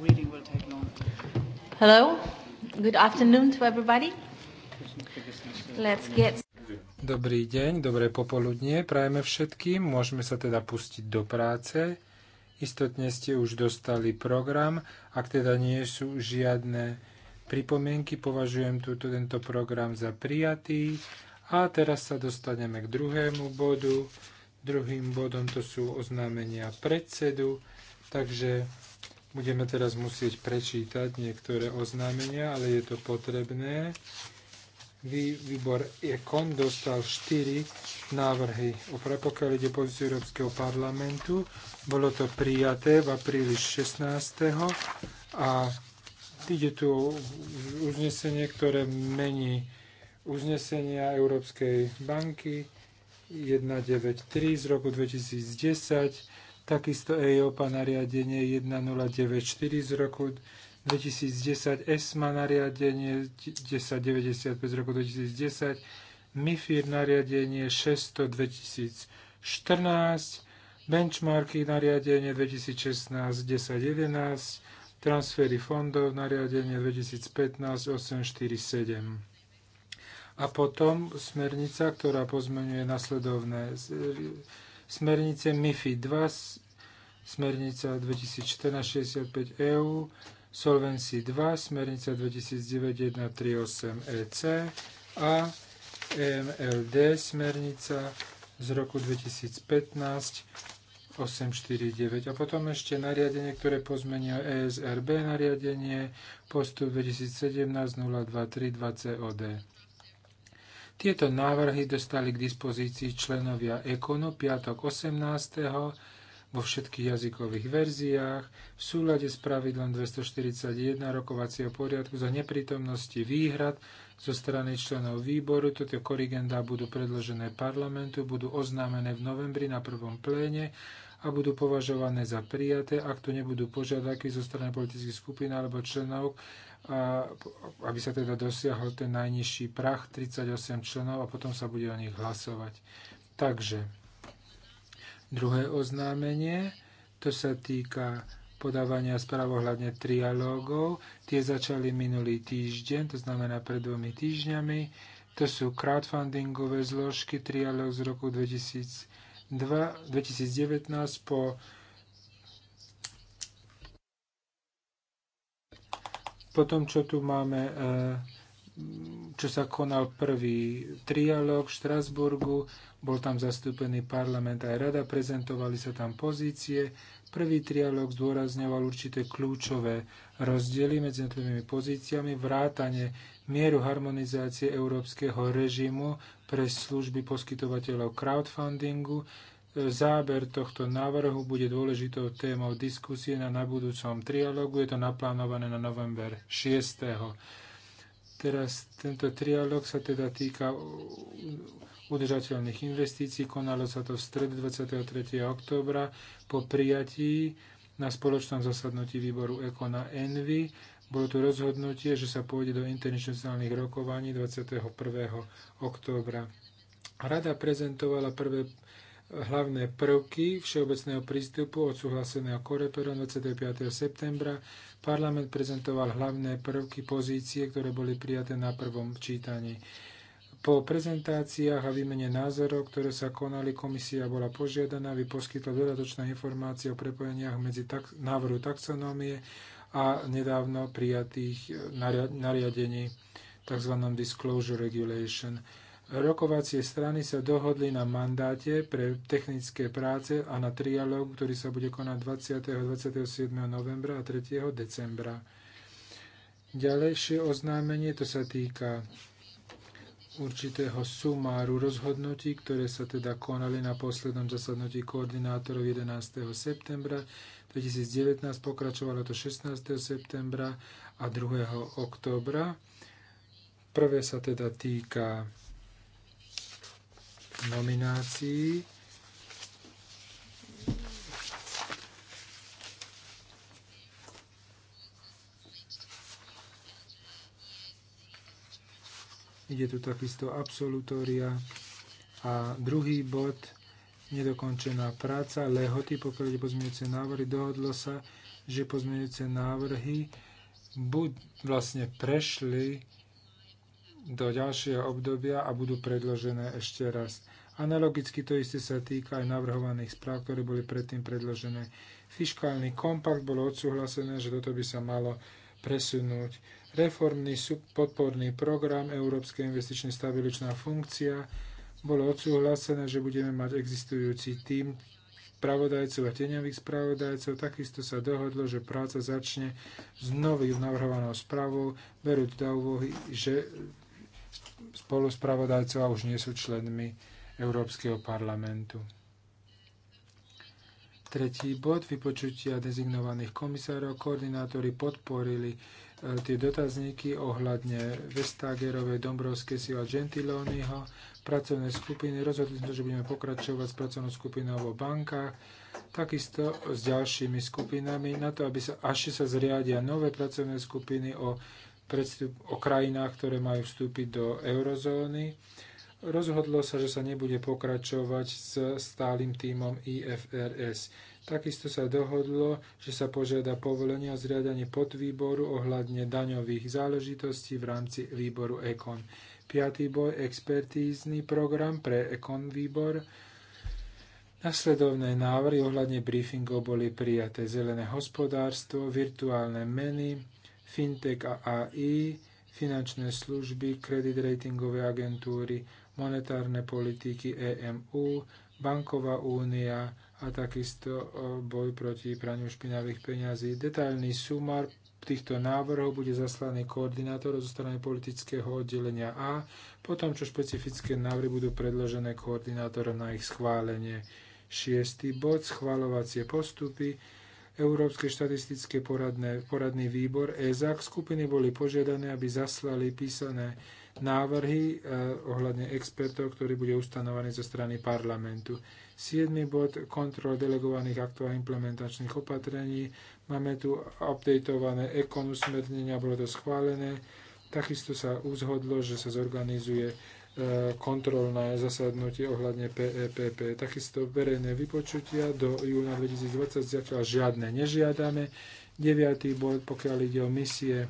reading will take long. Hello. Good afternoon to everybody. Let's get... Dobrý deň, dobré popoludnie prajeme všetkým. Môžeme sa teda pustiť do práce. Istotne ste už dostali program. Ak teda nie sú žiadne pripomienky, považujem túto, tento program za prijatý. A teraz sa dostaneme k druhému bodu. Druhým bodom to sú oznámenia predsedu. Takže Budeme teraz musieť prečítať niektoré oznámenia, ale je to potrebné. Výbor EKON dostal 4 návrhy. o ide depozície Európskeho parlamentu, bolo to prijaté v apríli 16. a ide tu uznesenie, ktoré mení uznesenia Európskej banky 193 z roku 2010 Takisto EIOPA nariadenie 1094 z roku 2010, ESMA nariadenie 1095 z roku 2010, MIFIR nariadenie 600 2014, benchmarky nariadenie 2016 1011, transfery fondov nariadenie 2015 847. A potom smernica, ktorá pozmenuje nasledovné smernice MIFI 2, smernica 2014-65 EU, Solvency 2, smernica 2009-138 EC a EMLD, smernica z roku 2015 849 a potom ešte nariadenie, ktoré pozmenia ESRB nariadenie postup 2017 023 20 od tieto návrhy dostali k dispozícii členovia Ekonu piatok 18. vo všetkých jazykových verziách v súlade s pravidlom 241 rokovacieho poriadku za neprítomnosti výhrad zo strany členov výboru. Toto korigenda budú predložené parlamentu, budú oznámené v novembri na prvom pléne a budú považované za prijaté, ak to nebudú požiadavky zo strany politických skupín alebo členov aby sa teda dosiahol ten najnižší prach 38 členov a potom sa bude o nich hlasovať. Takže druhé oznámenie, to sa týka podávania správ ohľadne trialógov. Tie začali minulý týždeň, to znamená pred dvomi týždňami. To sú crowdfundingové zložky trialóg z roku 2019 po Potom, čo tu máme, eh, čo sa konal prvý trialog v Štrasburgu, bol tam zastúpený parlament aj rada, prezentovali sa tam pozície. Prvý trialog zdôrazňoval určité kľúčové rozdiely medzi jednotlivými pozíciami, vrátane mieru harmonizácie európskeho režimu pre služby poskytovateľov crowdfundingu, Záber tohto návrhu bude dôležitou témou diskusie na nabudúcom trialógu. Je to naplánované na november 6. Teraz tento trialóg sa teda týka udržateľných investícií. Konalo sa to v stredu 23. oktobra po prijatí na spoločnom zasadnutí výboru Ekona Envy. Bolo tu rozhodnutie, že sa pôjde do internacionálnych rokovaní 21. októbra. Rada prezentovala prvé hlavné prvky všeobecného prístupu odsúhlaseného koreperom 25. septembra. Parlament prezentoval hlavné prvky pozície, ktoré boli prijaté na prvom čítaní. Po prezentáciách a výmene názorov, ktoré sa konali, komisia bola požiadaná, aby poskytla dodatočné informácie o prepojeniach medzi tak, návrhu taxonómie a nedávno prijatých eh, nariadení, tzv. disclosure regulation. Rokovacie strany sa dohodli na mandáte pre technické práce a na trialógu, ktorý sa bude konať 20. a 27. novembra a 3. decembra. Ďalejšie oznámenie to sa týka určitého sumáru rozhodnutí, ktoré sa teda konali na poslednom zasadnutí koordinátorov 11. septembra 2019, pokračovalo to 16. septembra a 2. októbra. Prvé sa teda týka nominácií. Ide tu takisto absolutória. A druhý bod, nedokončená práca, lehoty, pokiaľ je pozmeňujúce návrhy, dohodlo sa, že pozmeňujúce návrhy buď vlastne prešli do ďalšieho obdobia a budú predložené ešte raz. Analogicky to isté sa týka aj navrhovaných správ, ktoré boli predtým predložené. Fiškálny kompakt bolo odsúhlasené, že toto by sa malo presunúť. Reformný podporný program Európskej investičnej stabiličná funkcia bolo odsúhlasené, že budeme mať existujúci tím spravodajcov a teňových spravodajcov. Takisto sa dohodlo, že práca začne s novým navrhovanou správou, berúť do úvohy, že spoluspravodajcov a už nie sú členmi Európskeho parlamentu. Tretí bod, vypočutia dezignovaných komisárov. Koordinátori podporili e, tie dotazníky ohľadne Vestagerovej, Dombrovskej a Gentilónyho. Pracovné skupiny, rozhodli sme, že budeme pokračovať s pracovnou skupinou o bankách, takisto s ďalšími skupinami, na to, aby sa, až sa zriadia nové pracovné skupiny o predstup, o krajinách, ktoré majú vstúpiť do eurozóny. Rozhodlo sa, že sa nebude pokračovať s stálym týmom IFRS. Takisto sa dohodlo, že sa požiada povolenie o zriadanie podvýboru ohľadne daňových záležitostí v rámci výboru EKON. Piatý boj, expertízny program pre EKON výbor. Nasledovné návrhy ohľadne briefingov boli prijaté zelené hospodárstvo, virtuálne meny, fintech a AI, finančné služby, kredit ratingové agentúry, monetárne politiky EMU, banková únia a takisto boj proti praniu špinavých peňazí. Detailný sumár týchto návrhov bude zaslaný koordinátor zo strany politického oddelenia A, potom čo špecifické návrhy budú predložené koordinátorom na ich schválenie. Šiestý bod schváľovacie postupy Európske štatistické poradné, poradný výbor Esa skupiny boli požiadané, aby zaslali písané návrhy eh, ohľadne expertov, ktorý bude ustanovaný zo strany parlamentu. Siedmy bod kontrol delegovaných aktov a implementačných opatrení. Máme tu updatované ekon bolo to schválené. Takisto sa uzhodlo, že sa zorganizuje E, kontrolné zasadnutie ohľadne PEPP. E Takisto verejné vypočutia do júna 2020 zatiaľ žiadne nežiadame. 9. bod, pokiaľ ide o misie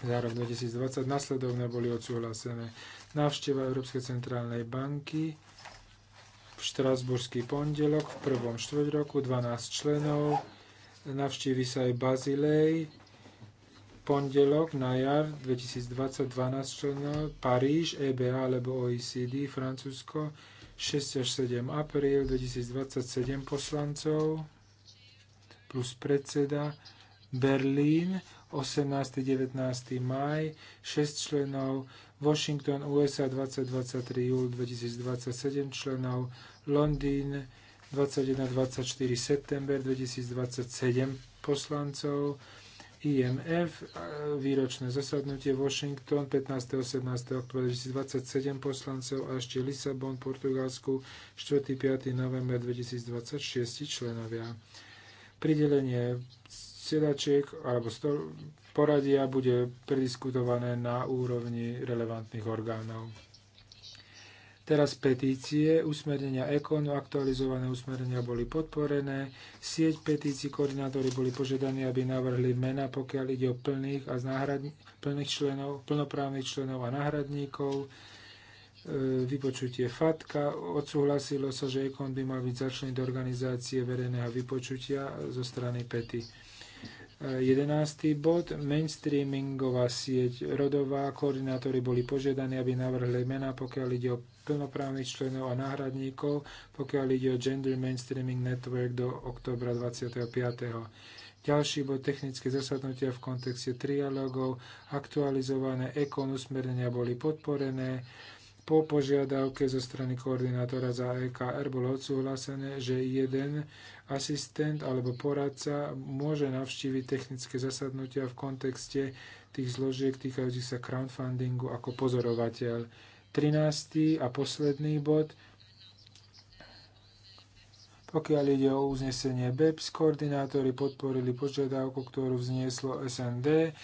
za rok 2020, nasledovne boli odsúhlasené. Návšteva Európskej centrálnej banky v Štrasburský pondelok v prvom štvrť roku, 12 členov. Navštívi sa aj Bazilej, pondelok na jar 2020 12 členov Paríž, EBA alebo OECD, Francúzsko 6 až 7 apríl 2027 poslancov plus predseda Berlín 18. 19. maj 6 členov Washington USA 2023 júl 2027 členov Londýn 21-24 september 2027 poslancov IMF, e, výročné zasadnutie Washington 15. a 17. oktobra 2027 poslancov a ešte Lisabon, Portugalsku 4. 5. november 2026 členovia. Pridelenie sedačiek alebo poradia bude prediskutované na úrovni relevantných orgánov. Teraz petície, usmernenia ekonu, aktualizované usmernenia boli podporené. Sieť petícií koordinátori boli požiadaní, aby navrhli mena, pokiaľ ide o plných, a náhradní, plných členov, plnoprávnych členov a náhradníkov. E, vypočutie FATKA. Odsúhlasilo sa, že ekon by mal byť začlený do organizácie verejného vypočutia zo strany PETI. 11. bod. Mainstreamingová sieť rodová. Koordinátori boli požiadaní, aby navrhli mená, pokiaľ ide o plnoprávnych členov a náhradníkov, pokiaľ ide o Gender Mainstreaming Network do oktobra 25. Ďalší bod technické zasadnutia v kontexte trialogov. Aktualizované ekon usmernenia boli podporené po požiadavke zo strany koordinátora za EKR bolo odsúhlasené, že jeden asistent alebo poradca môže navštíviť technické zasadnutia v kontexte tých zložiek týkajúcich sa crowdfundingu ako pozorovateľ. 13. a posledný bod. Pokiaľ ide o uznesenie BEPS, koordinátori podporili požiadavku, ktorú vznieslo SND,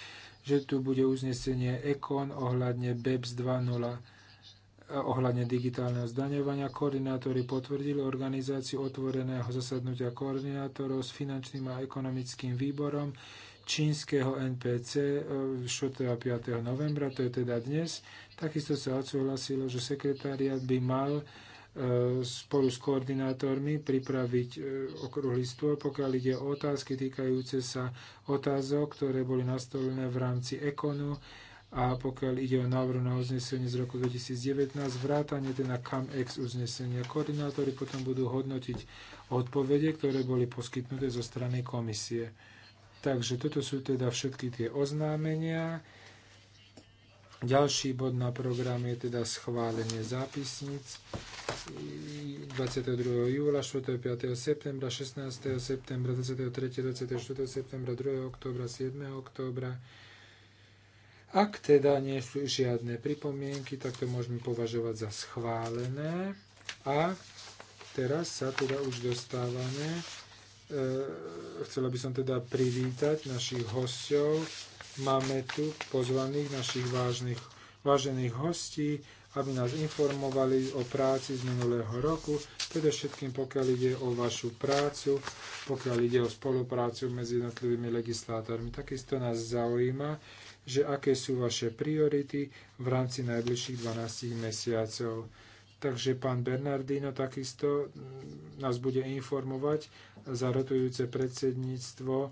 že tu bude uznesenie EKON ohľadne BEPS 2.0 ohľadne digitálneho zdaňovania. Koordinátori potvrdili organizáciu otvoreného zasadnutia koordinátorov s finančným a ekonomickým výborom čínskeho NPC 6. E, a 5. novembra, to je teda dnes. Takisto sa odsúhlasilo, že sekretariat by mal e, spolu s koordinátormi pripraviť e, okrúhly stôl, pokiaľ ide o otázky týkajúce sa otázok, ktoré boli nastolené v rámci ekonu a pokiaľ ide o návrh na uznesenie z roku 2019, vrátanie teda CAMEX uznesenia. Koordinátori potom budú hodnotiť odpovede, ktoré boli poskytnuté zo strany komisie. Takže toto sú teda všetky tie oznámenia. Ďalší bod na program je teda schválenie zápisníc 22. júla, 4. 5. septembra, 16. septembra, 23. 24. septembra, 2. oktobra, 7. oktobra, ak teda nie sú žiadne pripomienky, tak to môžeme považovať za schválené. A teraz sa teda už dostávame. E, chcela by som teda privítať našich hostov. Máme tu pozvaných našich vážnych, vážených hostí, aby nás informovali o práci z minulého roku, všetkým pokiaľ ide o vašu prácu, pokiaľ ide o spoluprácu medzi jednotlivými legislátormi. Takisto nás zaujíma, že aké sú vaše priority v rámci najbližších 12 mesiacov. Takže pán Bernardino takisto nás bude informovať za rotujúce predsedníctvo e,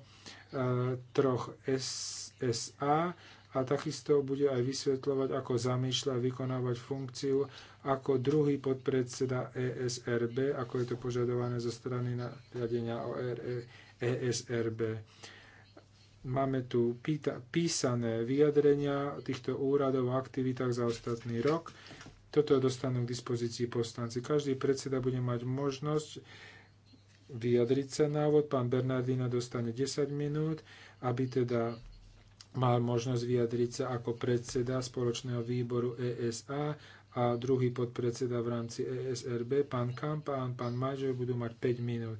troch SSA a takisto bude aj vysvetľovať, ako zamýšľa vykonávať funkciu ako druhý podpredseda ESRB, ako je to požadované zo strany nariadenia o ESRB. E Máme tu písané vyjadrenia týchto úradov a aktivitách za ostatný rok. Toto dostanú k dispozícii poslanci. Každý predseda bude mať možnosť vyjadriť sa návod. Pán Bernardina dostane 10 minút, aby teda mal možnosť vyjadriť sa ako predseda spoločného výboru ESA a druhý podpredseda v rámci ESRB, pán Kampa a pán Mažer budú mať 5 minút.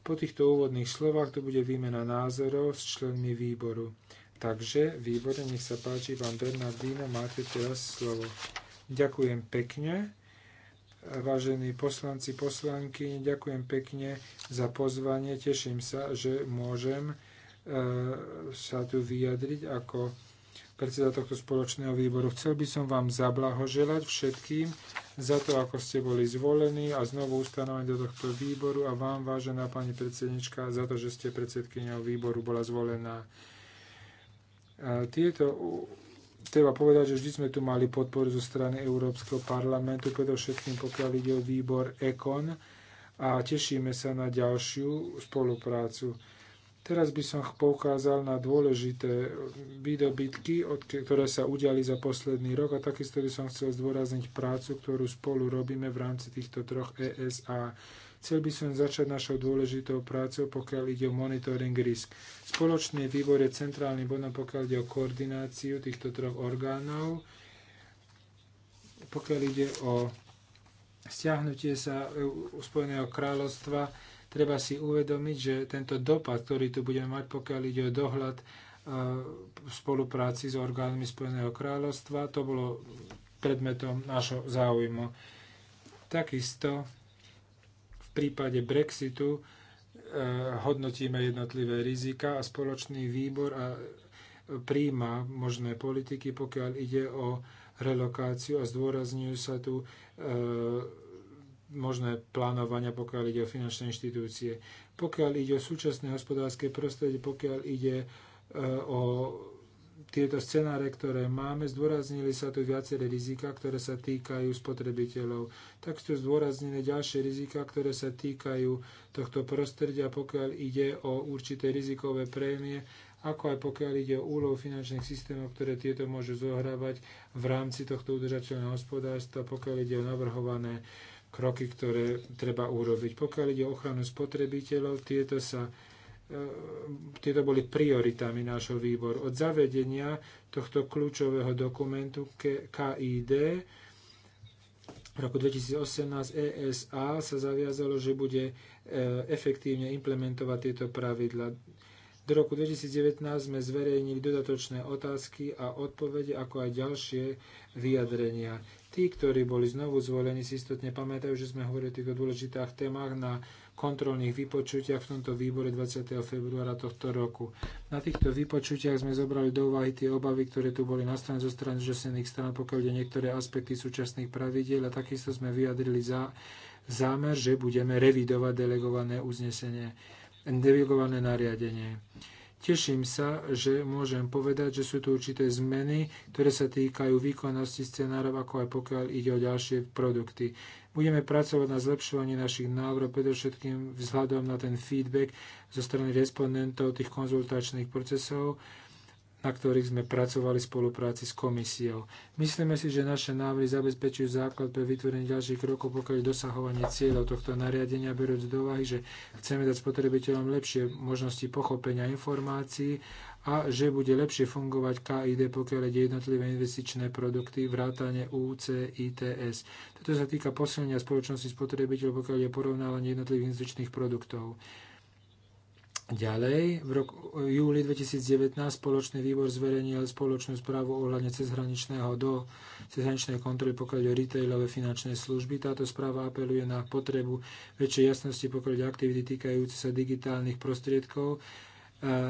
Po týchto úvodných slovách to bude výmena názorov s členmi výboru. Takže, výbore, nech sa páči, pán Bernardino, máte teraz slovo. Ďakujem pekne. Vážení poslanci, poslanky, ďakujem pekne za pozvanie. Teším sa, že môžem e, sa tu vyjadriť ako predseda tohto spoločného výboru. Chcel by som vám zablahoželať všetkým za to, ako ste boli zvolení a znovu ustanovení do tohto výboru a vám, vážená pani predsednička, za to, že ste predsedkyňou výboru bola zvolená. Tieto treba povedať, že vždy sme tu mali podporu zo strany Európskeho parlamentu, predovšetkým pokiaľ ide o výbor ECON a tešíme sa na ďalšiu spoluprácu. Teraz by som poukázal na dôležité výdobytky, ktoré sa udiali za posledný rok a takisto by som chcel zdôrazniť prácu, ktorú spolu robíme v rámci týchto troch ESA. Chcel by som začať našou dôležitou prácou, pokiaľ ide o monitoring risk. Spoločný výbor je centrálny bod, pokiaľ ide o koordináciu týchto troch orgánov, pokiaľ ide o stiahnutie sa e, Spojeného kráľovstva Treba si uvedomiť, že tento dopad, ktorý tu budeme mať, pokiaľ ide o dohľad e, v spolupráci s orgánmi Spojeného kráľovstva, to bolo predmetom nášho záujmu. Takisto v prípade Brexitu e, hodnotíme jednotlivé rizika a spoločný výbor a príjma možné politiky, pokiaľ ide o relokáciu a zdôrazňujú sa tu e, možné plánovania, pokiaľ ide o finančné inštitúcie. Pokiaľ ide o súčasné hospodárske prostredie, pokiaľ ide e, o tieto scenáre, ktoré máme, zdôraznili sa tu viaceré rizika, ktoré sa týkajú spotrebiteľov. Tak sú zdôraznené ďalšie rizika, ktoré sa týkajú tohto prostredia, pokiaľ ide o určité rizikové prémie, ako aj pokiaľ ide o úlohu finančných systémov, ktoré tieto môžu zohrávať v rámci tohto udržateľného hospodárstva, pokiaľ ide o navrhované kroky, ktoré treba urobiť. Pokiaľ ide o ochranu spotrebiteľov, tieto sa e, tieto boli prioritami nášho výboru. Od zavedenia tohto kľúčového dokumentu KID v roku 2018 ESA sa zaviazalo, že bude e, efektívne implementovať tieto pravidla. Do roku 2019 sme zverejnili dodatočné otázky a odpovede, ako aj ďalšie vyjadrenia. Tí, ktorí boli znovu zvolení, si istotne pamätajú, že sme hovorili o týchto dôležitých témach na kontrolných vypočutiach v tomto výbore 20. februára tohto roku. Na týchto vypočutiach sme zobrali do úvahy tie obavy, ktoré tu boli na strane zo strany zúčastnených stran, pokiaľ ide niektoré aspekty súčasných pravidiel a takisto sme vyjadrili za, zámer, že budeme revidovať delegované uznesenie, delegované nariadenie. Teším sa, že môžem povedať, že sú tu určité zmeny, ktoré sa týkajú výkonnosti scenárov, ako aj pokiaľ ide o ďalšie produkty. Budeme pracovať na zlepšovaní našich návrhov, predovšetkým vzhľadom na ten feedback zo strany respondentov tých konzultačných procesov, na ktorých sme pracovali v spolupráci s komisiou. Myslíme si, že naše návrhy zabezpečujú základ pre vytvorenie ďalších krokov, pokiaľ dosahovanie cieľov tohto nariadenia, berúc do úvahy, že chceme dať spotrebiteľom lepšie možnosti pochopenia informácií a že bude lepšie fungovať KID, pokiaľ ide jednotlivé investičné produkty, vrátane UCITS. Toto sa týka posilnenia spoločnosti spotrebiteľov, pokiaľ je porovnávanie jednotlivých investičných produktov. Ďalej, v roku, eh, júli 2019 spoločný výbor zverejnil spoločnú správu ohľadne cezhraničného do cezhraničnej kontroly pokiaľ o retailové finančné služby. Táto správa apeluje na potrebu väčšej jasnosti pokiaľ aktivity týkajúce sa digitálnych prostriedkov eh,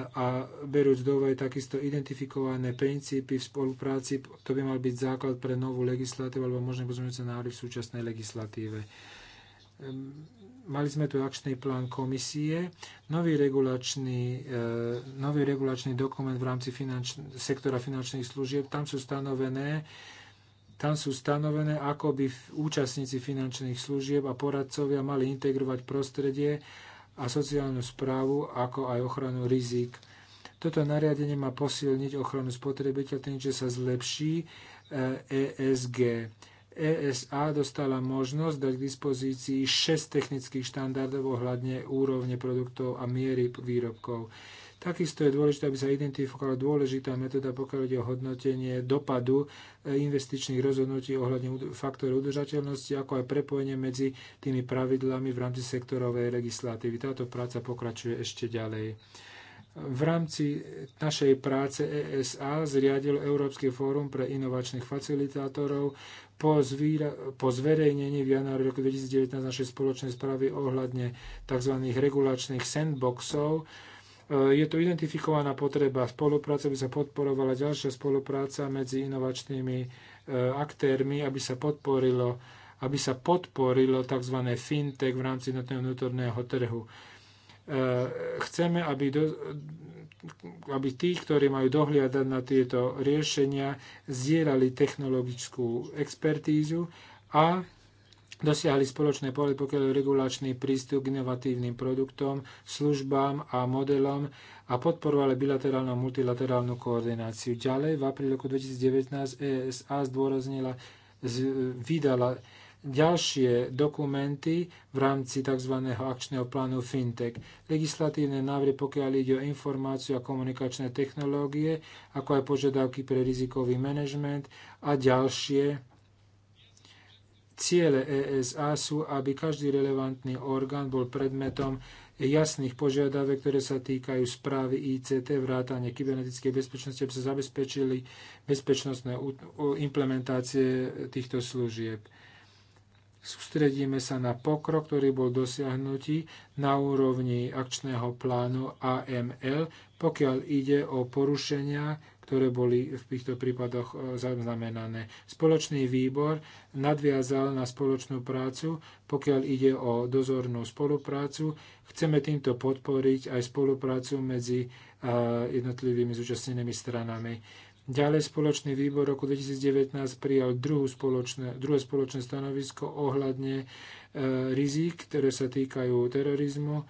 a berúc do úvahy takisto identifikované princípy v spolupráci, to by mal byť základ pre novú legislatívu alebo možné pozmeňujúce návrhy v súčasnej legislatíve ehm, mali sme tu akčný plán komisie, nový regulačný, e, nový regulačný dokument v rámci finanč, sektora finančných služieb, tam sú stanovené tam sú stanovené, ako by účastníci finančných služieb a poradcovia mali integrovať prostredie a sociálnu správu, ako aj ochranu rizik. Toto nariadenie má posilniť ochranu spotrebiteľa tým, že sa zlepší ESG. E ESA dostala možnosť dať k dispozícii 6 technických štandardov ohľadne úrovne produktov a miery výrobkov. Takisto je dôležité, aby sa identifikovala dôležitá metóda, pokiaľ ide o hodnotenie dopadu e, investičných rozhodnutí ohľadne faktorov udržateľnosti, ako aj prepojenie medzi tými pravidlami v rámci sektorovej legislatívy. Táto práca pokračuje ešte ďalej. V rámci našej práce ESA zriadil Európsky fórum pre inovačných facilitátorov, po, zvíra, po zverejnení v januári roku 2019 našej spoločnej správy ohľadne tzv. regulačných sandboxov e, je tu identifikovaná potreba spolupráce, aby sa podporovala ďalšia spolupráca medzi inovačnými e, aktérmi, aby sa podporilo aby sa podporilo tzv. fintech v rámci jednotného vnútorného trhu. Eh, chceme, aby, do, aby tí, ktorí majú dohliadať na tieto riešenia, zdieľali technologickú expertízu a dosiahli spoločné pole, pokiaľ regulačný prístup k inovatívnym produktom, službám a modelom a podporovali bilaterálnu a multilaterálnu koordináciu. Ďalej, v apríli roku 2019 ESA zdôraznila, vydala ďalšie dokumenty v rámci tzv. akčného plánu FinTech. Legislatívne návrhy, pokiaľ ide o informáciu a komunikačné technológie, ako aj požiadavky pre rizikový manažment a ďalšie Ciele ESA sú, aby každý relevantný orgán bol predmetom jasných požiadavek, ktoré sa týkajú správy ICT, vrátanie kybernetickej bezpečnosti, aby sa zabezpečili bezpečnostné implementácie týchto služieb. Sústredíme sa na pokrok, ktorý bol dosiahnutý na úrovni akčného plánu AML, pokiaľ ide o porušenia, ktoré boli v týchto prípadoch e, zaznamenané. Spoločný výbor nadviazal na spoločnú prácu, pokiaľ ide o dozornú spoluprácu. Chceme týmto podporiť aj spoluprácu medzi e, jednotlivými zúčastnenými stranami Ďalej spoločný výbor roku 2019 prijal druhú spoločné, druhé spoločné stanovisko ohľadne e, rizik, ktoré sa týkajú terorizmu,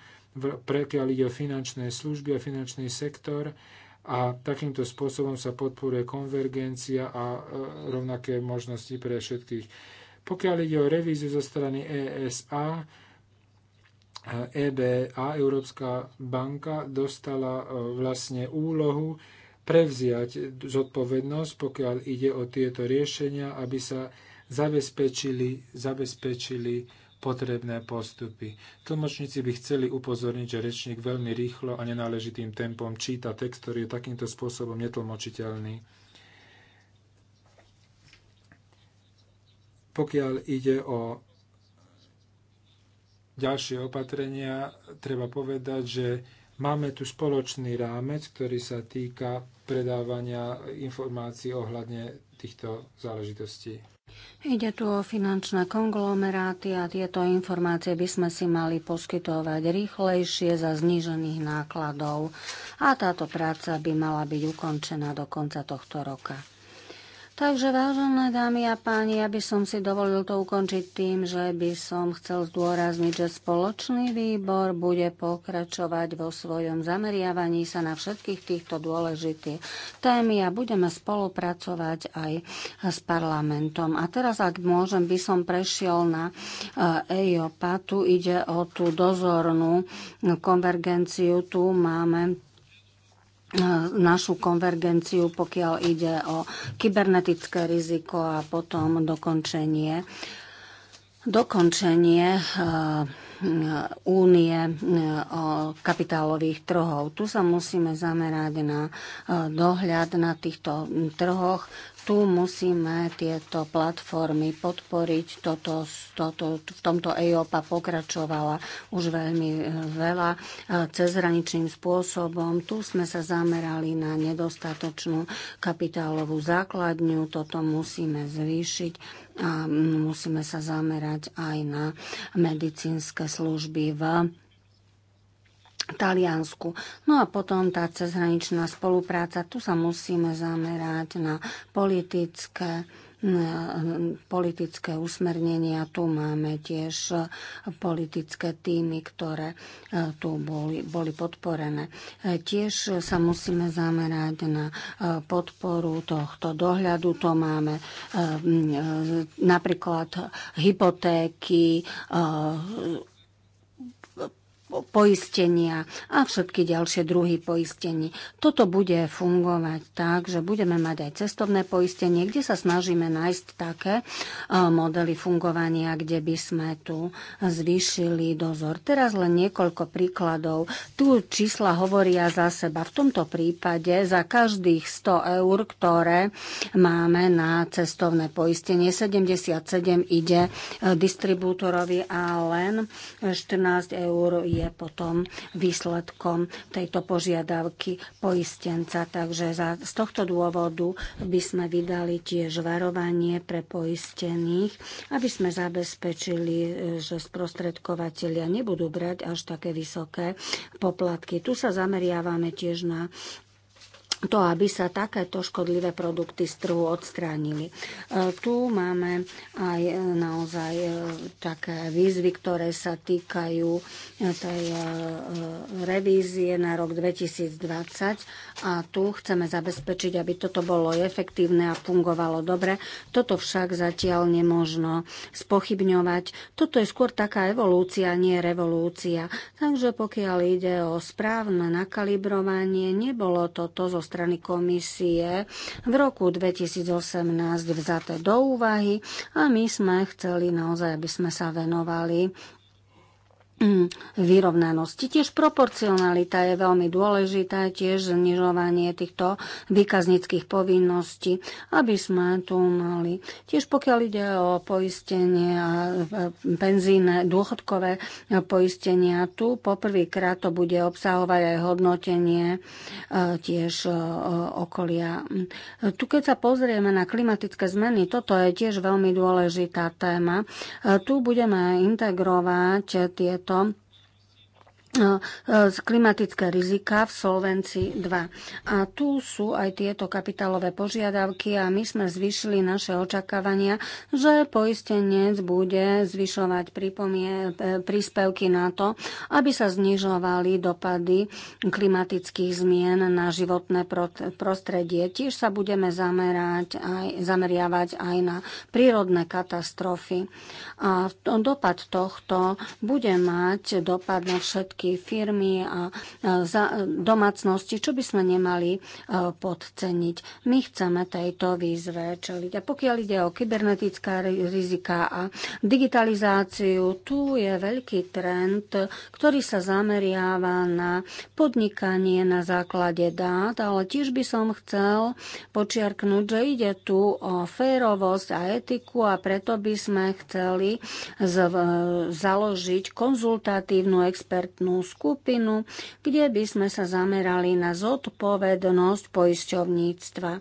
prekiaľ ide o finančné služby a finančný sektor a takýmto spôsobom sa podporuje konvergencia a e, rovnaké možnosti pre všetkých. Pokiaľ ide o revíziu zo strany ESA, EBA, Európska banka, dostala e, vlastne úlohu prevziať zodpovednosť, pokiaľ ide o tieto riešenia, aby sa zabezpečili, zabezpečili potrebné postupy. Tlmočníci by chceli upozorniť, že rečník veľmi rýchlo a nenáležitým tempom číta text, ktorý je takýmto spôsobom netlmočiteľný. Pokiaľ ide o ďalšie opatrenia, treba povedať, že Máme tu spoločný rámec, ktorý sa týka predávania informácií ohľadne týchto záležitostí. Ide tu o finančné konglomeráty a tieto informácie by sme si mali poskytovať rýchlejšie za znížených nákladov a táto práca by mala byť ukončená do konca tohto roka. Takže, vážené dámy a páni, ja by som si dovolil to ukončiť tým, že by som chcel zdôrazniť, že spoločný výbor bude pokračovať vo svojom zameriavaní sa na všetkých týchto dôležitých témy a budeme spolupracovať aj s parlamentom. A teraz, ak môžem, by som prešiel na eh, EIOPA. Tu ide o tú dozornú konvergenciu. Tu máme E, našu konvergenciu, pokiaľ ide o kybernetické riziko a potom dokončenie dokončenie e, e, únie kapitálových trhov. Tu sa musíme zamerať na dohľad na týchto trhoch, tu musíme tieto platformy podporiť. Toto, toto, v tomto EIOPA pokračovala už veľmi e, veľa e, cezhraničným spôsobom. Tu sme sa zamerali na nedostatočnú kapitálovú základňu. Toto musíme zvýšiť a musíme sa zamerať aj na medicínske služby v Taliansku. No a potom tá cezhraničná spolupráca, tu sa musíme zamerať na politické hm, politické usmernenia. Tu máme tiež eh, politické týmy, ktoré eh, tu boli, boli podporené. Eh, tiež sa musíme zamerať na podporu tohto dohľadu. To máme hm, napríklad hypotéky, poistenia a všetky ďalšie druhy poistení. Toto bude fungovať tak, že budeme mať aj cestovné poistenie, kde sa snažíme nájsť také e, modely fungovania, kde by sme tu zvýšili dozor. Teraz len niekoľko príkladov. Tu čísla hovoria za seba. V tomto prípade za každých 100 eur, ktoré máme na cestovné poistenie, 77 ide e, distribútorovi a len 14 eur je je potom výsledkom tejto požiadavky poistenca. Takže za, z tohto dôvodu by sme vydali tiež varovanie pre poistených, aby sme zabezpečili, e, že sprostredkovateľia nebudú brať až také vysoké poplatky. Tu sa zameriavame tiež na to, aby sa takéto škodlivé produkty z trhu odstránili. E, tu máme aj e, naozaj e, také výzvy, ktoré sa týkajú tej revízie na rok 2020 a tu chceme zabezpečiť, aby toto bolo efektívne a fungovalo dobre. Toto však zatiaľ nemôžno spochybňovať. Toto je skôr taká evolúcia, nie revolúcia. Takže pokiaľ ide o správne nakalibrovanie, nebolo toto zo strany komisie v roku 2018 vzaté do úvahy a my sme chceli naozaj, aby sme sa venovali Mm, vyrovnanosti. Tiež proporcionalita je veľmi dôležitá, tiež znižovanie týchto výkaznických povinností, aby sme tu mali. Tiež pokiaľ ide o poistenie a dôchodkové poistenia, tu poprvýkrát to bude obsahovať aj hodnotenie e, tiež e, okolia. Tu keď sa pozrieme na klimatické zmeny, toto je tiež veľmi dôležitá téma. E, tu budeme integrovať tieto tom, E, e, klimatické rizika v Solvenci 2. A tu sú aj tieto kapitálové požiadavky a my sme zvyšili naše očakávania, že poistenec bude zvyšovať e, príspevky na to, aby sa znižovali dopady klimatických zmien na životné prostredie. Tiež sa budeme zamerať aj, zameriavať aj na prírodné katastrofy. A dopad tohto bude mať dopad na všetky podniky, firmy a domácnosti, čo by sme nemali e, podceniť. My chceme tejto výzve čeliť. A pokiaľ ide o kybernetická rizika a digitalizáciu, tu je veľký trend, ktorý sa zameriava na podnikanie na základe dát, ale tiež by som chcel počiarknúť, že ide tu o férovosť a etiku a preto by sme chceli e, založiť konzultatívnu expertnú pracovnú skupinu, kde by sme sa zamerali na zodpovednosť poisťovníctva.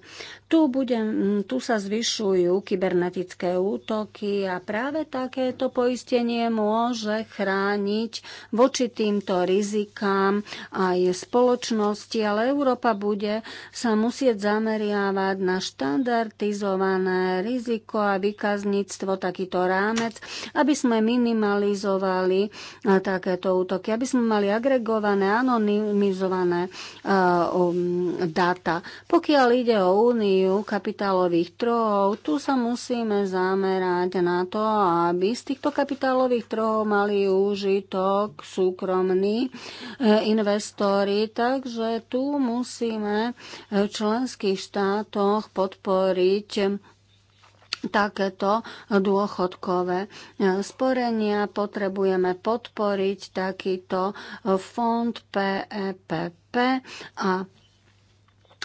Tu, budem, mm, tu sa zvyšujú kybernetické útoky a práve takéto poistenie môže chrániť voči týmto rizikám aj spoločnosti, ale Európa bude sa musieť zameriavať na štandardizované riziko a vykazníctvo, takýto rámec, aby sme minimalizovali takéto útoky, aby sme sme mali agregované, anonymizované eh, um, dáta. Pokiaľ ide o úniu kapitálových trhov, tu sa musíme zamerať na to, aby z týchto kapitálových trhov mali úžitok súkromní eh, investori, takže tu musíme v členských štátoch podporiť takéto dôchodkové e, sporenia. Potrebujeme podporiť takýto e, fond PEPP e a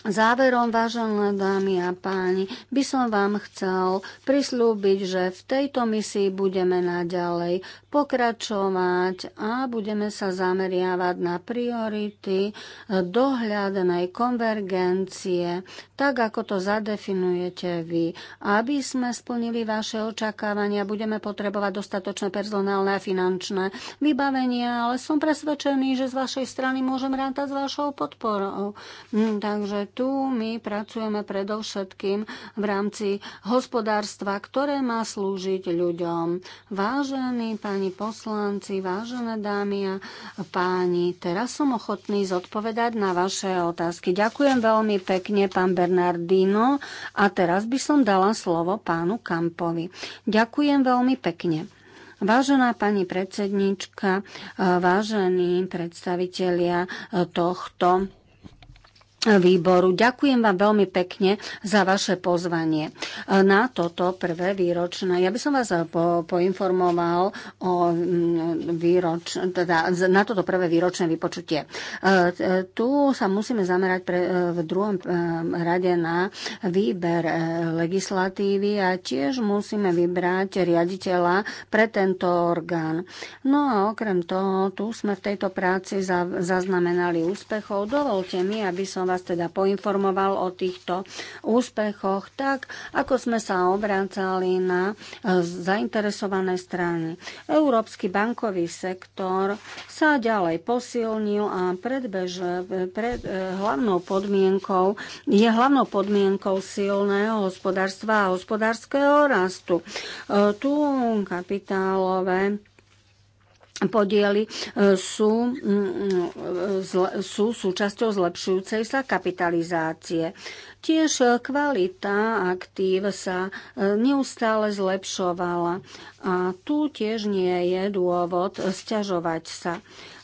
Záverom, vážené dámy a páni, by som vám chcel prislúbiť, že v tejto misii budeme naďalej pokračovať a budeme sa zameriavať na priority dohľadnej konvergencie, tak ako to zadefinujete vy. Aby sme splnili vaše očakávania, budeme potrebovať dostatočné personálne a finančné vybavenie, ale som presvedčený, že z vašej strany môžem rátať s vašou podporou. Hm, takže tu my pracujeme predovšetkým v rámci hospodárstva, ktoré má slúžiť ľuďom. Vážení pani poslanci, vážené dámy a páni, teraz som ochotný zodpovedať na vaše otázky. Ďakujem veľmi pekne, pán Bernardino. A teraz by som dala slovo pánu Kampovi. Ďakujem veľmi pekne. Vážená pani predsednička, vážení predstavitelia tohto výboru. Ďakujem vám veľmi pekne za vaše pozvanie na toto prvé výročné. Ja by som vás eh, po, poinformoval o mm, výroč, teda na toto prvé výročné vypočutie. Eh, eh, tu sa musíme zamerať pre, v druhom rade na výber legislatívy a tiež musíme vybrať riaditeľa pre tento orgán. No a okrem toho, tu sme v tejto práci zaznamenali úspechov. Dovolte mi, aby som vás teda poinformoval o týchto úspechoch, tak ako sme sa obrácali na e, zainteresované strany. Európsky bankový sektor sa ďalej posilnil a predbeže, pred, e, hlavnou podmienkou je hlavnou podmienkou silného hospodárstva a hospodárskeho rastu. E, tu kapitálové podiely e, sú, mm, mm, e, sú súčasťou zlepšujúcej sa kapitalizácie. Tiež e, kvalita aktív sa e, neustále zlepšovala a tu tiež nie je dôvod sťažovať sa.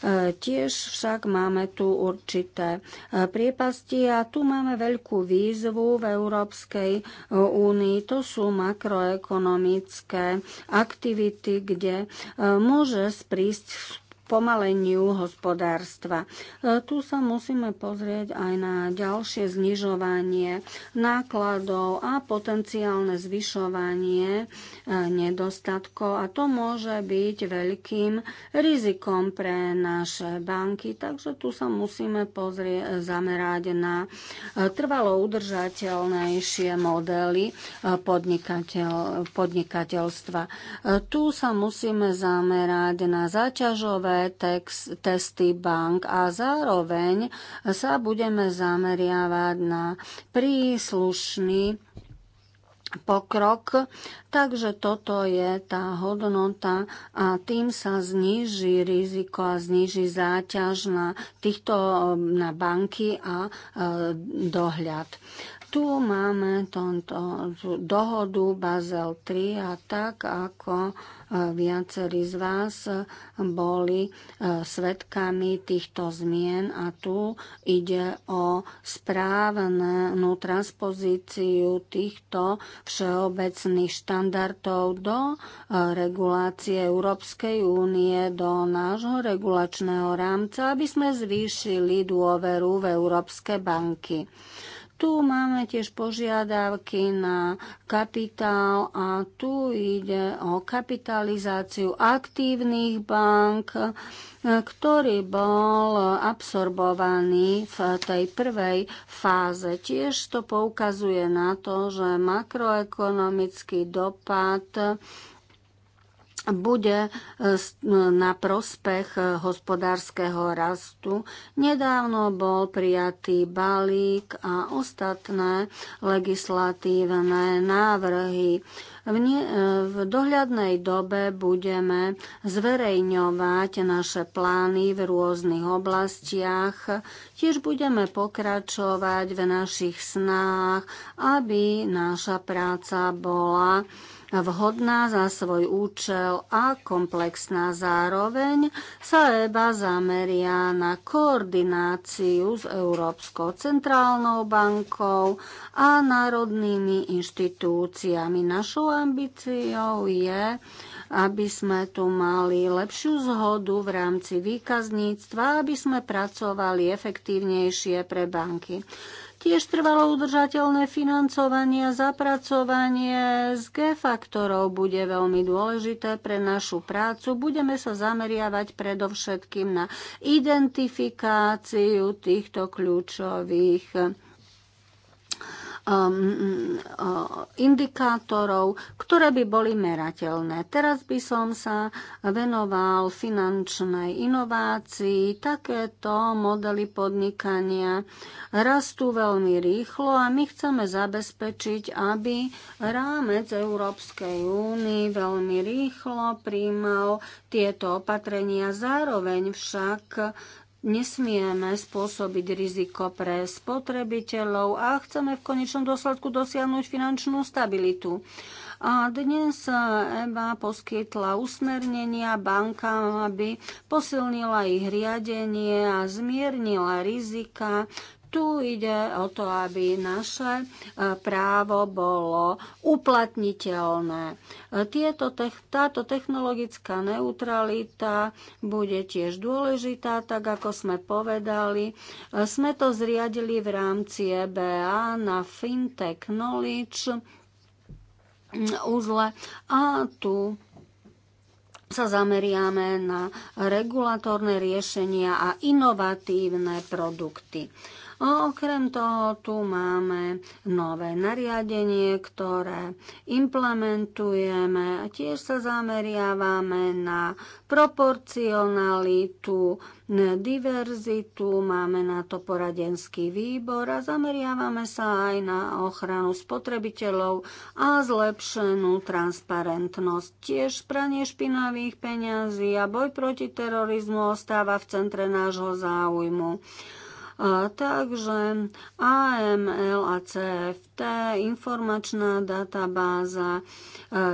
E, tiež však máme tu určité priepasti a tu máme veľkú výzvu v Európskej únii. To sú makroekonomické aktivity, kde môže sprísť spomaleniu hospodárstva. E, tu sa musíme pozrieť aj na ďalšie znižovanie nákladov a potenciálne zvyšovanie nedostatkov a to môže byť veľkým rizikom pre naše banky. Takže tu sa musíme pozrie, zamerať na e, trvalo udržateľnejšie modely e, podnikateľ, podnikateľstva. E, tu sa musíme zamerať na zaťažové text, testy bank a zároveň sa budeme zameriavať na príslušný pokrok. Takže toto je tá hodnota a tým sa zníži riziko a zníži záťaž na, týchto, na banky a e, dohľad. Tu máme tonto, dohodu Basel 3 a tak ako Viacerí z vás e, boli e, svetkami týchto zmien a tu ide o správnu transpozíciu týchto všeobecných štandardov do e, regulácie Európskej únie, do nášho regulačného rámca, aby sme zvýšili dôveru v európske banky. Tu máme tiež požiadavky na kapitál a tu ide o kapitalizáciu aktívnych bank, ktorý bol absorbovaný v tej prvej fáze. Tiež to poukazuje na to, že makroekonomický dopad bude e, na prospech e, hospodárskeho rastu. Nedávno bol prijatý balík a ostatné legislatívne návrhy. V, e, v dohľadnej dobe budeme zverejňovať naše plány v rôznych oblastiach. Tiež budeme pokračovať v našich snách, aby naša práca bola vhodná za svoj účel a komplexná. Zároveň sa EBA zameria na koordináciu s Európskou centrálnou bankou a národnými inštitúciami. Našou ambíciou je aby sme tu mali lepšiu zhodu v rámci výkazníctva, aby sme pracovali efektívnejšie pre banky. Tiež trvalo udržateľné financovanie a zapracovanie z G-faktorov bude veľmi dôležité pre našu prácu. Budeme sa zameriavať predovšetkým na identifikáciu týchto kľúčových Um, uh, indikátorov, ktoré by boli merateľné. Teraz by som sa venoval finančnej inovácii. Takéto modely podnikania rastú veľmi rýchlo a my chceme zabezpečiť, aby rámec Európskej únii veľmi rýchlo príjmal tieto opatrenia. Zároveň však nesmieme spôsobiť riziko pre spotrebiteľov a chceme v konečnom dôsledku dosiahnuť finančnú stabilitu. A dnes EBA poskytla usmernenia bankám, aby posilnila ich riadenie a zmiernila rizika, tu ide o to, aby naše e, právo bolo uplatniteľné. E, tieto, táto technologická neutralita bude tiež dôležitá, tak ako sme povedali. E, sme to zriadili v rámci EBA na FinTech Knowledge uzle a tu sa zameriame na regulatorné riešenia a inovatívne produkty. Okrem toho tu máme nové nariadenie, ktoré implementujeme a tiež sa zameriavame na proporcionalitu, diverzitu, máme na to poradenský výbor a zameriavame sa aj na ochranu spotrebiteľov a zlepšenú transparentnosť. Tiež pranie špinavých peňazí a boj proti terorizmu ostáva v centre nášho záujmu. Takže AML a CFT, informačná databáza e,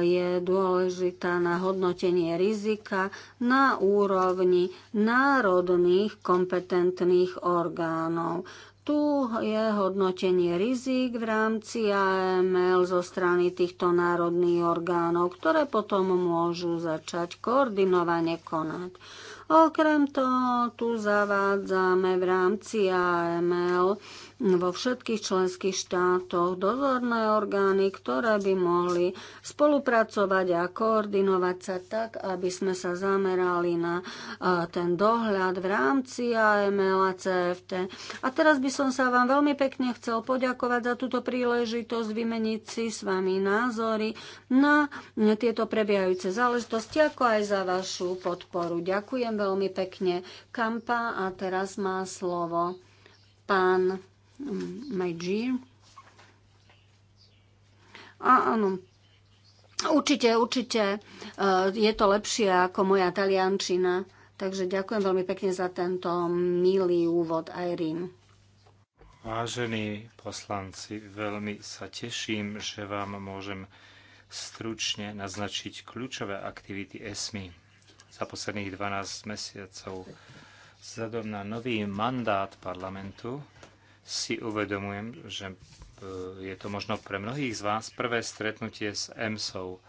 je dôležitá na hodnotenie rizika na úrovni národných kompetentných orgánov. Tu je hodnotenie rizik v rámci AML zo strany týchto národných orgánov, ktoré potom môžu začať koordinovane konať. Okrem toho tu zavádzame v rámci AML vo všetkých členských štátoch dozorné orgány, ktoré by mohli spolupracovať a koordinovať sa tak, aby sme sa zamerali na e, ten dohľad v rámci AML a CFT. A teraz by som sa vám veľmi pekne chcel poďakovať za túto príležitosť vymeniť si s vami názory na tieto prebiehajúce záležitosti, ako aj za vašu podporu. Ďakujem veľmi pekne. Kampa a teraz má slovo pán Meiji. Mm, A áno, určite, určite eh, je to lepšie ako moja taliančina. Takže ďakujem veľmi pekne za tento milý úvod, Irene. Vážení poslanci, veľmi sa teším, že vám môžem stručne naznačiť kľúčové aktivity ESMI za posledných 12 mesiacov. Vzhľadom na nový mandát parlamentu si uvedomujem, že e, je to možno pre mnohých z vás prvé stretnutie s EMSou.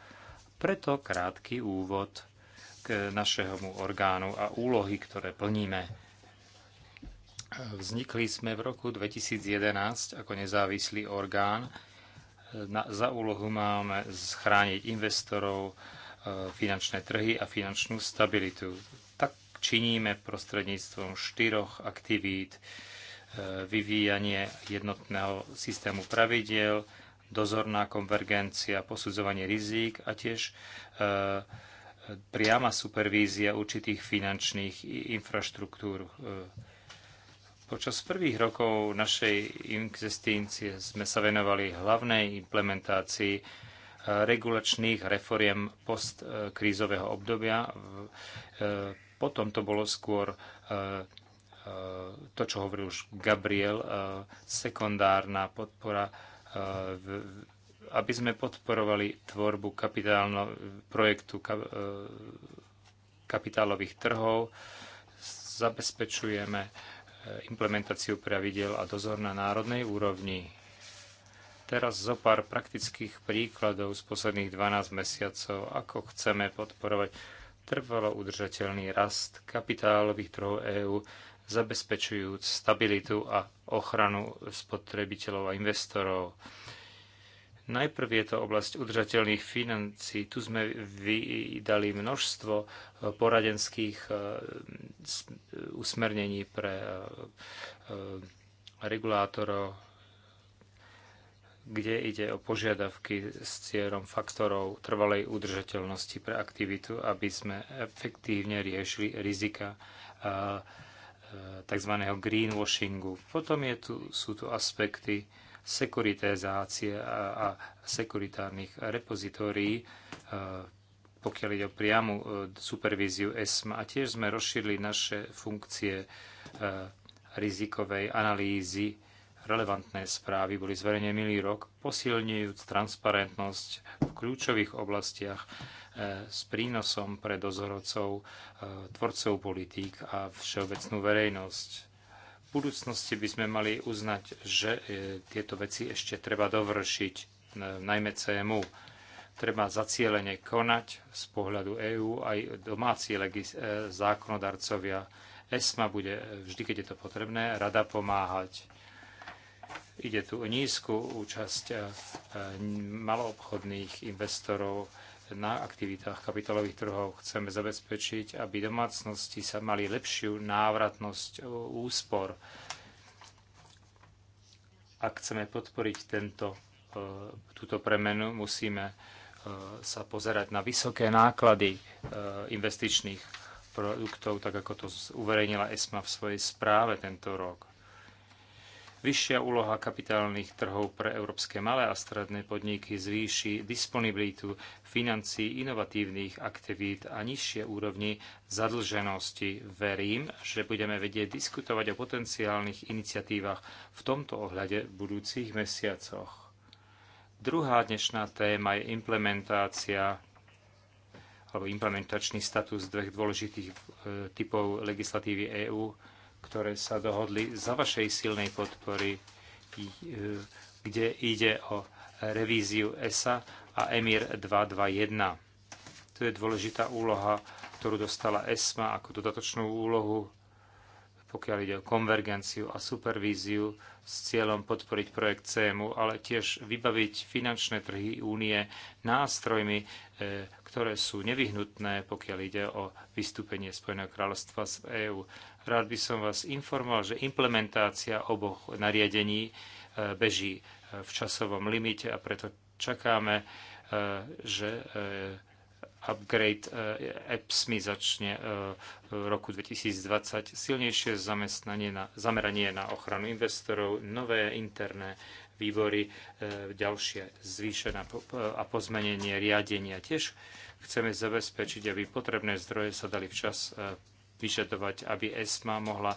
Preto krátky úvod k našemu orgánu a úlohy, ktoré plníme. E, vznikli sme v roku 2011 ako nezávislý orgán. E, na, za úlohu máme schrániť investorov, finančné trhy a finančnú stabilitu. Tak činíme prostredníctvom štyroch aktivít E, vyvíjanie jednotného systému pravidiel, dozorná konvergencia, posudzovanie rizík a tiež e, priama supervízia určitých finančných infraštruktúr. E, počas prvých rokov našej existencie sme sa venovali hlavnej implementácii regulačných reforiem postkrízového obdobia. Potom to bolo skôr Eh, to, čo hovoril už Gabriel, eh, sekundárna podpora, eh, aby sme podporovali tvorbu projektu kapitálových trhov, zabezpečujeme implementáciu pravidel a dozor na národnej úrovni. Teraz zo pár praktických príkladov z posledných 12 mesiacov, ako chceme podporovať trvalo udržateľný rast kapitálových trhov EÚ zabezpečujúc stabilitu a ochranu spotrebiteľov a investorov. Najprv je to oblasť udržateľných financí. Tu sme vydali množstvo eh, poradenských eh, usmernení pre eh, regulátorov, kde ide o požiadavky s cieľom faktorov trvalej udržateľnosti pre aktivitu, aby sme efektívne riešili rizika tzv. greenwashingu. Potom je tu, sú tu aspekty sekuritizácie a, a sekuritárnych repozitórií, e, pokiaľ ide o priamu e, supervíziu ESMA. A tiež sme rozšírili naše funkcie e, rizikovej analýzy Relevantné správy boli zverejnené minulý rok, posilňujúc transparentnosť v kľúčových oblastiach e, s prínosom pre dozorcov, e, tvorcov politík a všeobecnú verejnosť. V budúcnosti by sme mali uznať, že e, tieto veci ešte treba dovršiť, najmä CMU. Treba zacielene konať z pohľadu EÚ aj domáci legis- zákonodarcovia, ESMA bude vždy, keď je to potrebné, rada pomáhať. Ide tu o nízku účasť e, maloobchodných investorov na aktivitách kapitálových trhov. Chceme zabezpečiť, aby domácnosti sa mali lepšiu návratnosť e, úspor. Ak chceme podporiť tento, e, túto premenu, musíme sa pozerať na vysoké náklady investičných produktov, tak ako to uverejnila ESMA v svojej správe tento rok Vyššia úloha kapitálnych trhov pre európske malé a stredné podniky zvýši disponibilitu financií inovatívnych aktivít a nižšie úrovni zadlženosti. Verím, že budeme vedieť diskutovať o potenciálnych iniciatívach v tomto ohľade v budúcich mesiacoch. Druhá dnešná téma je implementácia alebo implementačný status dvoch dôležitých e, typov legislatívy EÚ ktoré sa dohodli za vašej silnej podpory, kde ide o revíziu ESA a EMIR 221. To je dôležitá úloha, ktorú dostala ESMA ako dodatočnú úlohu, pokiaľ ide o konvergenciu a supervíziu s cieľom podporiť projekt CEMU, ale tiež vybaviť finančné trhy únie nástrojmi, e, ktoré sú nevyhnutné, pokiaľ ide o vystúpenie Spojeného kráľovstva z EÚ. Rád by som vás informoval, že implementácia oboch nariadení e, beží e, v časovom limite a preto čakáme, e, že upgrade EPSMI začne v roku 2020. Silnejšie zamestnanie na, zameranie na ochranu investorov, nové interné výbory, ďalšie zvýšené a pozmenenie riadenia. Tiež chceme zabezpečiť, aby potrebné zdroje sa dali včas vyžadovať, aby ESMA mohla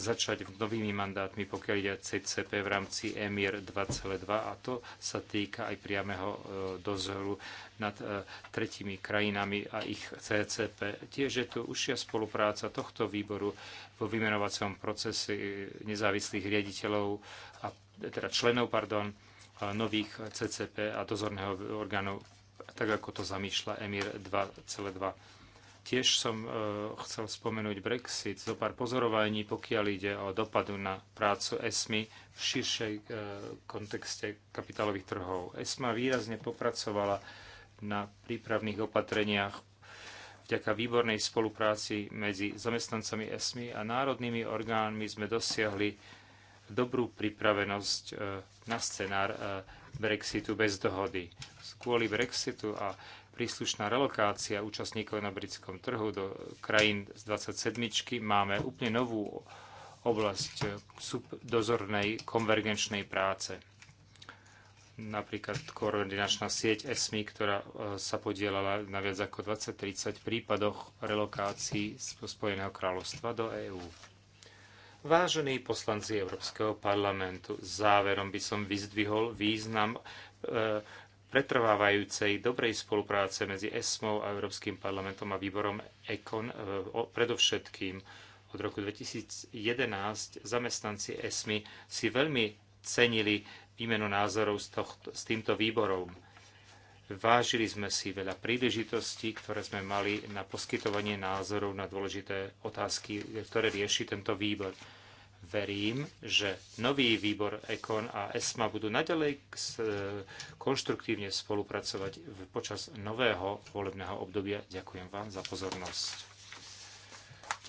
začať novými mandátmi, pokiaľ ide CCP v rámci EMIR 2.2 a to sa týka aj priameho e, dozoru nad e, tretími krajinami a ich CCP. Tiež je tu užšia spolupráca tohto výboru vo vymenovacom procese e, nezávislých riaditeľov a teda členov, pardon, nových CCP a dozorného orgánu, tak ako to zamýšľa EMIR 2.2 Tiež som e, chcel spomenúť Brexit, zo pár pozorovaní, pokiaľ ide o dopadu na prácu ESMI v širšej e, kontexte kapitálových trhov. ESMA výrazne popracovala na prípravných opatreniach vďaka výbornej spolupráci medzi zamestnancami ESMI a národnými orgánmi sme dosiahli dobrú pripravenosť e, na scenár Brexitu bez dohody. Kvôli Brexitu a príslušná relokácia účastníkov na britskom trhu do krajín z 27. máme úplne novú oblasť dozornej konvergenčnej práce. Napríklad koordinačná sieť ESMI, ktorá e, sa podielala na viac ako 20-30 prípadoch relokácií z Spojeného kráľovstva do EÚ. Vážení poslanci Európskeho parlamentu, záverom by som vyzdvihol význam e, pretrvávajúcej dobrej spolupráce medzi ESMO a Európskym parlamentom a výborom ECON, e, predovšetkým od roku 2011 zamestnanci ESMI si veľmi cenili výmenu názorov s, tohto, s týmto výborom. Vážili sme si veľa príležitostí, ktoré sme mali na poskytovanie názorov na dôležité otázky, ktoré rieši tento výbor verím, že nový výbor EKON a ESMA budú naďalej e, konštruktívne spolupracovať počas nového volebného obdobia. Ďakujem vám za pozornosť.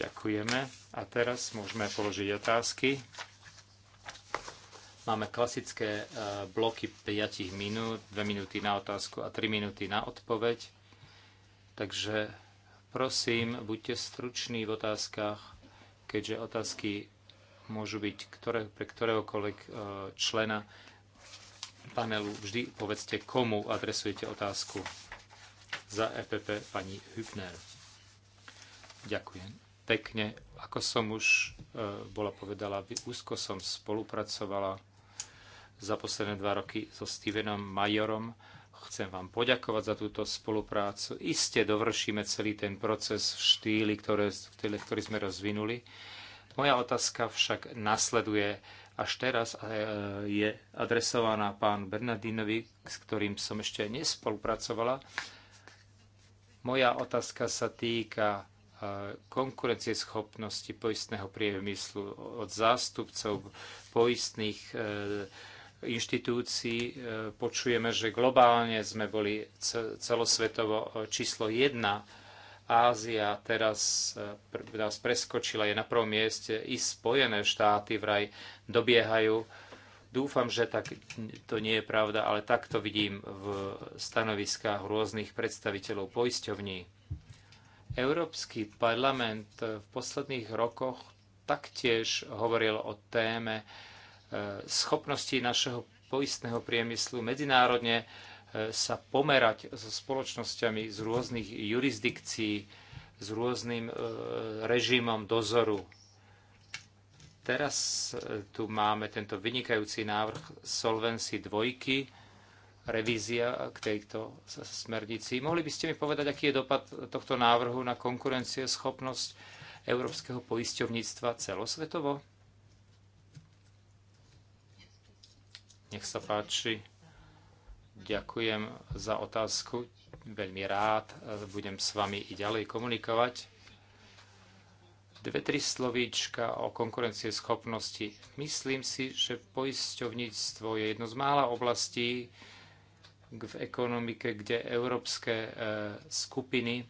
Ďakujeme. A teraz môžeme položiť otázky. Máme klasické e, bloky 5 minút, 2 minúty na otázku a 3 minúty na odpoveď. Takže prosím, buďte struční v otázkach, keďže otázky môžu byť ktoré, pre ktoréhokoľvek e, člena panelu. Vždy povedzte, komu adresujete otázku. Za EPP pani Hübner. Ďakujem pekne. Ako som už e, bola povedala, úzko som spolupracovala za posledné dva roky so Stevenom Majorom. Chcem vám poďakovať za túto spoluprácu. Iste dovršíme celý ten proces v štýli, ktoré, ktorý sme rozvinuli moja otázka však nasleduje až teraz e, je adresovaná pán Bernardinovi, s ktorým som ešte nespolupracovala. Moja otázka sa týka e, schopnosti poistného priemyslu od zástupcov poistných e, inštitúcií. Počujeme, že globálne sme boli celosvetovo číslo jedna Ázia teraz e, nás preskočila, je na prvom mieste, i Spojené štáty vraj dobiehajú. Dúfam, že tak to nie je pravda, ale takto vidím v stanoviskách rôznych predstaviteľov poisťovní. Európsky parlament e, v posledných rokoch taktiež hovoril o téme e, schopnosti našeho poistného priemyslu medzinárodne sa pomerať so spoločnosťami z rôznych jurisdikcií, s rôznym e, režimom dozoru. Teraz e, tu máme tento vynikajúci návrh Solvency 2, revízia k tejto smernici. Mohli by ste mi povedať, aký je dopad tohto návrhu na konkurencieschopnosť európskeho poisťovníctva celosvetovo? Nech sa páči. Ďakujem za otázku. Veľmi rád e, budem s vami i ďalej komunikovať. Dve, tri slovíčka o konkurencie schopnosti. Myslím si, že poisťovníctvo je jedno z mála oblastí v ekonomike, kde európske e, skupiny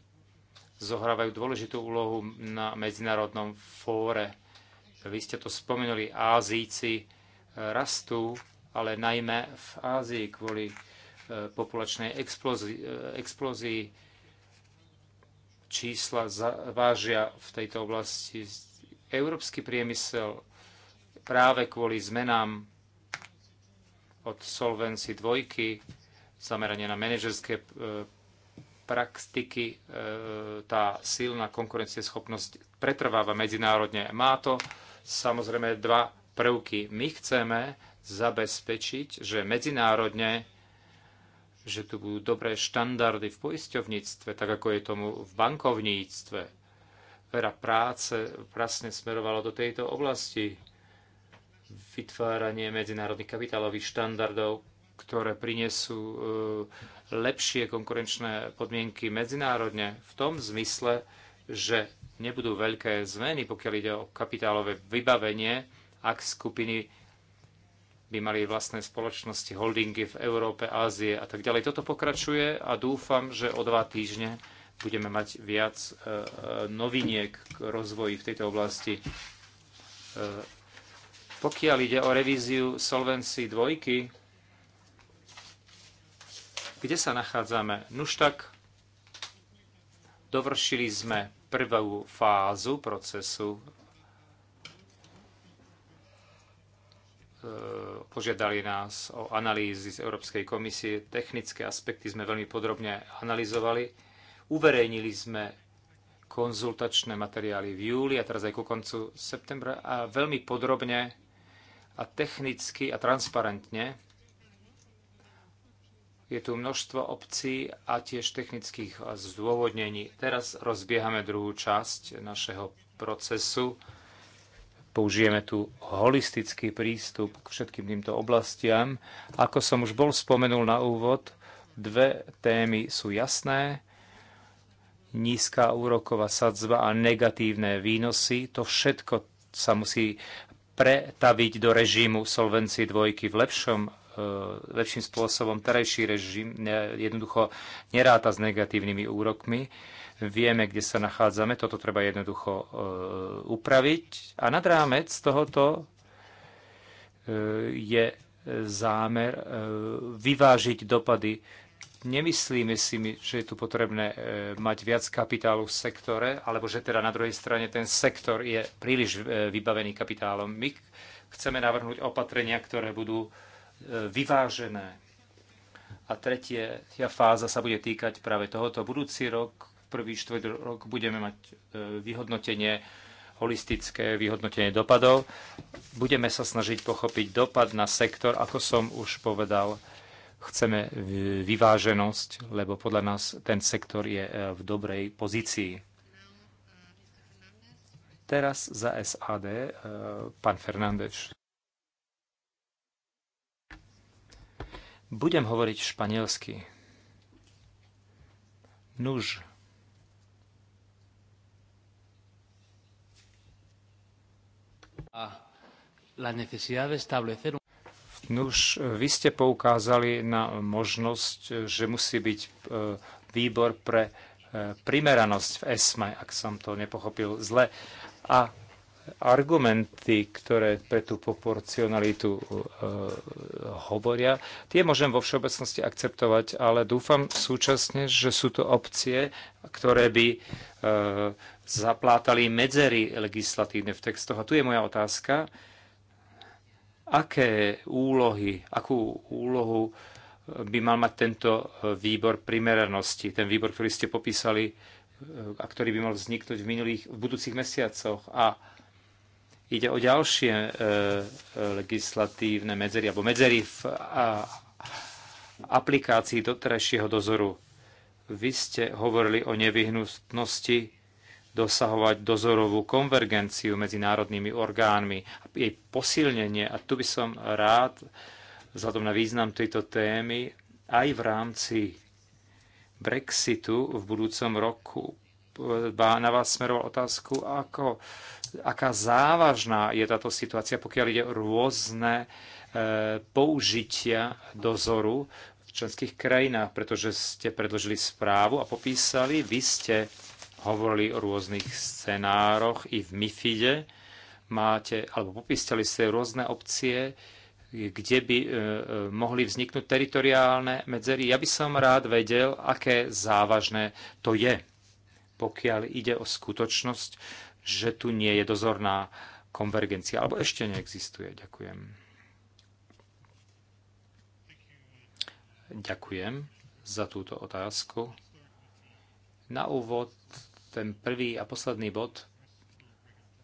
zohrávajú dôležitú úlohu na medzinárodnom fóre. Vy ste to spomenuli, Ázíci e, rastú, ale najmä v Ázii kvôli Eh, populačnej eh, explózii. Čísla vážia v tejto oblasti. Európsky priemysel práve kvôli zmenám od Solvency 2, zameranie na manažerské eh, praktiky, tá silná konkurencieschopnosť pretrváva medzinárodne. Má to samozrejme dva prvky. My chceme zabezpečiť, že medzinárodne že tu budú dobré štandardy v poisťovníctve, tak ako je tomu v bankovníctve. Vera práce prasne smerovala do tejto oblasti. Vytváranie medzinárodných kapitálových štandardov, ktoré prinesú e, lepšie konkurenčné podmienky medzinárodne v tom zmysle, že nebudú veľké zmeny, pokiaľ ide o kapitálové vybavenie, ak skupiny by mali vlastné spoločnosti, holdingy v Európe, Ázie a tak ďalej. Toto pokračuje a dúfam, že o dva týždne budeme mať viac e, e, noviniek k rozvoji v tejto oblasti. E, pokiaľ ide o revíziu Solvency 2, kde sa nachádzame? Nuž tak, dovršili sme prvú fázu procesu E, požiadali nás o analýzy z Európskej komisie. Technické aspekty sme veľmi podrobne analyzovali. Uverejnili sme konzultačné materiály v júli a teraz aj ku koncu septembra a veľmi podrobne a technicky a transparentne. Je tu množstvo obcí a tiež technických zdôvodnení. Teraz rozbiehame druhú časť našeho procesu Použijeme tu holistický prístup k všetkým týmto oblastiam. Ako som už bol spomenul na úvod, dve témy sú jasné. Nízka úroková sadzba a negatívne výnosy, to všetko sa musí pretaviť do režimu solvenci dvojky v lepšom e, lepším spôsobom terajší režim jednoducho neráta s negatívnymi úrokmi vieme, kde sa nachádzame, toto treba jednoducho e, upraviť. A nad rámec tohoto e, je zámer e, vyvážiť dopady. Nemyslíme si, my, že je tu potrebné e, mať viac kapitálu v sektore, alebo že teda na druhej strane ten sektor je príliš e, vybavený kapitálom. My chceme navrhnúť opatrenia, ktoré budú e, vyvážené. A tretia fáza sa bude týkať práve tohoto. Budúci rok prvý štvrt rok budeme mať e, vyhodnotenie, holistické vyhodnotenie dopadov. Budeme sa snažiť pochopiť dopad na sektor, ako som už povedal, chceme vyváženosť, lebo podľa nás ten sektor je e, v dobrej pozícii. Teraz za SAD e, pán Fernández. Budem hovoriť španielsky. Nuž, la necesidad de establecer un... Nuž, vy ste poukázali na možnosť, že musí byť e, výbor pre e, primeranosť v ESME, ak som to nepochopil zle. A argumenty, ktoré pre tú proporcionalitu e, hovoria, tie môžem vo všeobecnosti akceptovať, ale dúfam súčasne, že sú to opcie, ktoré by e, zaplátali medzery legislatívne v textoch. A tu je moja otázka. E, aké úlohy, akú úlohu eh, by mal mať tento eh, výbor primeranosti, ten výbor, ktorý ste popísali eh, a ktorý by mal vzniknúť v, minulých, v budúcich mesiacoch. A ide o ďalšie e, legislatívne medzery, alebo medzery v a, aplikácii doterajšieho dozoru. Vy ste hovorili o nevyhnutnosti dosahovať dozorovú konvergenciu medzi národnými orgánmi a jej posilnenie. A tu by som rád, vzhľadom na význam tejto témy, aj v rámci Brexitu v budúcom roku na vás smeroval otázku, ako, aká závažná je táto situácia, pokiaľ ide o rôzne e, použitia dozoru v členských krajinách, pretože ste predložili správu a popísali, vy ste hovorili o rôznych scenároch i v MIFIDE. Máte, alebo popísali ste rôzne opcie, kde by e, e, mohli vzniknúť teritoriálne medzery. Ja by som rád vedel, aké závažné to je, pokiaľ ide o skutočnosť, že tu nie je dozorná konvergencia, alebo ešte neexistuje. Ďakujem. Ďakujem za túto otázku. Na úvod ten prvý a posledný bod,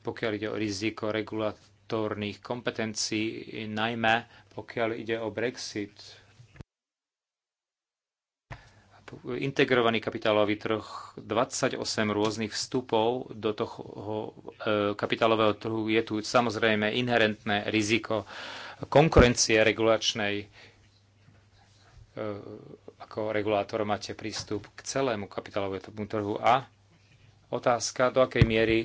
pokiaľ ide o riziko regulatórnych kompetencií, najmä pokiaľ ide o Brexit. Integrovaný kapitálový trh, 28 rôznych vstupov do toho e, kapitálového trhu je tu samozrejme inherentné riziko konkurencie regulačnej e, ako regulátor máte prístup k celému kapitálovému trhu a otázka, do akej miery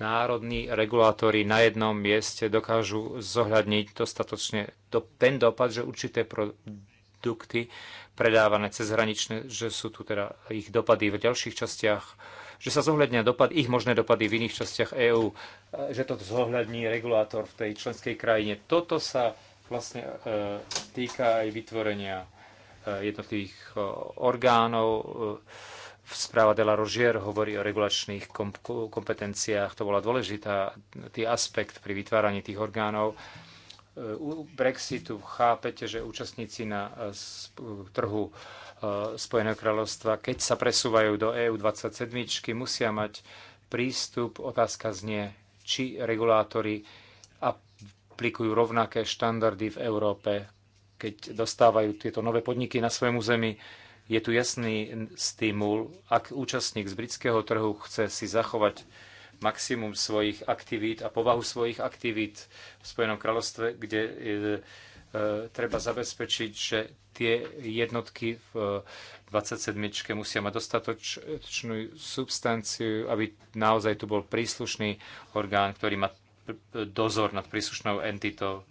národní regulátori na jednom mieste dokážu zohľadniť dostatočne do, ten dopad, že určité produkty predávané cez hraničné, že sú tu teda ich dopady v ďalších častiach, že sa zohľadnia dopad, ich možné dopady v iných častiach EÚ, že to zohľadní regulátor v tej členskej krajine. Toto sa vlastne e, týka aj vytvorenia e, jednotlivých e, orgánov, Správa de la Rogier hovorí o regulačných kompetenciách. To bola dôležitá tý aspekt pri vytváraní tých orgánov. U Brexitu chápete, že účastníci na e, e, trhu e, Spojeného kráľovstva, keď sa presúvajú do EU27, musia mať prístup. Otázka znie, či regulátori aplikujú rovnaké štandardy v Európe, keď dostávajú tieto nové podniky na svojom území je tu jasný stimul, ak účastník z britského trhu chce si zachovať maximum svojich aktivít a povahu svojich aktivít v Spojenom kráľovstve, kde e, e, treba zabezpečiť, že tie jednotky v 27. musia mať dostatočnú substanciu, aby naozaj tu bol príslušný orgán, ktorý má dozor nad príslušnou entitou.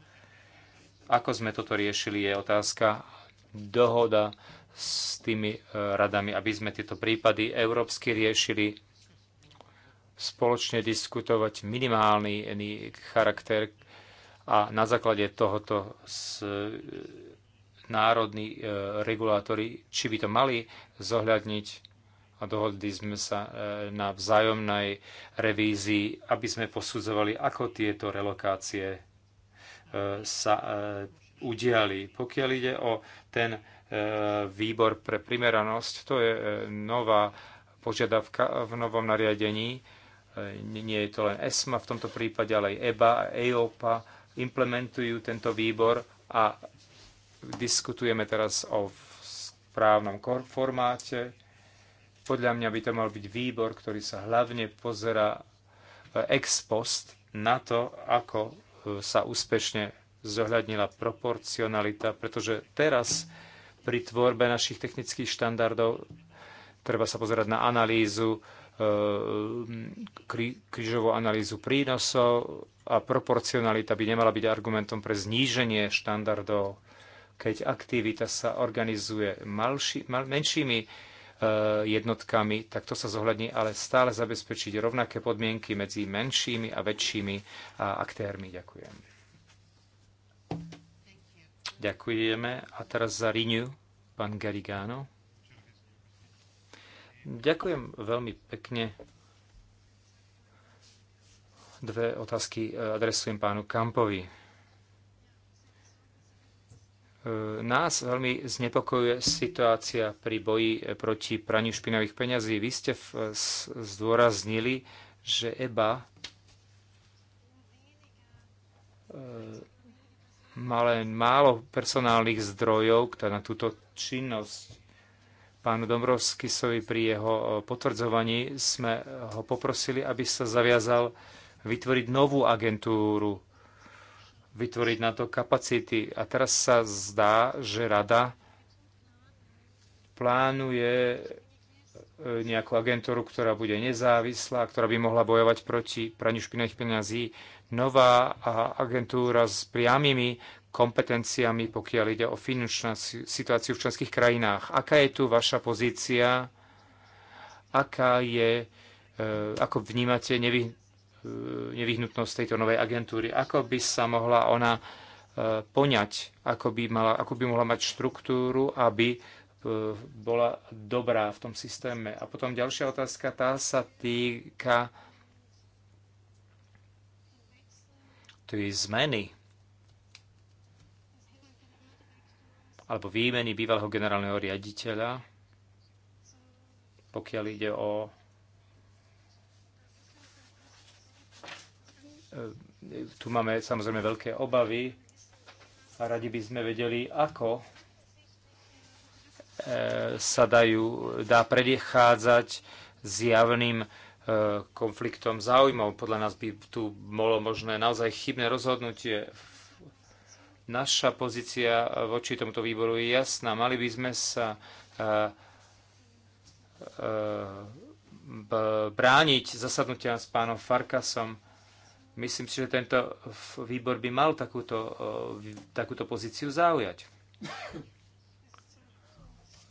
Ako sme toto riešili, je otázka. Dohoda s tými e, radami, aby sme tieto prípady európsky riešili, spoločne diskutovať minimálny charakter a na základe tohoto s, e, národní e, regulátori, či by to mali zohľadniť a dohodli sme sa e, na vzájomnej revízii, aby sme posudzovali, ako tieto relokácie e, sa e, udiali. Pokiaľ ide o ten E, výbor pre primeranosť. To je e, nová požiadavka v novom nariadení. E, nie je to len ESMA v tomto prípade, ale aj EBA a EOPA implementujú tento výbor a diskutujeme teraz o správnom formáte. Podľa mňa by to mal byť výbor, ktorý sa hlavne pozera ex post na to, ako sa úspešne zohľadnila proporcionalita, pretože teraz pri tvorbe našich technických štandardov. Treba sa pozerať na analýzu, e, krížovú analýzu prínosov a proporcionalita by nemala byť argumentom pre zníženie štandardov, keď aktivita sa organizuje malši, mal, menšími e, jednotkami, tak to sa zohľadní, ale stále zabezpečiť rovnaké podmienky medzi menšími a väčšími aktérmi. Ďakujem. Ďakujeme. A teraz za riňu pán Garigano. Ďakujem veľmi pekne. Dve otázky e, adresujem pánu Kampovi. E, nás veľmi znepokojuje situácia pri boji e, proti praniu špinavých peňazí. Vy ste zdôraznili, že EBA malé, málo personálnych zdrojov na túto činnosť. Pánu Dombrovskisovi pri jeho e, potvrdzovaní sme ho poprosili, aby sa zaviazal vytvoriť novú agentúru, vytvoriť na to kapacity. A teraz sa zdá, že rada plánuje E, nejakú agentúru, ktorá bude nezávislá, ktorá by mohla bojovať proti praniu špinavých peňazí. Nová agentúra s priamými kompetenciami, pokiaľ ide o finančnú situáciu v členských krajinách. Aká je tu vaša pozícia? Aká je, e, ako vnímate nevy, e, nevyhnutnosť tejto novej agentúry? Ako by sa mohla ona poňať? Ako by, mala, ako by mohla mať štruktúru, aby Eh, bola dobrá v tom systéme. A potom ďalšia otázka, tá sa týka tej zmeny alebo výmeny bývalého generálneho riaditeľa, pokiaľ ide o eh, tu máme samozrejme veľké obavy a radi by sme vedeli, ako E, sa dajú, dá predchádzať zjavným e, konfliktom záujmov. Podľa nás by tu bolo možné naozaj chybné rozhodnutie. Naša pozícia voči tomuto výboru je jasná. Mali by sme sa e, brániť zasadnutia s pánom Farkasom. Myslím si, že tento výbor by mal takúto, takúto pozíciu zaujať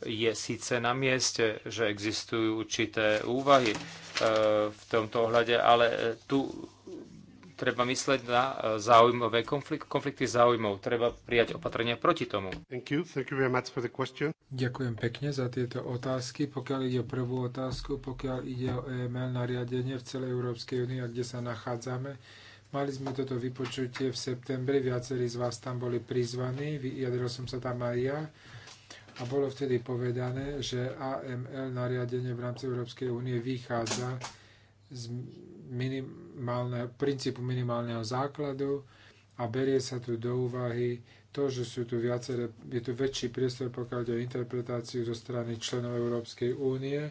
je síce na mieste, že existujú určité úvahy e, v tomto ohľade, ale e, tu treba mysleť na e, záujmové konflikty, konflikty záujmov. Treba prijať opatrenia proti tomu. Thank you. Thank you Ďakujem pekne za tieto otázky. Pokiaľ ide o prvú otázku, pokiaľ ide o EML nariadenie v celej Európskej únii a kde sa nachádzame, Mali sme toto vypočutie v septembri, viacerí z vás tam boli prizvaní, vyjadril som sa tam aj ja a bolo vtedy povedané, že AML nariadenie v rámci Európskej únie vychádza z minimálneho, princípu minimálneho základu a berie sa tu do úvahy to, že sú tu viaceré, je tu väčší priestor, pokiaľ ide o interpretáciu zo strany členov Európskej únie.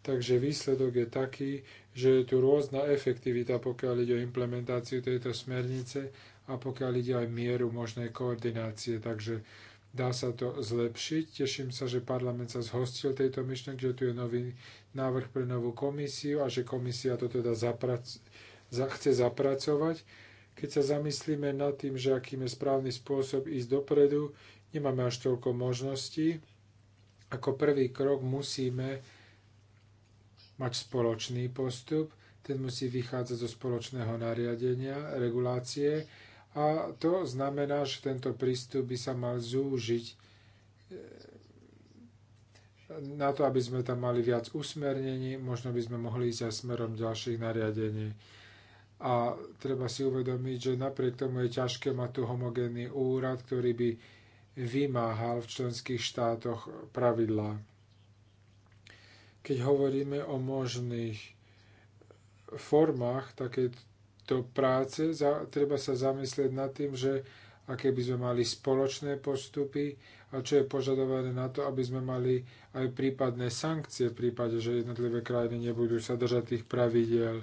Takže výsledok je taký, že je tu rôzna efektivita, pokiaľ ide o implementáciu tejto smernice a pokiaľ ide aj mieru možnej koordinácie. Takže Dá sa to zlepšiť. Teším sa, že parlament sa zhostil tejto myšlenky, že tu je nový návrh pre novú komisiu a že komisia to teda zaprac- za- chce zapracovať. Keď sa zamyslíme nad tým, že akým je správny spôsob ísť dopredu, nemáme až toľko možností. Ako prvý krok musíme mať spoločný postup, ten musí vychádzať zo spoločného nariadenia, regulácie, a to znamená, že tento prístup by sa mal zúžiť e, na to, aby sme tam mali viac usmernení, možno by sme mohli ísť aj smerom ďalších nariadení. A treba si uvedomiť, že napriek tomu je ťažké mať tu homogénny úrad, ktorý by vymáhal v členských štátoch pravidlá. Keď hovoríme o možných formách takej, do práce, za, treba sa zamyslieť nad tým, že aké by sme mali spoločné postupy a čo je požadované na to, aby sme mali aj prípadné sankcie v prípade, že jednotlivé krajiny nebudú sa držať tých pravidiel.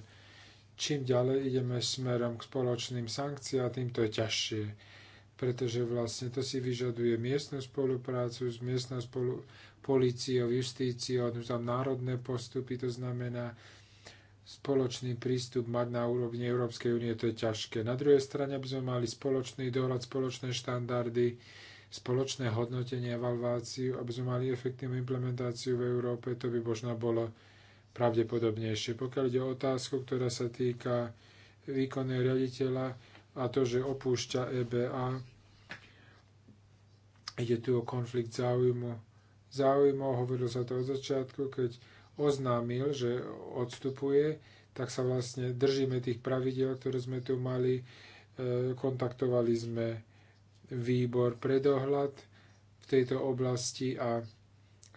Čím ďalej ideme smerom k spoločným sankciám, tým to je ťažšie, pretože vlastne to si vyžaduje miestnu spoluprácu s miestnou spolu, policiou, justíciou, tam národné postupy, to znamená, spoločný prístup mať na úrovni Európskej únie, to je ťažké. Na druhej strane by sme mali spoločný dohľad, spoločné štandardy, spoločné hodnotenie, evalváciu, aby sme mali efektívnu implementáciu v Európe, to by možno bolo pravdepodobnejšie. Pokiaľ ide o otázku, ktorá sa týka výkonného riaditeľa a to, že opúšťa EBA, ide tu o konflikt záujmu. Záujmu, hovorilo sa to od začiatku, keď oznámil, že odstupuje, tak sa vlastne držíme tých pravidel, ktoré sme tu mali. E, kontaktovali sme výbor pre dohľad v tejto oblasti a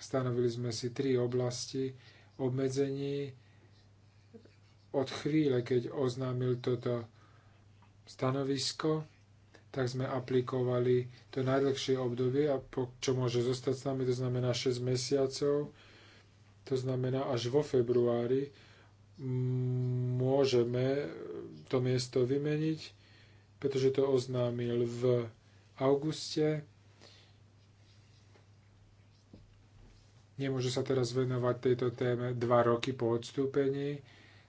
stanovili sme si tri oblasti obmedzení. Od chvíle, keď oznámil toto stanovisko, tak sme aplikovali to najdlhšie obdobie, a po, čo môže zostať s nami, to znamená 6 mesiacov to znamená, až vo februári môžeme to miesto vymeniť, pretože to oznámil v auguste. Nemôže sa teraz venovať tejto téme dva roky po odstúpení,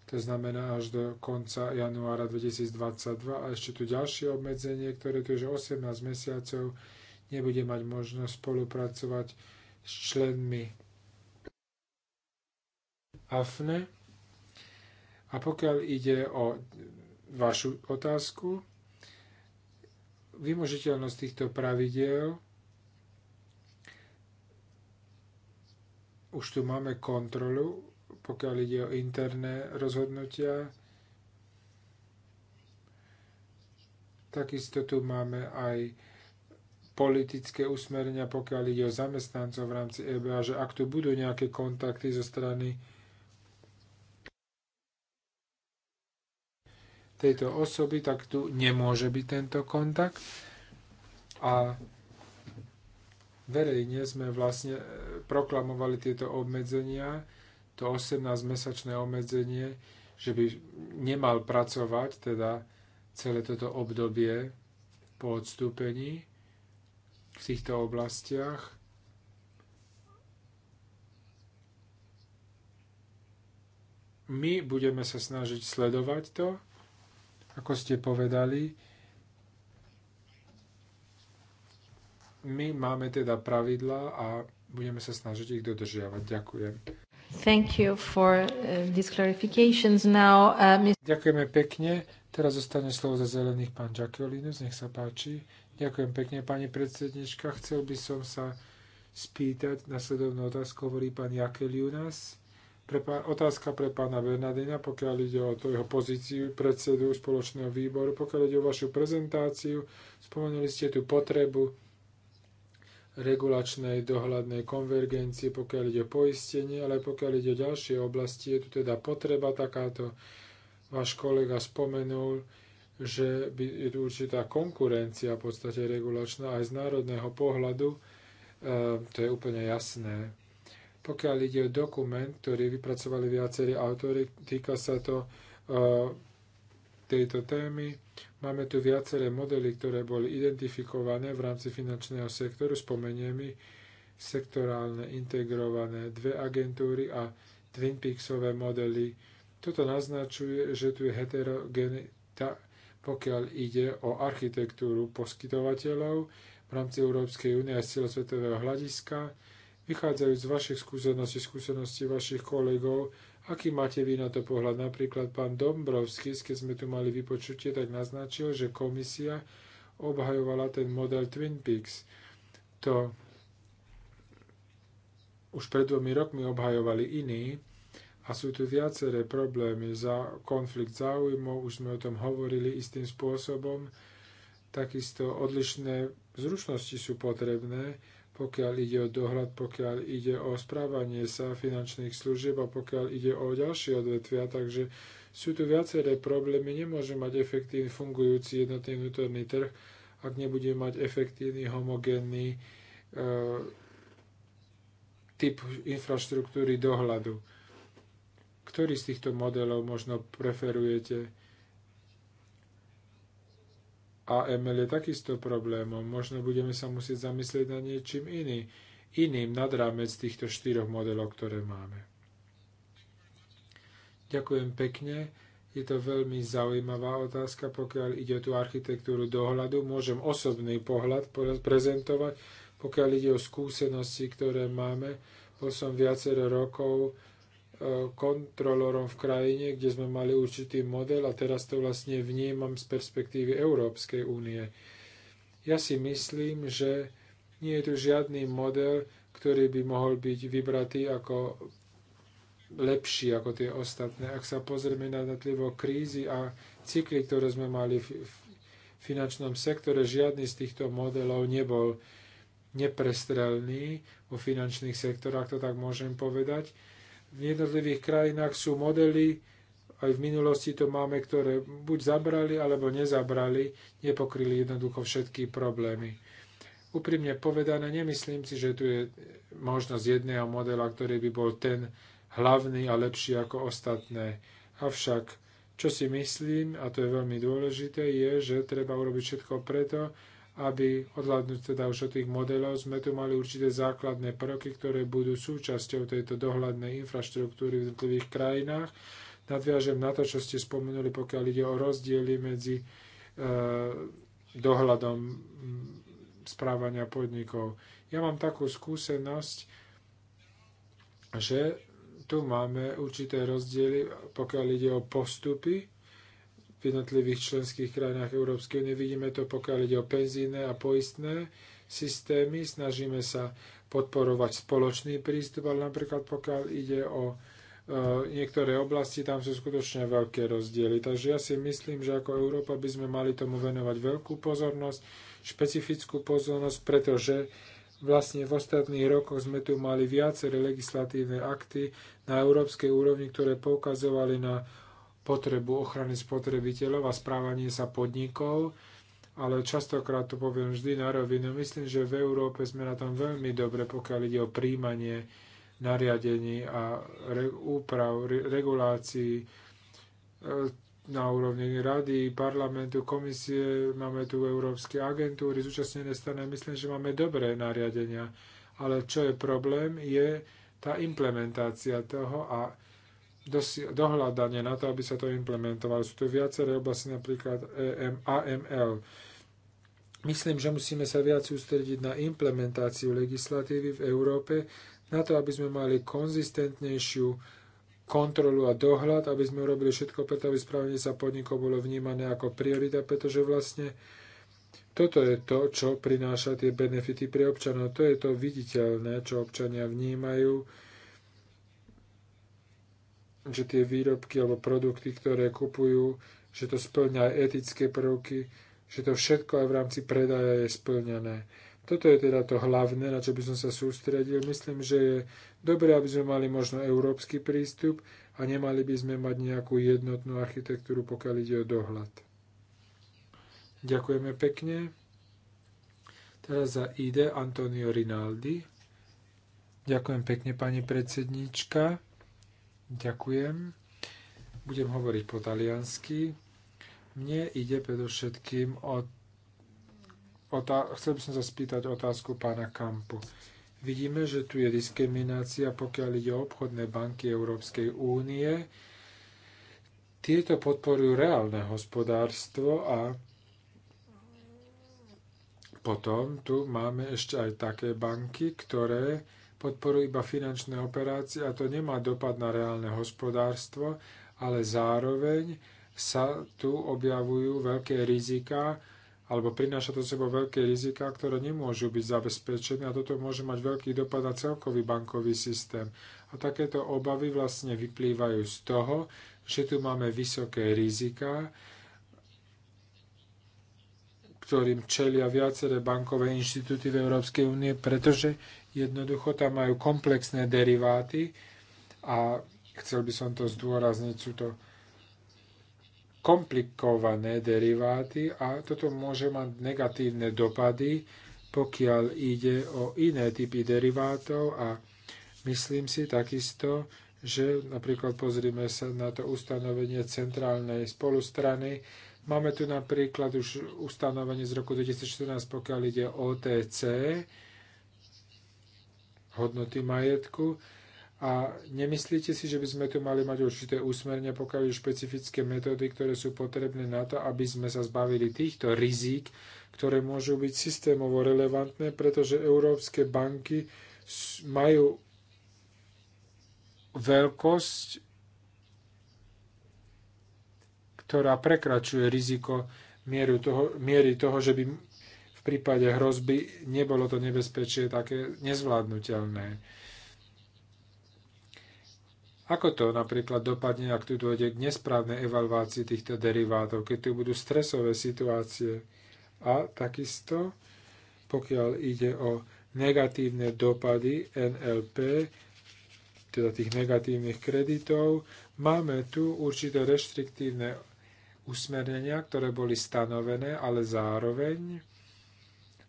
to znamená až do konca januára 2022. A ešte tu ďalšie obmedzenie, ktoré tu je, že 18 mesiacov nebude mať možnosť spolupracovať s členmi AFNE. A pokiaľ ide o vašu otázku, vymožiteľnosť týchto pravidiel, už tu máme kontrolu, pokiaľ ide o interné rozhodnutia, takisto tu máme aj politické usmerenia, pokiaľ ide o zamestnancov v rámci EBA, že ak tu budú nejaké kontakty zo strany tejto osoby, tak tu nemôže byť tento kontakt. A verejne sme vlastne e, proklamovali tieto obmedzenia, to 18-mesačné obmedzenie, že by nemal pracovať teda celé toto obdobie po odstúpení v týchto oblastiach. My budeme sa snažiť sledovať to, ako ste povedali, my máme teda pravidla a budeme sa snažiť ich dodržiavať. Ďakujem. Thank you for uh, these clarifications. Now, uh, Ms. Ďakujeme pekne. Teraz zostane slovo za zelených pán Jacqueline, nech sa páči. Ďakujem pekne, pani predsednička. Chcel by som sa spýtať nasledovnú otázku, hovorí pán Jakel Junas. Pre pán, otázka pre pána Bernardina, pokiaľ ide o to jeho pozíciu predsedu spoločného výboru, pokiaľ ide o vašu prezentáciu, spomenuli ste tú potrebu regulačnej dohľadnej konvergencie, pokiaľ ide o poistenie, ale pokiaľ ide o ďalšie oblasti, je tu teda potreba takáto. Váš kolega spomenul, že je tu určitá konkurencia v podstate regulačná aj z národného pohľadu, e, to je úplne jasné. Pokiaľ ide o dokument, ktorý vypracovali viacerí autory, týka sa to e, tejto témy. Máme tu viaceré modely, ktoré boli identifikované v rámci finančného sektoru. Spomeniem ich sektorálne integrované dve agentúry a Twin Peaksové modely. Toto naznačuje, že tu je heterogenita, pokiaľ ide o architektúru poskytovateľov v rámci Európskej únie a celosvetového hľadiska vychádzajú z vašich skúseností, skúseností vašich kolegov, aký máte vy na to pohľad. Napríklad pán Dombrovský, keď sme tu mali vypočutie, tak naznačil, že komisia obhajovala ten model Twin Peaks. To už pred dvomi rokmi obhajovali iní a sú tu viaceré problémy za konflikt záujmov, už sme o tom hovorili istým spôsobom. Takisto odlišné zručnosti sú potrebné, pokiaľ ide o dohľad, pokiaľ ide o správanie sa finančných služieb a pokiaľ ide o ďalšie odvetvia. Takže sú tu viaceré problémy. Nemôže mať efektívny fungujúci jednotný vnútorný trh, ak nebude mať efektívny, homogénny e, typ infraštruktúry dohľadu. Ktorý z týchto modelov možno preferujete? AML je takisto problémom. Možno budeme sa musieť zamyslieť na niečím iný, iným nad rámec týchto štyroch modelov, ktoré máme. Ďakujem pekne. Je to veľmi zaujímavá otázka, pokiaľ ide o tú architektúru dohľadu. Môžem osobný pohľad prezentovať, pokiaľ ide o skúsenosti, ktoré máme. Bol som viacero rokov Eh, kontrolorom v krajine, kde sme mali určitý model a teraz to vlastne vnímam z perspektívy Európskej únie. Ja si myslím, že nie je tu žiadny model, ktorý by mohol byť vybratý ako lepší ako tie ostatné. Ak sa pozrieme na natlivo krízy a cykly, ktoré sme mali v finančnom sektore, žiadny z týchto modelov nebol neprestrelný vo finančných sektorách, to tak môžem povedať v jednotlivých krajinách sú modely, aj v minulosti to máme, ktoré buď zabrali, alebo nezabrali, nepokryli jednoducho všetky problémy. Úprimne povedané, nemyslím si, že tu je možnosť jedného modela, ktorý by bol ten hlavný a lepší ako ostatné. Avšak, čo si myslím, a to je veľmi dôležité, je, že treba urobiť všetko preto, aby odhľadnúť teda už od tých modelov, sme tu mali určité základné prvky, ktoré budú súčasťou tejto dohľadnej infraštruktúry v jednotlivých krajinách. Nadviažem na to, čo ste spomenuli, pokiaľ ide o rozdiely medzi e, dohľadom hm, správania podnikov. Ja mám takú skúsenosť, že tu máme určité rozdiely, pokiaľ ide o postupy v jednotlivých členských krajinách Európskej únie. Vidíme to, pokiaľ ide o penzíne a poistné systémy. Snažíme sa podporovať spoločný prístup, ale napríklad pokiaľ ide o e, niektoré oblasti, tam sú skutočne veľké rozdiely. Takže ja si myslím, že ako Európa by sme mali tomu venovať veľkú pozornosť, špecifickú pozornosť, pretože vlastne v ostatných rokoch sme tu mali viaceré legislatívne akty na európskej úrovni, ktoré poukazovali na potrebu ochrany spotrebiteľov a správanie sa podnikov, ale častokrát to poviem vždy na rovinu. Myslím, že v Európe sme na tom veľmi dobre, pokiaľ ide o príjmanie nariadení a re, úprav, re, regulácií e, na úrovni rady, parlamentu, komisie, máme tu európske agentúry, zúčastnené strany. Myslím, že máme dobré nariadenia, ale čo je problém, je tá implementácia toho a dohľadanie na to, aby sa to implementovalo. Sú tu viaceré oblasti, napríklad e AML. Myslím, že musíme sa viac sústrediť na implementáciu legislatívy v Európe, na to, aby sme mali konzistentnejšiu kontrolu a dohľad, aby sme urobili všetko preto, aby správanie sa podnikov bolo vnímané ako priorita, pretože vlastne toto je to, čo prináša tie benefity pre občanov. To je to viditeľné, čo občania vnímajú že tie výrobky alebo produkty, ktoré kupujú, že to splňa aj etické prvky, že to všetko aj v rámci predaja je splňané. Toto je teda to hlavné, na čo by som sa sústredil. Myslím, že je dobré, aby sme mali možno európsky prístup a nemali by sme mať nejakú jednotnú architektúru, pokiaľ ide o dohľad. Ďakujeme pekne. Teraz za ide Antonio Rinaldi. Ďakujem pekne, pani predsedníčka. Ďakujem. Budem hovoriť po taliansky. Mne ide predovšetkým o... Otá... Chcel by som sa spýtať otázku pána Kampu. Vidíme, že tu je diskriminácia, pokiaľ ide o obchodné banky Európskej únie. Tieto podporujú reálne hospodárstvo a potom tu máme ešte aj také banky, ktoré podporujú iba finančné operácie a to nemá dopad na reálne hospodárstvo, ale zároveň sa tu objavujú veľké rizika, alebo prináša to sebou veľké rizika, ktoré nemôžu byť zabezpečené a toto môže mať veľký dopad na celkový bankový systém. A takéto obavy vlastne vyplývajú z toho, že tu máme vysoké rizika, ktorým čelia viaceré bankové inštitúty v Európskej únie, pretože Jednoducho tam majú komplexné deriváty a chcel by som to zdôrazniť, sú to komplikované deriváty a toto môže mať negatívne dopady, pokiaľ ide o iné typy derivátov a myslím si takisto, že napríklad pozrime sa na to ustanovenie centrálnej spolustrany. Máme tu napríklad už ustanovenie z roku 2014, pokiaľ ide o OTC, hodnoty majetku. A nemyslíte si, že by sme tu mali mať určité úsmerne, pokiaľ špecifické metódy, ktoré sú potrebné na to, aby sme sa zbavili týchto rizík, ktoré môžu byť systémovo relevantné, pretože európske banky majú veľkosť, ktorá prekračuje riziko mieru toho, miery toho, že by v prípade hrozby nebolo to nebezpečie také nezvládnutelné. Ako to napríklad dopadne, ak tu dôjde k nesprávnej evaluácii týchto derivátov, keď tu budú stresové situácie? A takisto, pokiaľ ide o negatívne dopady NLP, teda tých negatívnych kreditov, máme tu určité reštriktívne usmernenia, ktoré boli stanovené, ale zároveň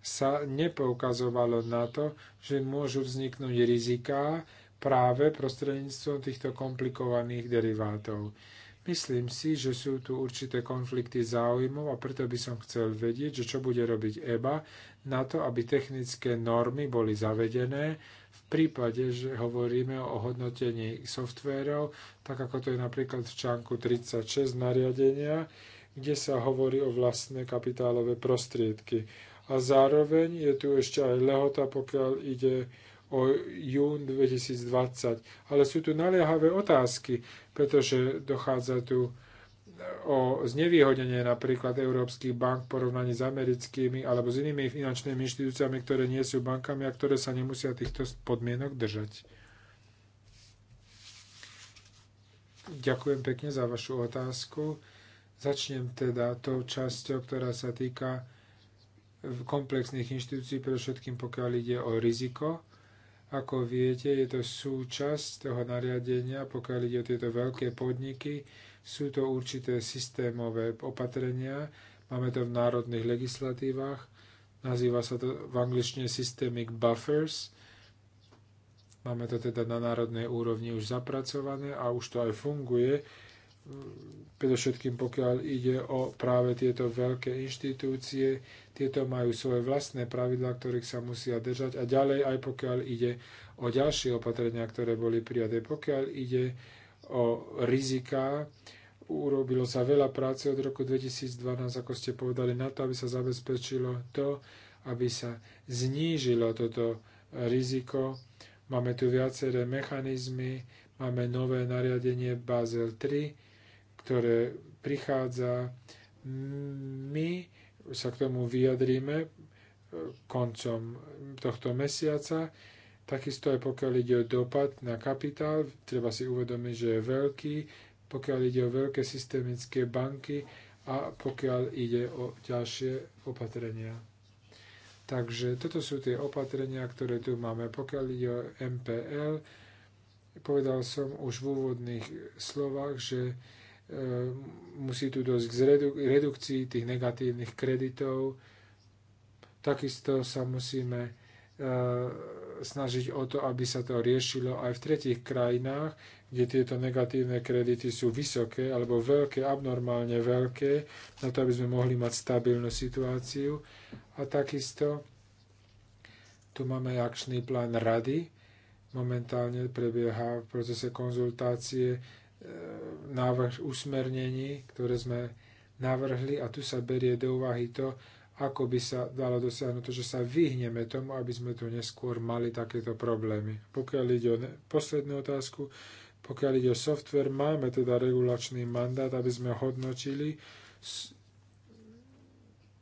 sa nepoukazovalo na to, že môžu vzniknúť riziká práve prostredníctvom týchto komplikovaných derivátov. Myslím si, že sú tu určité konflikty záujmov a preto by som chcel vedieť, že čo bude robiť EBA na to, aby technické normy boli zavedené v prípade, že hovoríme o hodnotení softvérov, tak ako to je napríklad v článku 36 nariadenia, kde sa hovorí o vlastné kapitálové prostriedky. A zároveň je tu ešte aj lehota, pokiaľ ide o jún 2020. Ale sú tu naliehavé otázky, pretože dochádza tu eh, o znevýhodnenie napríklad európskych bank v porovnaní s americkými alebo s inými finančnými inštitúciami, ktoré nie sú bankami a ktoré sa nemusia týchto podmienok držať. Ďakujem pekne za vašu otázku. Začnem teda tou časťou, ktorá sa týka komplexných inštitúcií, pre všetkým pokiaľ ide o riziko. Ako viete, je to súčasť toho nariadenia, pokiaľ ide o tieto veľké podniky. Sú to určité systémové opatrenia, máme to v národných legislatívach, nazýva sa to v angličtine systemic buffers, Máme to teda na národnej úrovni už zapracované a už to aj funguje predovšetkým pokiaľ ide o práve tieto veľké inštitúcie, tieto majú svoje vlastné pravidlá, ktorých sa musia držať a ďalej aj pokiaľ ide o ďalšie opatrenia, ktoré boli prijaté. Pokiaľ ide o riziká, urobilo sa veľa práce od roku 2012, ako ste povedali, na to, aby sa zabezpečilo to, aby sa znížilo toto riziko. Máme tu viaceré mechanizmy, máme nové nariadenie Basel 3, ktoré prichádza. My sa k tomu vyjadríme e, koncom tohto mesiaca. Takisto aj pokiaľ ide o dopad na kapitál, treba si uvedomiť, že je veľký, pokiaľ ide o veľké systemické banky a pokiaľ ide o ďalšie opatrenia. Takže toto sú tie opatrenia, ktoré tu máme. Pokiaľ ide o MPL, povedal som už v úvodných slovách, že Ehm, musí tu dosť k redukcii tých negatívnych kreditov. Takisto sa musíme e, snažiť o to, aby sa to riešilo aj v tretich krajinách, kde tieto negatívne kredity sú vysoké alebo veľké, abnormálne veľké, na to, aby sme mohli mať stabilnú situáciu. A takisto tu máme akčný plán rady. Momentálne prebieha v procese konzultácie E, návrh usmernení, ktoré sme navrhli a tu sa berie do úvahy to, ako by sa dalo dosiahnuť to, že sa vyhneme tomu, aby sme tu neskôr mali takéto problémy. Pokiaľ ide o poslednú otázku, pokiaľ ide o software, máme teda regulačný mandát, aby sme hodnotili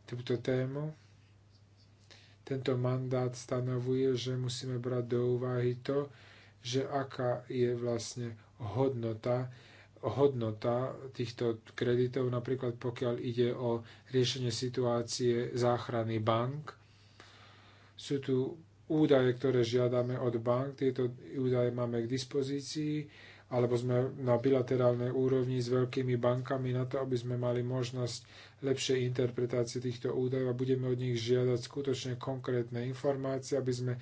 túto tému. Tento mandát stanovuje, že musíme brať do úvahy to, že aká je vlastne hodnota, hodnota týchto kreditov, napríklad pokiaľ ide o riešenie situácie záchrany bank. Sú tu údaje, ktoré žiadame od bank, tieto údaje máme k dispozícii, alebo sme na bilaterálnej úrovni s veľkými bankami na to, aby sme mali možnosť lepšej interpretácie týchto údajov a budeme od nich žiadať skutočne konkrétne informácie, aby sme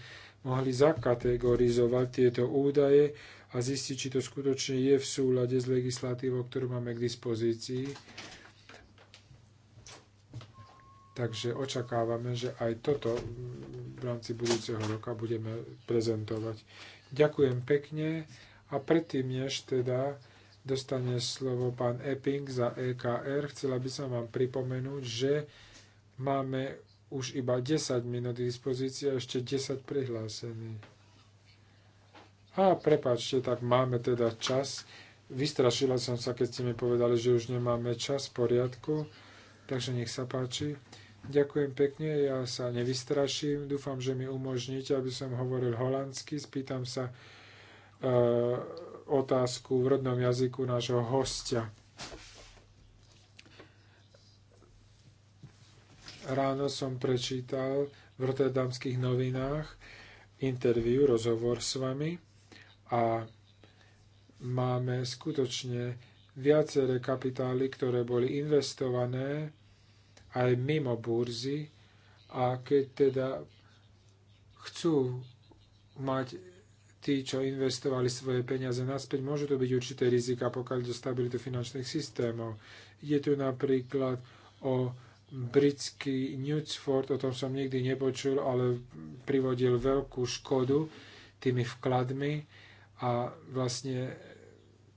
mohli zakategorizovať tieto údaje a zistiť, či to skutočne je v súlade s legislatívou, ktorú máme k dispozícii. Takže očakávame, že aj toto v rámci budúceho roka budeme prezentovať. Ďakujem pekne a predtým, než teda dostane slovo pán Epping za EKR, chcela by som vám pripomenúť, že máme už iba 10 minút k dispozícii a ešte 10 prihlásených. A prepáčte, tak máme teda čas. Vystrašila som sa, keď ste mi povedali, že už nemáme čas v poriadku. Takže nech sa páči. Ďakujem pekne, ja sa nevystraším. Dúfam, že mi umožníte, aby som hovoril holandsky. Spýtam sa e, otázku v rodnom jazyku nášho hostia. Ráno som prečítal v rotterdamských novinách interviu, rozhovor s vami a máme skutočne viaceré kapitály, ktoré boli investované aj mimo burzy a keď teda chcú mať tí, čo investovali svoje peniaze naspäť, môžu to byť určité rizika, pokiaľ do stability stabilitu finančných systémov. Je tu napríklad o britský Newsford, o tom som nikdy nepočul, ale privodil veľkú škodu tými vkladmi a vlastne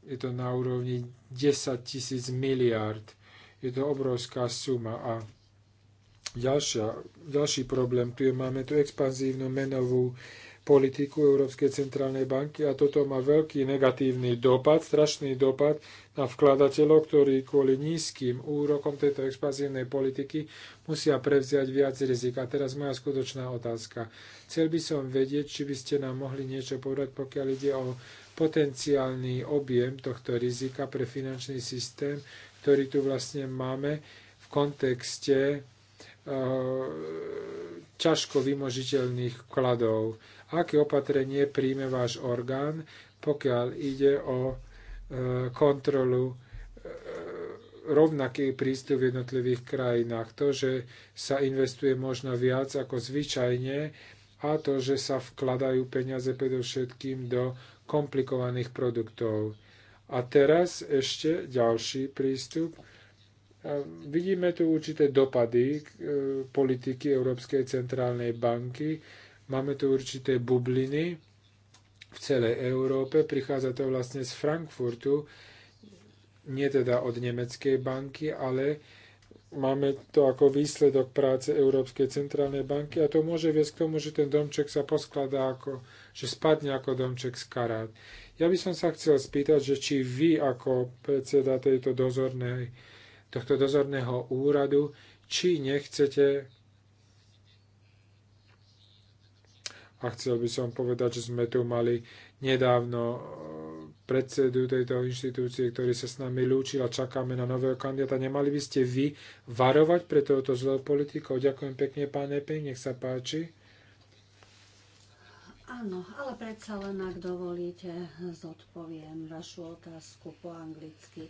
je to na úrovni 10 tisíc miliárd. Je to obrovská suma a ďalšia, ďalší problém, tu je, máme tu expanzívnu menovú politiku Európskej centrálnej banky a toto má veľký negatívny dopad, strašný dopad na vkladateľov, ktorí kvôli nízkym úrokom tejto expanzívnej politiky musia prevziať viac rizik. A teraz moja skutočná otázka. Chcel by som vedieť, či by ste nám mohli niečo povedať, pokiaľ ide o potenciálny objem tohto rizika pre finančný systém, ktorý tu vlastne máme v kontekste eh, ťažko vymožiteľných vkladov aké opatrenie príjme váš orgán, pokiaľ ide o e, kontrolu e, rovnaký prístup v jednotlivých krajinách. To, že sa investuje možno viac ako zvyčajne a to, že sa vkladajú peniaze predovšetkým do komplikovaných produktov. A teraz ešte ďalší prístup. E, vidíme tu určité dopady politiky Európskej centrálnej banky, Máme tu určité bubliny v celej Európe. Prichádza to vlastne z Frankfurtu, nie teda od nemeckej banky, ale máme to ako výsledok práce Európskej centrálnej banky a to môže viesť k tomu, že ten domček sa poskladá ako, že spadne ako domček z karát. Ja by som sa chcel spýtať, že či vy ako predseda tejto dozornej, tohto dozorného úradu, či nechcete A chcel by som povedať, že sme tu mali nedávno e, predsedu tejto inštitúcie, ktorý sa s nami lúčil a čakáme na nového kandidáta. Nemali by ste vy varovať pre tohoto zlého politikov? Ďakujem pekne, pán Eping, nech sa páči. Áno, ale predsa len, ak dovolíte, zodpoviem vašu otázku po anglicky.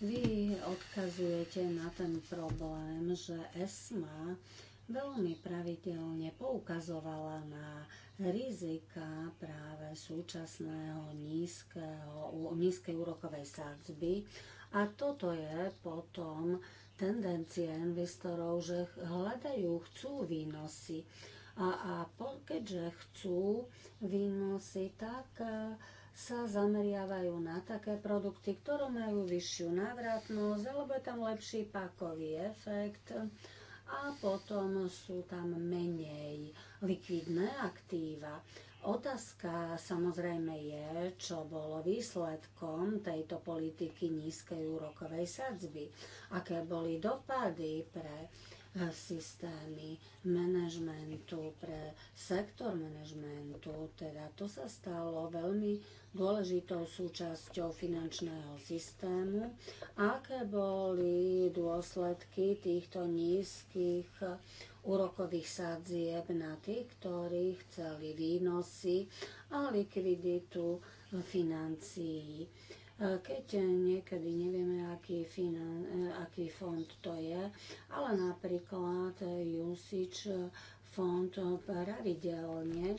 Vy odkazujete na ten problém, že ESMA veľmi pravidelne poukazovala na rizika práve súčasného nízkeho, nízkej úrokovej sadzby a toto je potom tendencia investorov, že hľadajú, chcú výnosy. A, a keďže chcú výnosy, tak e, sa zameriavajú na také produkty, ktoré majú vyššiu návratnosť, alebo je tam lepší pákový efekt a potom sú tam menej likvidné aktíva. Otázka samozrejme je, čo bolo výsledkom tejto politiky nízkej úrokovej sadzby, aké boli dopady pre systémy manažmentu, pre sektor manažmentu. Teda to sa stalo veľmi dôležitou súčasťou finančného systému. Aké boli dôsledky týchto nízkych úrokových sadzieb na tých, ktorí chceli výnosy a likviditu financií. E, keď niekedy nevieme, aký, finan, e, aký fond to je, ale napríklad usage fond pravidelne e,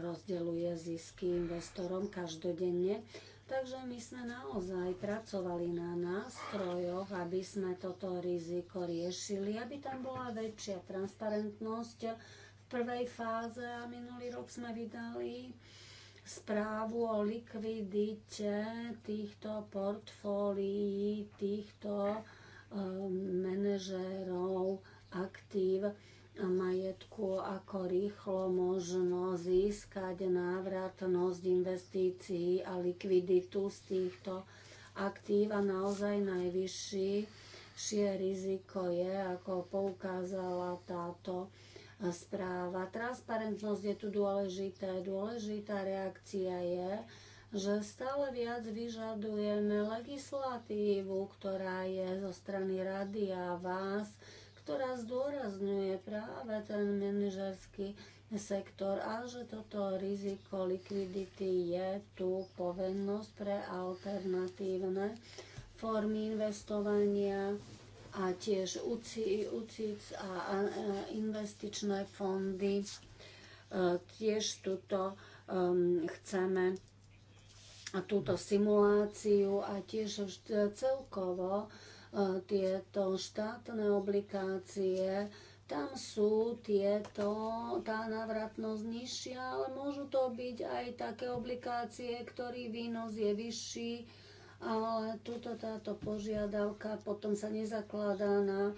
rozdeluje zisky investorom každodenne. Takže my sme naozaj pracovali na nástrojoch, aby sme toto riziko riešili, aby tam bola väčšia transparentnosť v prvej fáze a minulý rok sme vydali správu o likvidite týchto portfólií, týchto um, manažérov aktív majetku, ako rýchlo možno získať návratnosť investícií a likviditu z týchto aktív a naozaj najvyššie riziko je, ako poukázala táto správa. Transparentnosť je tu dôležitá. Dôležitá reakcia je, že stále viac vyžadujeme legislatívu, ktorá je zo strany rady a vás, ktorá zdôrazňuje práve ten manažerský sektor a že toto riziko likvidity je tu povinnosť pre alternatívne formy investovania a tiež UCIC a investičné fondy. E, tiež tuto um, chceme túto simuláciu a tiež celkovo e, tieto štátne obligácie, tam sú tieto, tá navratnosť nižšia, ale môžu to byť aj také obligácie, ktorý výnos je vyšší ale túto táto požiadavka potom sa nezakladá na a,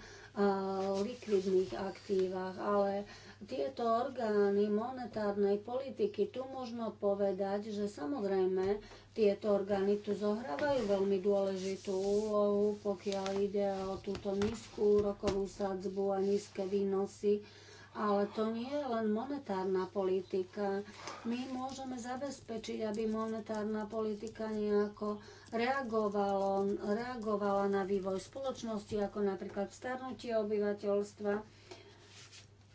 likvidných aktívach, ale tieto orgány monetárnej politiky, tu možno povedať, že samozrejme tieto orgány tu zohrávajú veľmi dôležitú úlohu, pokiaľ ide o túto nízku úrokovú sadzbu a nízke výnosy ale to nie je len monetárna politika. My môžeme zabezpečiť, aby monetárna politika nejako reagovalo, reagovala na vývoj spoločnosti, ako napríklad starnutie obyvateľstva.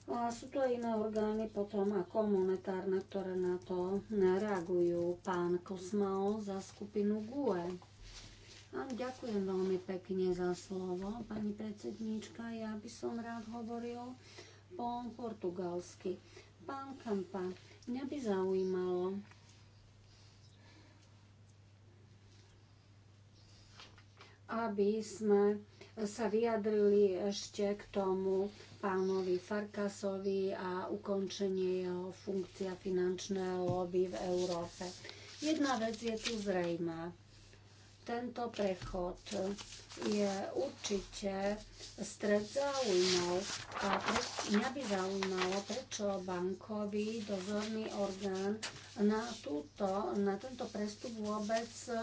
A sú tu aj iné orgány potom ako monetárne, ktoré na to reagujú. Pán Kosmao za skupinu GUE. A ďakujem veľmi pekne za slovo, pani predsedníčka. Ja by som rád hovoril po portugalsky. Pán Kampa, mňa by zaujímalo, aby sme sa vyjadrili ešte k tomu pánovi Farkasovi a ukončenie jeho funkcia finančného lobby v Európe. Jedna vec je tu zrejmá tento prechod je určite stred záujmov a mňa by zaujímalo, prečo bankový dozorný orgán na, túto, na tento prestup vôbec e,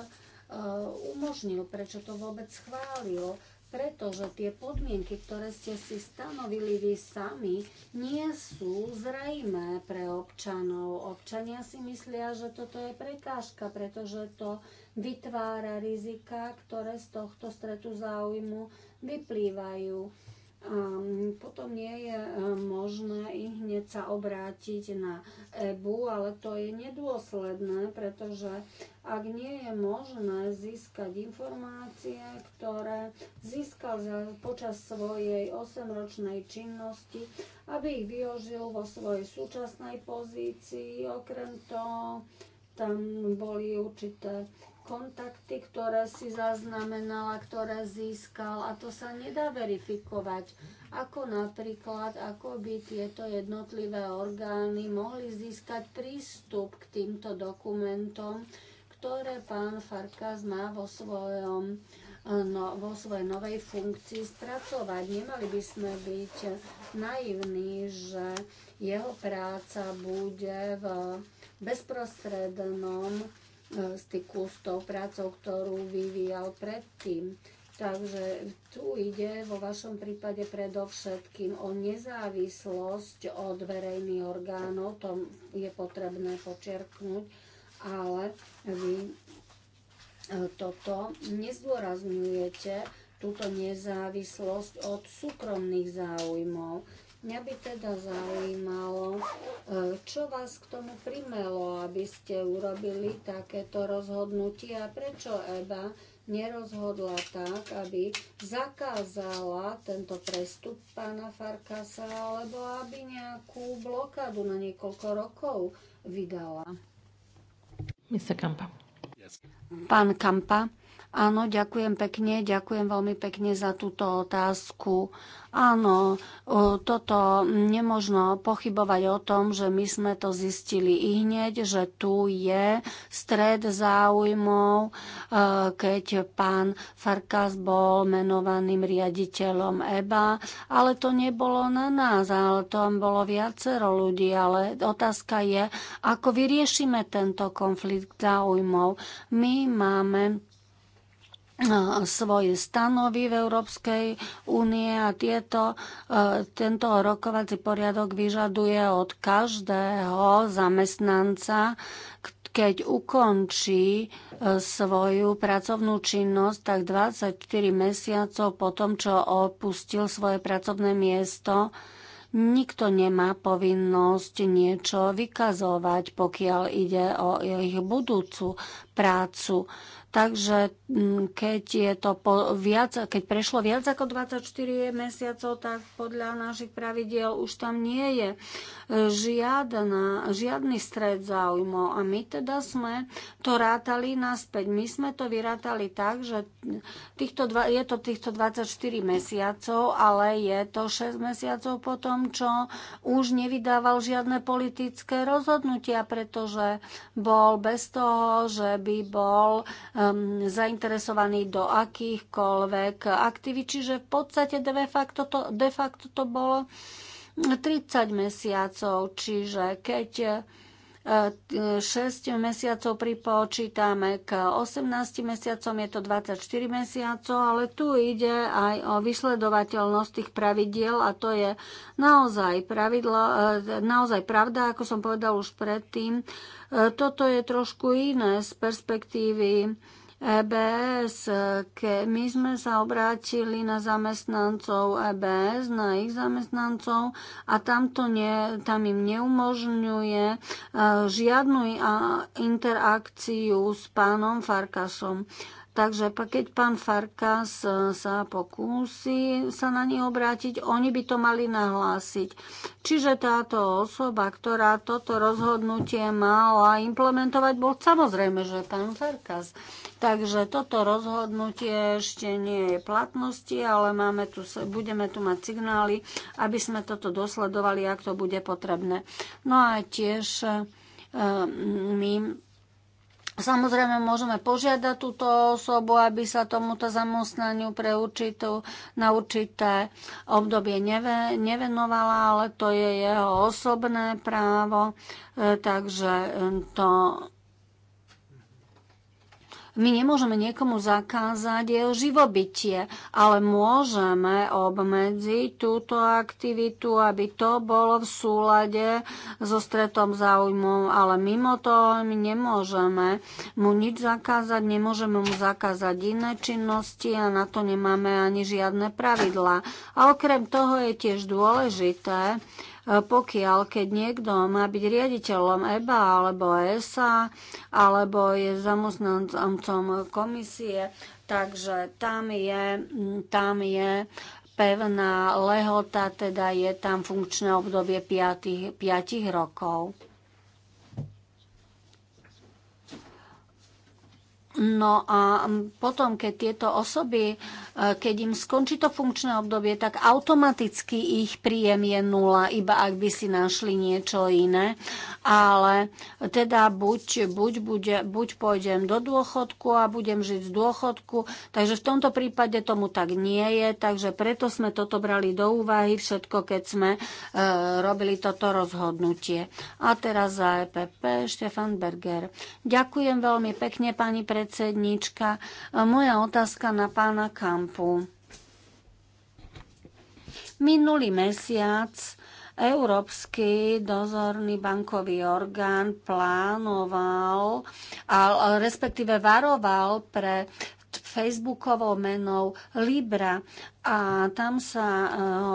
umožnil, prečo to vôbec schválil, pretože tie podmienky, ktoré ste si stanovili vy sami, nie sú zrejmé pre občanov. Občania si myslia, že toto je prekážka, pretože to vytvára rizika, ktoré z tohto stretu záujmu vyplývajú. potom nie je eh, možné ich hneď sa obrátiť na EBU, ale to je nedôsledné, pretože ak nie je možné získať informácie, ktoré získal počas svojej 8-ročnej činnosti, aby ich využil vo svojej súčasnej pozícii. Okrem toho, tam boli určité kontakty, ktoré si zaznamenala, ktoré získal a to sa nedá verifikovať. Ako napríklad, ako by tieto jednotlivé orgány mohli získať prístup k týmto dokumentom, ktoré pán Farkas má vo svojom no, vo svojej novej funkcii spracovať. Nemali by sme byť naivní, že jeho práca bude v bezprostrednom styku s tou prácou, ktorú vyvíjal predtým. Takže tu ide vo vašom prípade predovšetkým o nezávislosť od verejných orgánov, to je potrebné počerknúť, ale vy e, toto nezdôrazňujete, túto nezávislosť od súkromných záujmov. Mňa by teda zaujímalo, e, čo vás k tomu primelo, aby ste urobili takéto rozhodnutie a prečo EBA nerozhodla tak, aby zakázala tento prestup pána Farkasa alebo aby nejakú blokádu na niekoľko rokov vydala. Mr. Kampa. Yes. Pán Kampa, Áno, ďakujem pekne, ďakujem veľmi pekne za túto otázku. Áno, toto nemožno pochybovať o tom, že my sme to zistili i hneď, že tu je stred záujmov, e, keď pán Farkas bol menovaným riaditeľom EBA, ale to nebolo na nás, ale tam bolo viacero ľudí, ale otázka je, ako vyriešime tento konflikt záujmov. My máme Eh, svoje stanovy v Európskej únie a tieto, eh, tento rokovací poriadok vyžaduje od každého zamestnanca, keď ukončí eh, svoju pracovnú činnosť, tak 24 mesiacov po tom, čo opustil svoje pracovné miesto, Nikto nemá povinnosť niečo vykazovať, pokiaľ ide o ich budúcu prácu. Takže mm, keď, je to po viac, keď prešlo viac ako 24 mesiacov, tak podľa našich pravidiel už tam nie je e, žiadna, žiadny stred záujmov. A my teda sme to rátali naspäť. My sme to vyrátali tak, že týchto dva, je to týchto 24 mesiacov, ale je to 6 mesiacov po tom, čo už nevydával žiadne politické rozhodnutia, pretože bol bez toho, že by bol e, um, zainteresovaní do akýchkoľvek aktivít. Čiže v podstate de facto to, de facto to bolo 30 mesiacov. Čiže keď 6 mesiacov pripočítame k 18 mesiacom, je to 24 mesiacov, ale tu ide aj o vysledovateľnosť tých pravidiel a to je naozaj, pravidlo, e, naozaj pravda, ako som povedal už predtým. E, toto je trošku iné z perspektívy EBS. Ke my sme sa obrátili na zamestnancov EBS, na ich zamestnancov a tam, to nie, tam im neumožňuje e, žiadnu interakciu s pánom Farkasom. Takže keď pán Farkas e, sa pokúsi sa na nich obrátiť, oni by to mali nahlásiť. Čiže táto osoba, ktorá toto rozhodnutie mala implementovať, bol samozrejme, že pán Farkas. Takže toto rozhodnutie ešte nie je platnosti, ale máme tu, budeme tu mať signály, aby sme toto dosledovali, ak to bude potrebné. No a tiež e, my Samozrejme, môžeme požiadať túto osobu, aby sa tomuto zamestnaniu pre určitú, na určité obdobie neve, nevenovala, ale to je jeho osobné právo, e, takže e, to my nemôžeme niekomu zakázať jeho živobytie, ale môžeme obmedziť túto aktivitu, aby to bolo v súlade so stretom záujmov, ale mimo toho my nemôžeme mu nič zakázať, nemôžeme mu zakázať iné činnosti a na to nemáme ani žiadne pravidlá. A okrem toho je tiež dôležité, E, pokiaľ keď niekto má byť riaditeľom EBA alebo ESA alebo je zamestnancom komisie, takže tam je, tam je pevná lehota, teda je tam funkčné obdobie 5, 5 rokov. No a potom, keď tieto osoby, e, keď im skončí to funkčné obdobie, tak automaticky ich príjem je nula, iba ak by si našli niečo iné. Ale teda buď, buď, bude, buď pôjdem do dôchodku a budem žiť z dôchodku, takže v tomto prípade tomu tak nie je, takže preto sme toto brali do úvahy všetko, keď sme e, robili toto rozhodnutie. A teraz za EPP Štefan Berger. Ďakujem veľmi pekne, pani predsedníčka predsednička. Moja otázka na pána Kampu. Minulý mesiac Európsky dozorný bankový orgán plánoval, a respektíve varoval pre Facebookovou menou Libra. A tam sa e,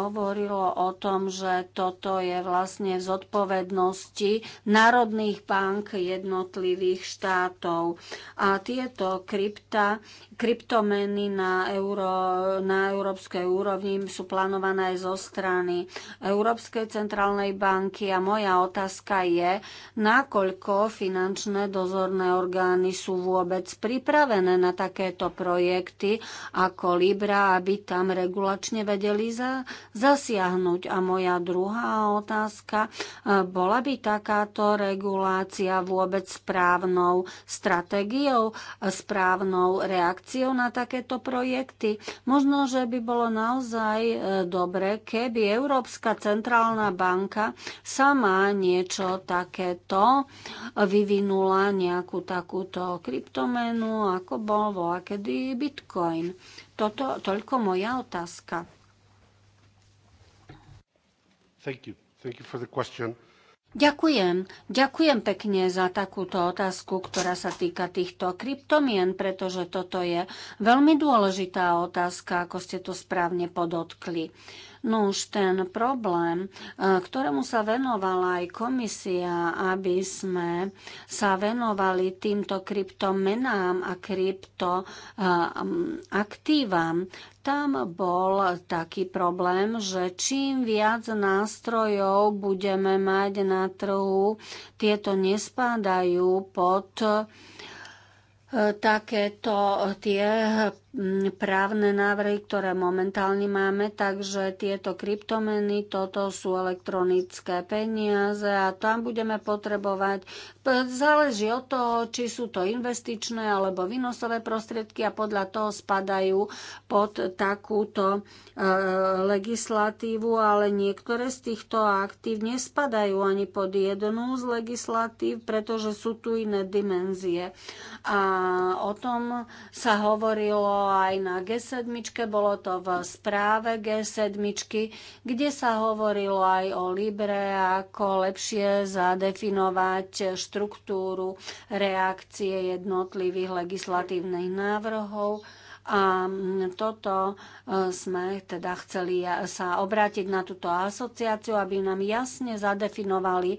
hovorilo o tom, že toto je vlastne v zodpovednosti národných bank jednotlivých štátov. A tieto krypta, kryptomeny na, euro, na európskej úrovni sú plánované aj zo strany Európskej centrálnej banky. A moja otázka je, nakoľko finančné dozorné orgány sú vôbec pripravené na takéto projekty ako Libra, aby tam regulačne vedeli za, zasiahnuť. A moja druhá otázka, e, bola by takáto regulácia vôbec správnou stratégiou, e, správnou reakciou na takéto projekty? Možno, že by bolo naozaj e, dobre, keby Európska centrálna banka sama niečo takéto vyvinula, nejakú takúto kryptomenu, ako bol voľa kedy Bitcoin. Toto toľko moja otázka. Thank you. Thank you for the question. Ďakujem. Ďakujem pekne za takúto otázku, ktorá sa týka týchto kryptomien, pretože toto je veľmi dôležitá otázka, ako ste to správne podotkli. Uh, No už ten problém, e, ktorému sa venovala aj komisia, aby sme sa venovali týmto kryptomenám a kryptoaktívam, e, tam bol taký problém, že čím viac nástrojov budeme mať na trhu, tieto nespadajú pod e, takéto tie právne návrhy, ktoré momentálne máme, takže tieto kryptomeny, toto sú elektronické peniaze a tam budeme potrebovať, záleží od toho, či sú to investičné alebo výnosové prostriedky a podľa toho spadajú pod takúto e, legislatívu, ale niektoré z týchto aktív nespadajú ani pod jednu z legislatív, pretože sú tu iné dimenzie. A o tom sa hovorilo aj na G7, bolo to v správe G7, kde sa hovorilo aj o Libre, ako lepšie zadefinovať štruktúru reakcie jednotlivých legislatívnych návrhov a mm, toto e, sme teda chceli e, sa obrátiť na túto asociáciu, aby nám jasne zadefinovali, e,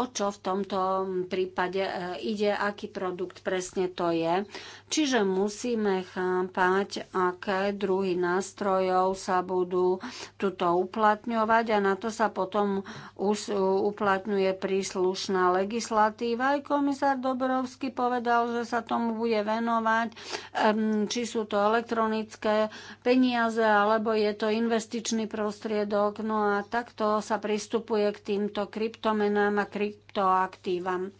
o čo v tomto mm, prípade ide, aký produkt presne to je. Čiže musíme chápať, aké druhy nástrojov sa budú tuto uplatňovať a na to sa potom uplatňuje príslušná legislatíva. Aj komisár Dobrovský povedal, že sa tomu bude venovať, či sú to elektronické peniaze alebo je to investičný prostriedok. No a takto sa pristupuje k týmto kryptomenám a kryptoaktívam e,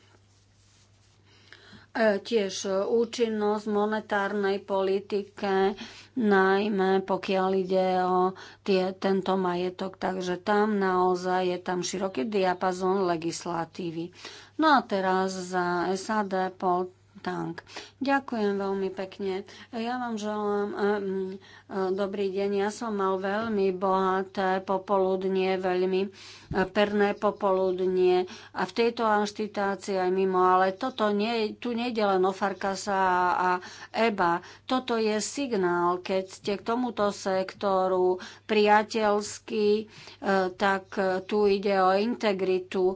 tiež účinnosť monetárnej politike, najmä pokiaľ ide o tie, tento majetok. Takže tam naozaj je tam široký diapazon legislatívy. No a teraz za SAD pod Tank. Ďakujem veľmi pekne. Ja vám želám eh, mm, eh, dobrý deň. Ja som mal veľmi bohaté popoludnie, veľmi eh, perné popoludnie a v tejto anštitácii aj mimo, ale toto nie, tu je len Ofarkasa Farkasa a Eba. Toto je signál, keď ste k tomuto sektoru priateľský, tak tu ide o integritu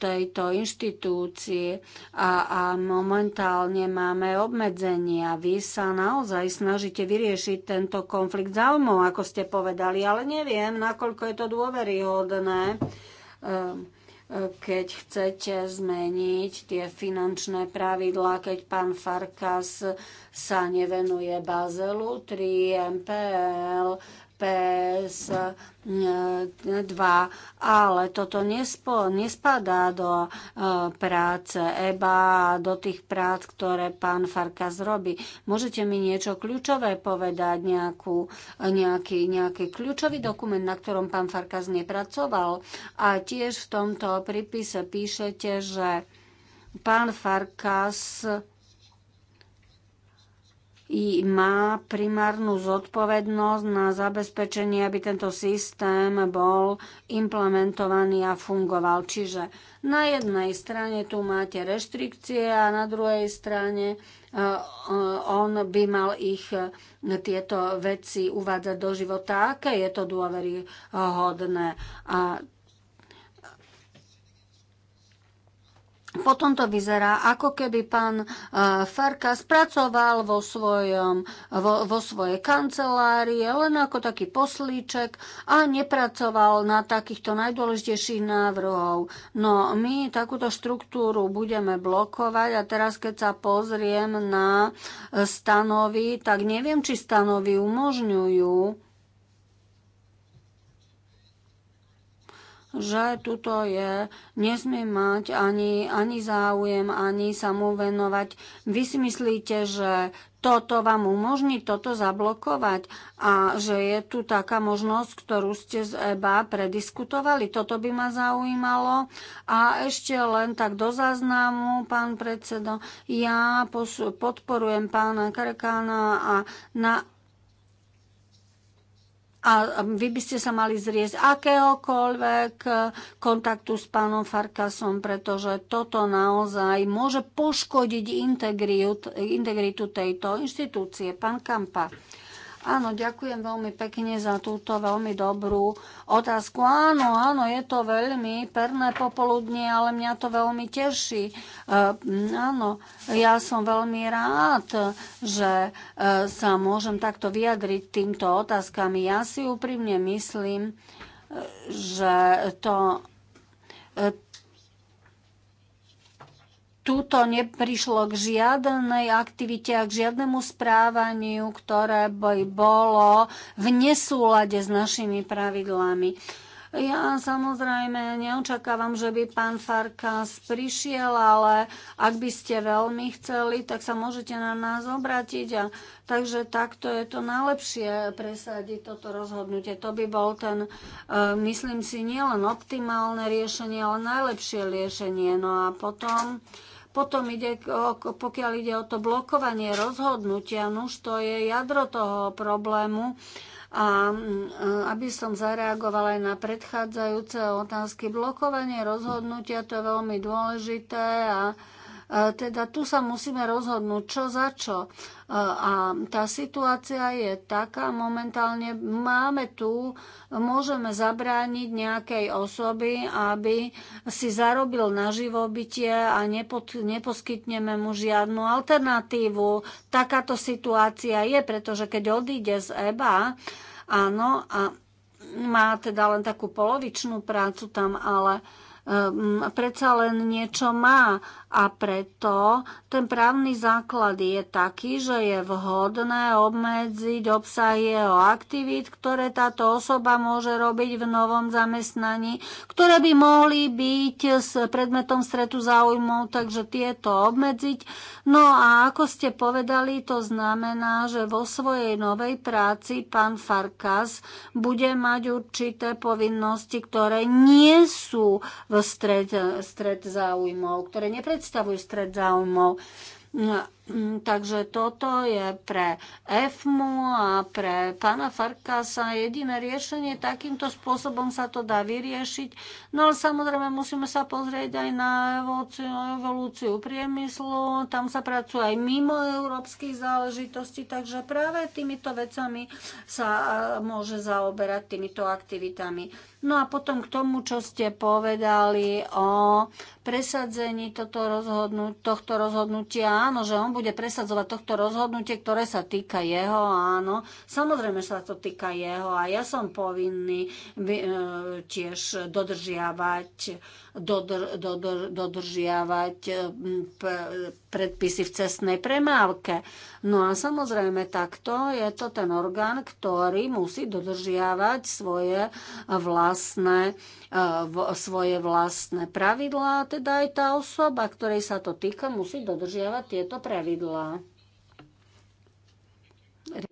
tejto inštitúcie a, a momentálne momentálne máme obmedzenia. Vy sa naozaj snažíte vyriešiť tento konflikt zaujímav, ako ste povedali, ale neviem, nakoľko je to dôveryhodné, eh, eh, keď chcete zmeniť tie finančné pravidlá, keď pán Farkas sa nevenuje Bazelu 3 MPL, ps 2 e, ale toto nespo, nespadá do e, práce EBA, do tých prác, ktoré pán Farka zrobí. Môžete mi niečo kľúčové povedať, nejakú, nejaký, nejaký kľúčový dokument, na ktorom pán Farkas nepracoval. A tiež v tomto pripise píšete, že pán Farkas i má primárnu zodpovednosť na zabezpečenie, aby tento systém bol implementovaný a fungoval. Čiže na jednej strane tu máte reštrikcie a na druhej strane e, e, on by mal ich e, tieto veci uvádzať do života. Aké je to dôveryhodné? A Potom to vyzerá, ako keby pán e, Farka spracoval vo, svojom, vo, vo svojej kancelárii len ako taký poslíček a nepracoval na takýchto najdôležitejších návrhov. No my takúto štruktúru budeme blokovať a teraz keď sa pozriem na stanovy, tak neviem, či stanovy umožňujú že tuto je, nesmie mať ani, ani záujem, ani sa mu venovať. Vy si myslíte, že toto vám umožní toto zablokovať a že je tu taká možnosť, ktorú ste z EBA prediskutovali. Toto by ma zaujímalo. A ešte len tak do záznamu, pán predsedo, ja podporujem pána Karkána a na a vy by ste sa mali zrieť akéhokoľvek eh, kontaktu s pánom Farkasom, pretože toto naozaj môže poškodiť integritu, integritu tejto inštitúcie. Pán Kampa. Áno, ďakujem veľmi pekne za túto veľmi dobrú otázku. Áno, áno, je to veľmi perné popoludnie, ale mňa to veľmi teší. E, áno, ja som veľmi rád, že e, sa môžem takto vyjadriť týmto otázkami. Ja si úprimne myslím, e, že to e, Tuto neprišlo k žiadnej aktivite a k žiadnemu správaniu, ktoré by bolo v nesúlade s našimi pravidlami. Ja samozrejme neočakávam, že by pán Farkas prišiel, ale ak by ste veľmi chceli, tak sa môžete na nás obratiť. A, takže takto je to najlepšie presadiť toto rozhodnutie. To by bol ten, e, myslím si, nielen optimálne riešenie, ale najlepšie riešenie. No a potom potom ide, pokiaľ ide o to blokovanie rozhodnutia, nuž to je jadro toho problému. A mm, aby som zareagovala aj na predchádzajúce otázky, blokovanie rozhodnutia to je veľmi dôležité a E, teda tu sa musíme rozhodnúť, čo za čo. E, a tá situácia je taká, momentálne máme tu, môžeme zabrániť nejakej osoby, aby si zarobil na živobytie a nepod, neposkytneme mu žiadnu alternatívu. Takáto situácia je, pretože keď odíde z EBA, áno, a má teda len takú polovičnú prácu tam, ale um, predsa len niečo má a preto ten právny základ je taký, že je vhodné obmedziť obsah jeho aktivít, ktoré táto osoba môže robiť v novom zamestnaní, ktoré by mohli byť s predmetom stretu záujmov, takže tieto obmedziť. No a ako ste povedali, to znamená, že vo svojej novej práci pán Farkas bude mať určité povinnosti, ktoré nie sú v stret, stret záujmov, ktoré nepredstavujú predstavujú stred záujmov no Mm, takže toto je pre EFMU a pre pána Farkasa jediné riešenie. Takýmto spôsobom sa to dá vyriešiť. No ale samozrejme musíme sa pozrieť aj na evolúciu, priemyslu. Tam sa pracuje aj mimo európskych záležitostí, takže práve týmito vecami sa môže zaoberať týmito aktivitami. No a potom k tomu, čo ste povedali o presadzení tohto rozhodnutia. Áno, že on bude presadzovať tohto rozhodnutie, ktoré sa týka jeho, áno. Samozrejme, sa to týka jeho a ja som povinný eh, tiež dodržiavať dodr, dodr, dodržiavať eh, predpisy v cestnej premávke. No a samozrejme takto je to ten orgán, ktorý musí dodržiavať svoje vlastné, eh, svoje vlastné pravidlá, teda aj tá osoba, ktorej sa to týka, musí dodržiavať tieto pravidlá.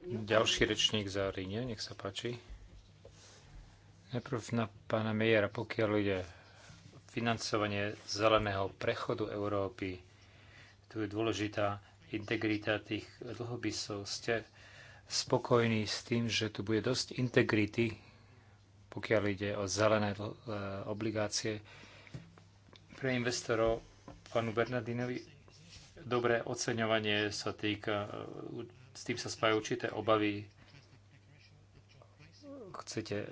Ďalší rečník za Ríne, nech sa páči. Najprv na pána Mejera, pokiaľ ide financovanie zeleného prechodu Európy. Tu je dôležitá integrita tých dlhopisov. Ste spokojní s tým, že tu bude dosť integrity, pokiaľ ide o zelené e, obligácie pre investorov. Pánu Bernardinovi, dobré oceňovanie sa týka, e, s tým sa spájajú určité obavy chcete e,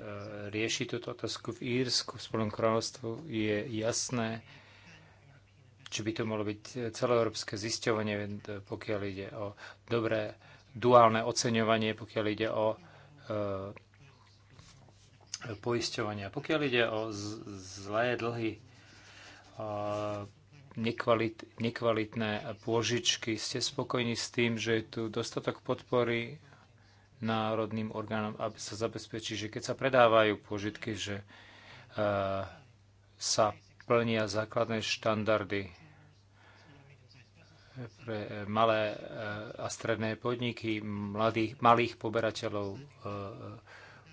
riešiť túto otázku v Írsku, v Spolnom kráľovstvu, je jasné, či by to mohlo byť celoeurópske zisťovanie, e, pokiaľ ide o dobré duálne oceňovanie, pokiaľ ide o e, Pokiaľ ide o z, zlé dlhy, e, nekvalit, nekvalitné pôžičky. Ste spokojní s tým, že je tu dostatok podpory národným orgánom, aby sa zabezpečí, že keď sa predávajú požitky, že uh, sa plnia základné štandardy pre e, malé e, a stredné podniky, mladých, malých poberateľov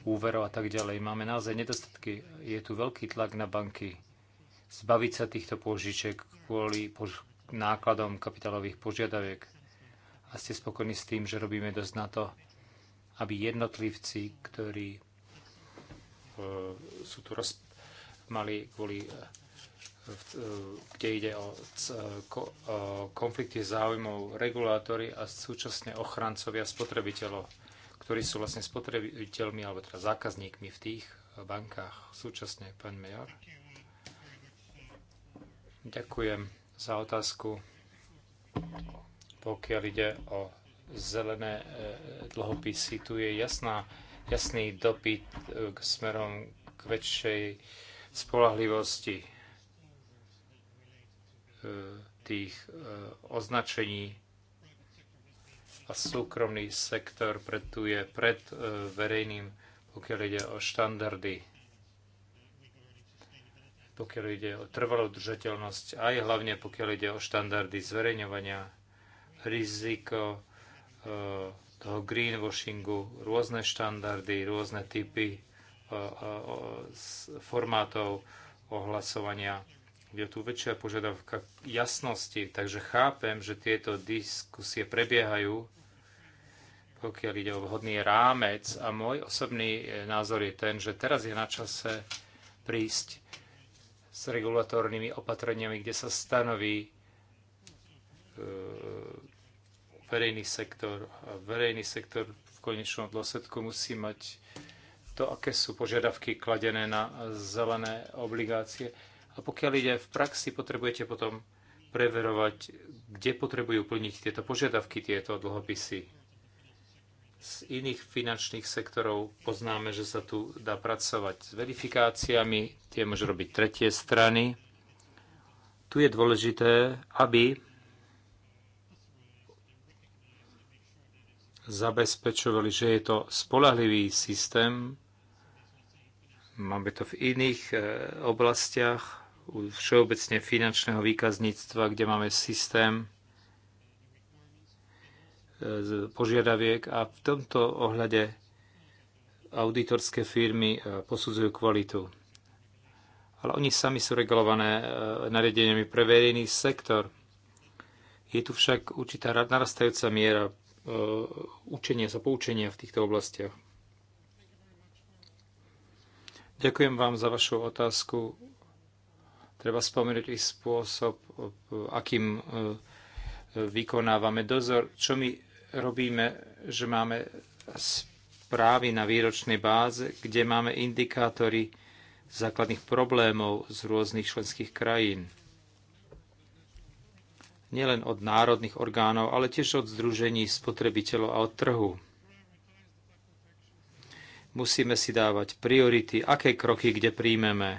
úverov a tak ďalej. Máme naozaj nedostatky. Je tu veľký tlak na banky zbaviť sa týchto požičiek kvôli nákladom kapitálových požiadaviek. A ste spokojní s tým, že robíme dosť na to, aby jednotlivci, ktorí e, sú tu roz, mali kvôli e, e, kde ide o, o konflikty záujmov regulátory a súčasne ochrancovia spotrebiteľov, ktorí sú vlastne spotrebiteľmi alebo teda zákazníkmi v tých bankách súčasne, pán Major. Ďakujem za otázku. Pokiaľ ide o zelené e, dlhopisy. Tu je jasná, jasný dopyt e, k smerom k väčšej spolahlivosti e, tých označení a súkromný sektor pred, tu je pred verejným, pokiaľ ide o štandardy, pokiaľ ide o trvalú držateľnosť, aj hlavne pokiaľ ide o štandardy zverejňovania, riziko E, toho greenwashingu, rôzne štandardy, rôzne typy e, e, formátov ohlasovania. Je tu väčšia požiadavka jasnosti, takže chápem, že tieto diskusie prebiehajú, pokiaľ ide o vhodný rámec. A môj osobný názor je ten, že teraz je na čase prísť s regulatórnymi opatreniami, kde sa stanoví verejný sektor. A verejný sektor v konečnom dôsledku musí mať to, aké sú požiadavky kladené na zelené obligácie. A pokiaľ ide v praxi, potrebujete potom preverovať, kde potrebujú plniť tieto požiadavky, tieto dlhopisy. Z iných finančných sektorov poznáme, že sa tu dá pracovať s verifikáciami, tie môžu robiť tretie strany. Tu je dôležité, aby zabezpečovali, že je to spolahlivý systém. Máme to v iných e, oblastiach, všeobecne finančného výkazníctva, kde máme systém e, požiadaviek a v tomto ohľade auditorské firmy e, posudzujú kvalitu. Ale oni sami sú regulované nariadeniami pre verejný sektor. Je tu však určitá narastajúca miera Eh, učenia sa, poučenia v týchto oblastiach. Ďakujem vám za vašu otázku. Treba spomenúť i spôsob, eh, akým eh, vykonávame dozor. Čo my robíme, že máme správy na výročnej báze, kde máme indikátory základných problémov z rôznych členských krajín nielen od národných orgánov, ale tiež od združení spotrebiteľov a od trhu. Musíme si dávať priority, aké kroky kde príjmeme.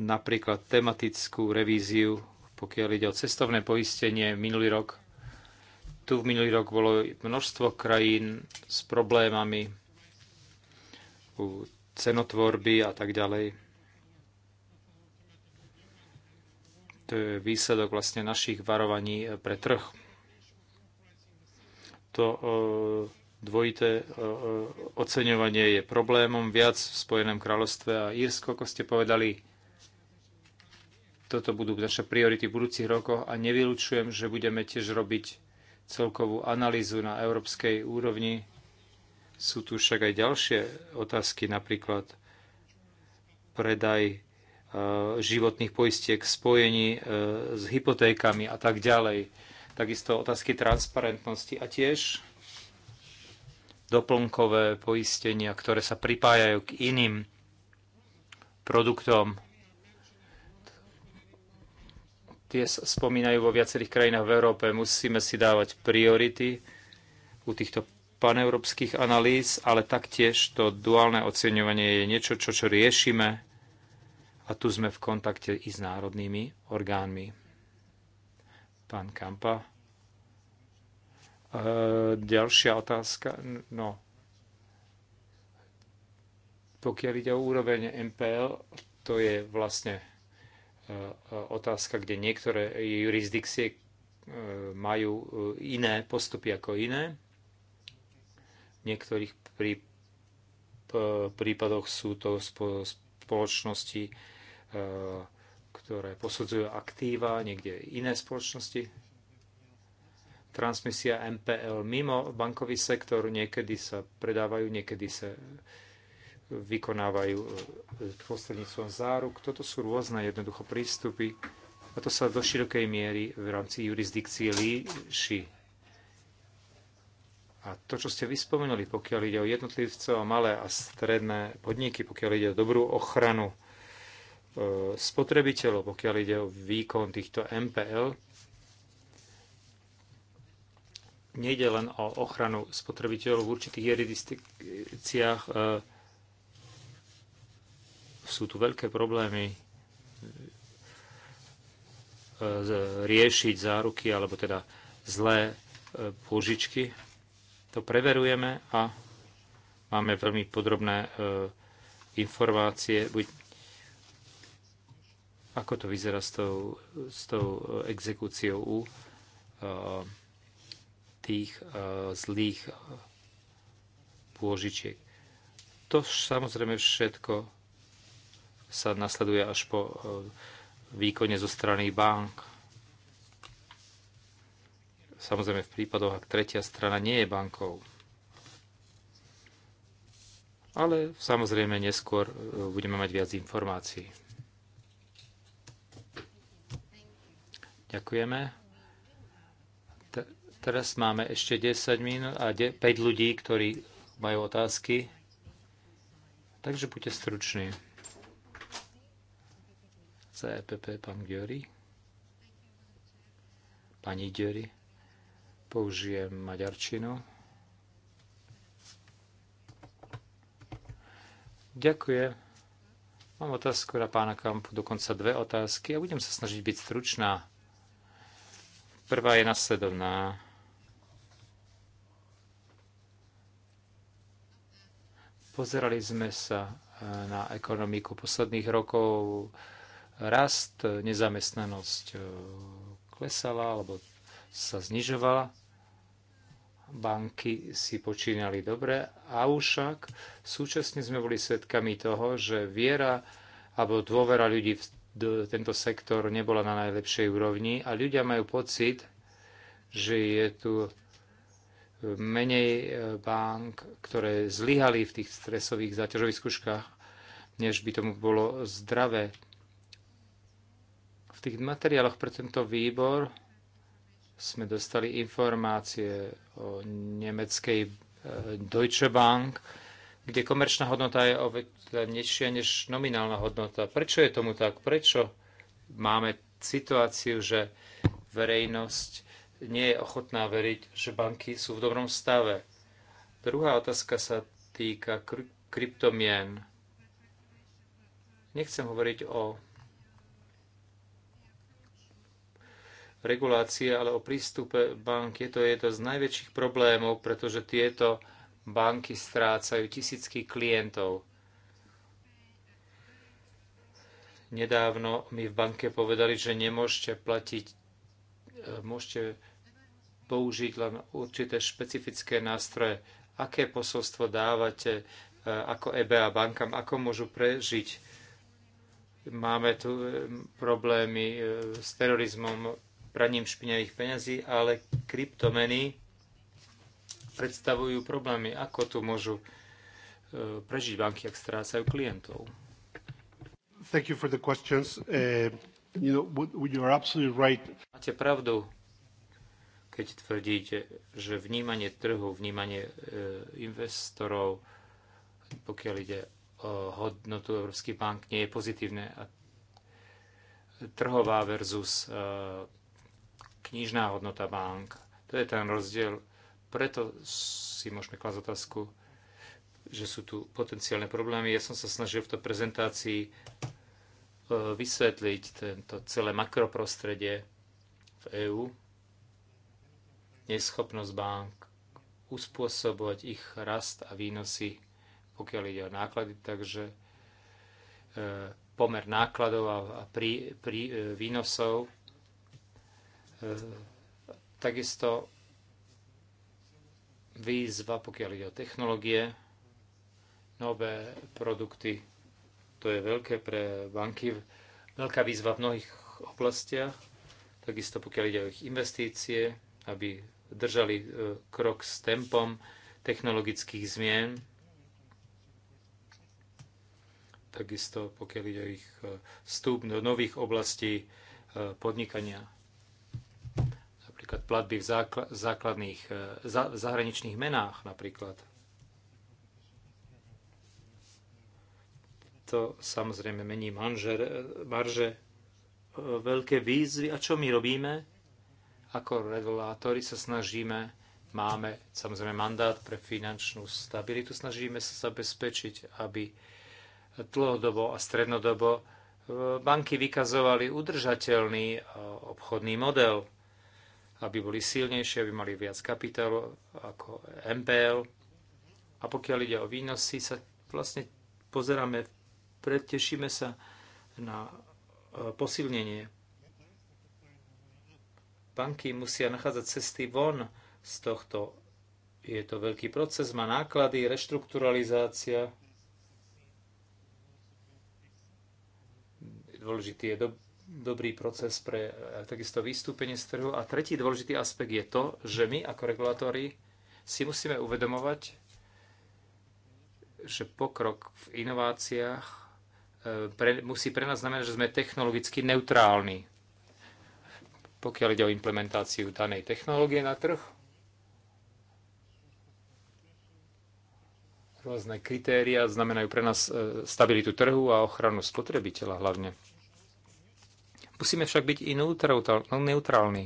Napríklad tematickú revíziu, pokiaľ ide o cestovné poistenie minulý rok. Tu v minulý rok bolo množstvo krajín s problémami u cenotvorby a tak ďalej To je výsledok vlastne našich varovaní pre trh. To e, dvojité e, e, oceňovanie je problémom viac v Spojenom kráľovstve a Írsko, ako ste povedali, toto budú naše priority v budúcich rokoch a nevylučujem, že budeme tiež robiť celkovú analýzu na európskej úrovni. Sú tu však aj ďalšie otázky, napríklad predaj E, životných poistiek, spojení e, s hypotékami a tak ďalej. Takisto otázky transparentnosti a tiež doplnkové poistenia, ktoré sa pripájajú k iným produktom. Tie spomínajú vo viacerých krajinách v Európe. Musíme si dávať priority u týchto paneurópskych analýz, ale taktiež to duálne oceňovanie je niečo, čo, čo riešime a tu sme v kontakte i s národnými orgánmi. Pán Kampa. E, ďalšia otázka. No. Pokiaľ ide o úroveň MPL, to je vlastne e, e, otázka, kde niektoré jurisdikcie e, majú iné postupy ako iné. V niektorých prípadoch sú to spoločnosti, E, ktoré posudzujú aktíva, niekde iné spoločnosti. Transmisia MPL mimo bankový sektor, niekedy sa predávajú, niekedy sa vykonávajú e, prostredníctvom záruk. Toto sú rôzne jednoducho prístupy a to sa do širokej miery v rámci jurisdikcie líši. A to, čo ste vyspomenuli, pokiaľ ide o jednotlivcov a malé a stredné podniky, pokiaľ ide o dobrú ochranu E, spotrebiteľov, pokiaľ ide o výkon týchto MPL. Nejde len o ochranu spotrebiteľov v určitých jurisdikciách. E, sú tu veľké problémy e, riešiť záruky alebo teda zlé požičky. To preverujeme a máme veľmi podrobné informácie. Ako to vyzerá s tou, s tou eh, exekúciou u eh, tých eh, zlých pôžičiek? To samozrejme všetko sa nasleduje až po výkone zo strany bank. Samozrejme v prípadoch, ak tretia strana nie je bankou. Ale samozrejme neskôr budeme mať viac informácií. Ďakujeme. T- teraz máme ešte 10 minút a 5 ľudí, ktorí majú otázky. Takže buďte struční. CEPP, pán Gyori. Pani Gyori. Použijem maďarčinu. Ďakujem. Mám otázku na pána Kampu, dokonca dve otázky a budem sa snažiť byť stručná. Prvá je nasledovná. Pozerali sme sa e, na ekonomiku posledných rokov. Rast, nezamestnanosť e, klesala alebo sa znižovala. Banky si počínali dobre, však súčasne sme boli svedkami toho, že viera alebo dôvera ľudí v tento sektor nebola na najlepšej úrovni a ľudia majú pocit, že je tu menej e, bank, ktoré zlyhali v tých stresových záťažových skúškach, než by tomu bolo zdravé. V tých materiáloch pre tento výbor sme dostali informácie o nemeckej e, Deutsche Bank, kde komerčná hodnota je teda nižšia než nominálna hodnota. Prečo je tomu tak? Prečo máme situáciu, že verejnosť nie je ochotná veriť, že banky sú v dobrom stave? Druhá otázka sa týka kry- kryptomien. Nechcem hovoriť o regulácie, ale o prístupe bank. Je to, je z najväčších problémov, pretože tieto banky strácajú tisícky klientov. Nedávno mi v banke povedali, že nemôžete platiť, e, môžete použiť len určité špecifické nástroje. Aké posolstvo dávate e, ako EBA bankám, ako môžu prežiť? Máme tu e, problémy s terorizmom, praním špinavých peňazí, ale kryptomeny predstavujú problémy, ako tu môžu prežiť banky, ak strácajú klientov. Thank you for the questions. Uh, you know, you are absolutely right. Máte pravdu, keď tvrdíte, že vnímanie trhu, vnímanie e, investorov, pokiaľ ide o hodnotu Európskej bank, nie je pozitívne. A trhová versus e, knižná hodnota bank, to je ten rozdiel. Preto si môžeme klásť otázku, že sú tu potenciálne problémy. Ja som sa snažil v tej prezentácii E, vysvetliť tento celé makroprostredie v EÚ, neschopnosť bank uspôsobovať ich rast a výnosy, pokiaľ ide o náklady, takže e, pomer nákladov a prí, prí, e, výnosov. Takisto výzva, pokiaľ ide o technológie, nové produkty, to je veľké pre banky, veľká výzva v mnohých oblastiach. Takisto pokiaľ ide o ich investície, aby držali e, krok s tempom technologických zmien. Takisto pokiaľ ide o ich e, vstup do nových oblastí e, podnikania napríklad platby v základných, zahraničných menách napríklad. to samozrejme mení manžer, marže, e, veľké výzvy. A čo my robíme? Ako regulátori sa snažíme, máme samozrejme mandát pre finančnú stabilitu, snažíme sa zabezpečiť, aby dlhodobo a strednodobo e, banky vykazovali udržateľný e, obchodný model, aby boli silnejšie, aby mali viac kapitálu ako MPL. A pokiaľ ide o výnosy, sa vlastne pozeráme pretešíme sa na e, posilnenie. Banky musia nachádzať cesty von z tohto. Je to veľký proces, má náklady, reštrukturalizácia. Dôležitý je do, dobrý proces pre e, takisto vystúpenie z trhu. A tretí dôležitý aspekt je to, že my ako regulátori si musíme uvedomovať, že pokrok v inováciách E, pre, musí pre nás znamenať, že sme technologicky neutrálni, pokiaľ ide o implementáciu danej technológie na trh. Rôzne kritéria znamenajú pre nás e, stabilitu trhu a ochranu spotrebiteľa hlavne. Musíme však byť i neutrálni.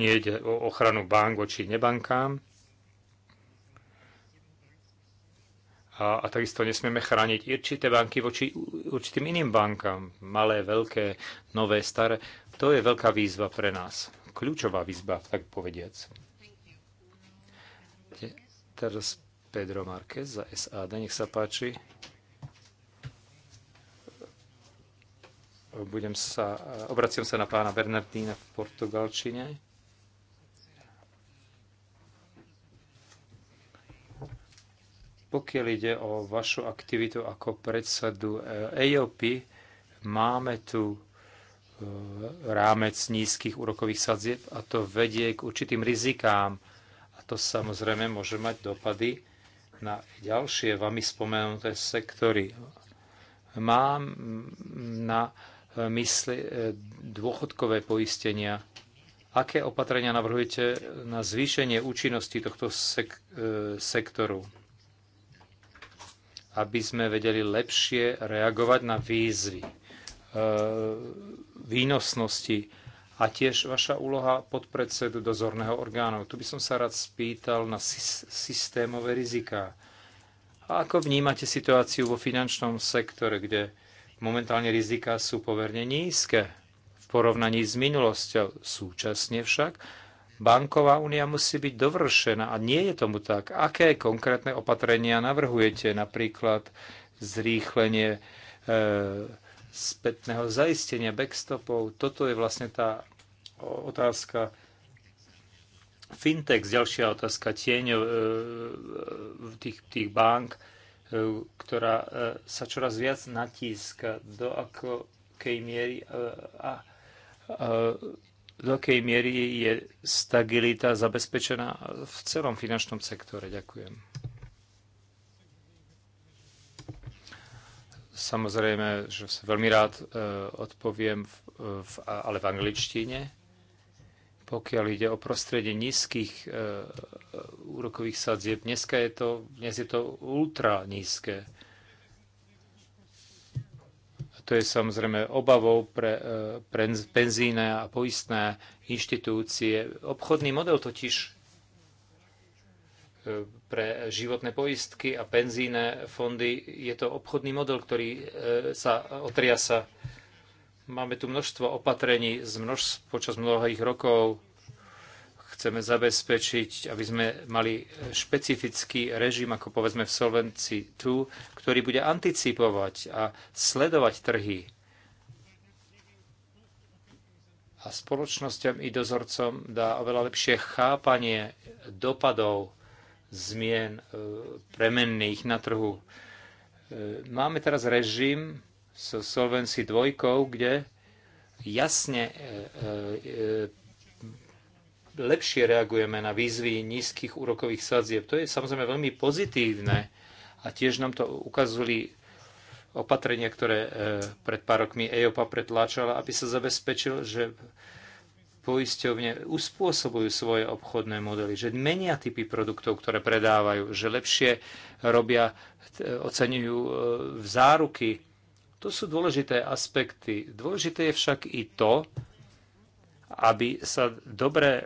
Nie ide o ochranu bank voči nebankám, a, a takisto nesmieme chrániť určité banky voči určitým iným bankám. Malé, veľké, nové, staré. To je veľká výzva pre nás. Kľúčová výzva, tak povediac. Teraz Pedro Marquez za SAD, nech sa páči. budem sa, obraciam sa na pána Bernardína v portugalčine. Pokiaľ ide o vašu aktivitu ako predsedu EOP, eh, máme tu eh, rámec nízkych úrokových sadzieb a to vedie k určitým rizikám. A to samozrejme môže mať dopady na ďalšie vami spomenuté sektory. Mám na mysli eh, dôchodkové poistenia. Aké opatrenia navrhujete na zvýšenie účinnosti tohto sek- sektoru? aby sme vedeli lepšie reagovať na výzvy e, výnosnosti a tiež vaša úloha podpredsedu dozorného orgánu. Tu by som sa rád spýtal na systémové riziká. A ako vnímate situáciu vo finančnom sektore, kde momentálne riziká sú poverne nízke v porovnaní s minulosťou? Súčasne však Banková únia musí byť dovršená a nie je tomu tak. Aké konkrétne opatrenia navrhujete? Napríklad zrýchlenie e, spätného zaistenia backstopov. Toto je vlastne tá otázka. Fintech, ďalšia otázka tieňov e, e tých, tých bank, e, ktorá e, sa čoraz viac natíska, do akej miery e, a, a e, do akej miery je stabilita zabezpečená v celom finančnom sektore? Ďakujem. Samozrejme, že sa veľmi rád e, odpoviem, ale v angličtine. Pokiaľ ide o prostredie nízkych e, úrokových sadzieb, dneska je to, dnes je to ultra nízke to je samozrejme obavou pre, e, pre penzíne a poistné inštitúcie. Obchodný model totiž e, pre životné poistky a penzíne fondy je to obchodný model, ktorý e, sa otriasa. Máme tu množstvo opatrení z počas mnohých rokov, Chceme zabezpečiť, aby sme mali špecifický režim, ako povedzme v Solvency 2, ktorý bude anticipovať a sledovať trhy a spoločnosťam i dozorcom dá oveľa lepšie chápanie dopadov zmien e, premenných na trhu. E, máme teraz režim so Solvency 2, kde jasne e, lepšie reagujeme na výzvy nízkych úrokových sadzieb. To je samozrejme veľmi pozitívne a tiež nám to ukazovali opatrenia, ktoré e, pred pár rokmi EOPA pretláčala, aby sa zabezpečil, že poisťovne uspôsobujú svoje obchodné modely, že menia typy produktov, ktoré predávajú, že lepšie robia, oceňujú e, záruky. To sú dôležité aspekty. Dôležité je však i to, aby, sa dobre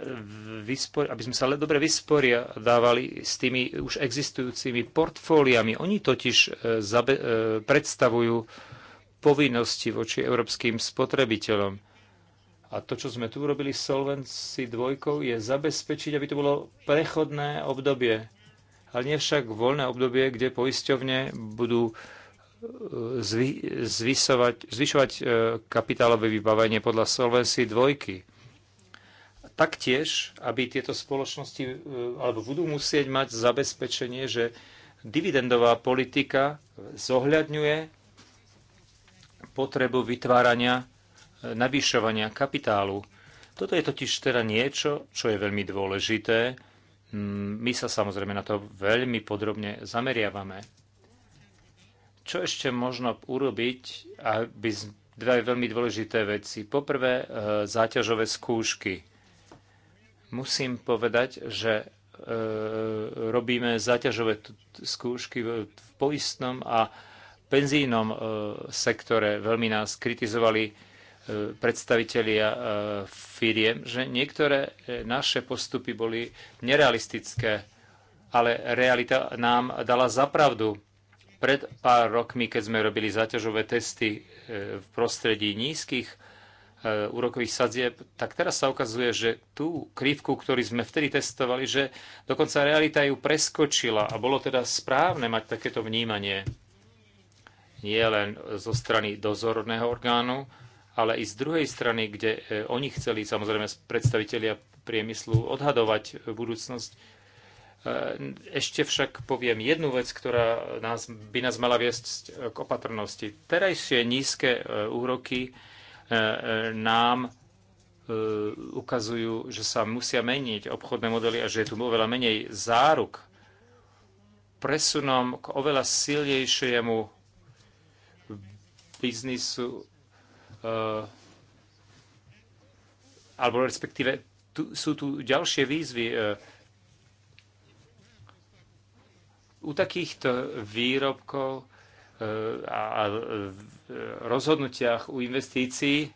vyspor, aby sme sa dobre vysporiadávali s tými už existujúcimi portfóliami. Oni totiž e, zabe, e, predstavujú povinnosti voči európskym spotrebiteľom. A to, čo sme tu urobili s Solvency 2, je zabezpečiť, aby to bolo prechodné obdobie, ale nie však voľné obdobie, kde poisťovne budú e, zvy, zvyšovať kapitálové vybavenie podľa Solvency 2 Taktiež, aby tieto spoločnosti e, alebo budú musieť mať zabezpečenie, že dividendová politika zohľadňuje potrebu vytvárania, e, navyšovania kapitálu. Toto je totiž teda niečo, čo je veľmi dôležité. Mm, my sa samozrejme na to veľmi podrobne zameriavame. Čo ešte možno urobiť, aby dve veľmi dôležité veci. Poprvé, e, záťažové skúšky Musím povedať, že e, robíme zaťažové skúšky v poistnom a penzijnom e, sektore. Veľmi nás kritizovali e, predstavitelia firiem, že niektoré naše postupy boli nerealistické, ale realita nám dala zapravdu. Pred pár rokmi, keď sme robili zaťažové testy v prostredí nízkych E, úrokových sadzieb, tak teraz sa ukazuje, že tú krivku, ktorý sme vtedy testovali, že dokonca realita ju preskočila a bolo teda správne mať takéto vnímanie nie len zo strany dozorného orgánu, ale i z druhej strany, kde e, oni chceli samozrejme predstavitelia priemyslu odhadovať budúcnosť. E, ešte však poviem jednu vec, ktorá nás, by nás mala viesť k opatrnosti. Terajšie nízke úroky E, e, nám e, ukazujú, že sa musia meniť obchodné modely a že je tu oveľa menej záruk presunom k oveľa silnejšiemu biznisu alebo respektíve tu, sú tu ďalšie výzvy. U takýchto výrobkov E, a e, rozhodnutiach u investícií.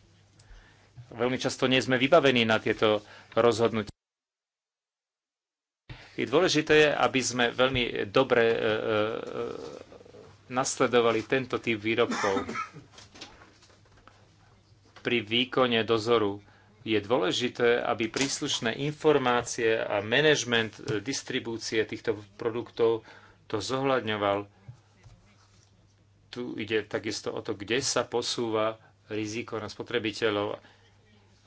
Veľmi často nie sme vybavení na tieto rozhodnutia. I dôležité je, aby sme veľmi dobre e, nasledovali tento typ výrobkov. Pri výkone dozoru je dôležité, aby príslušné informácie a manažment distribúcie týchto produktov to zohľadňoval tu ide takisto o to, kde sa posúva riziko na spotrebiteľov.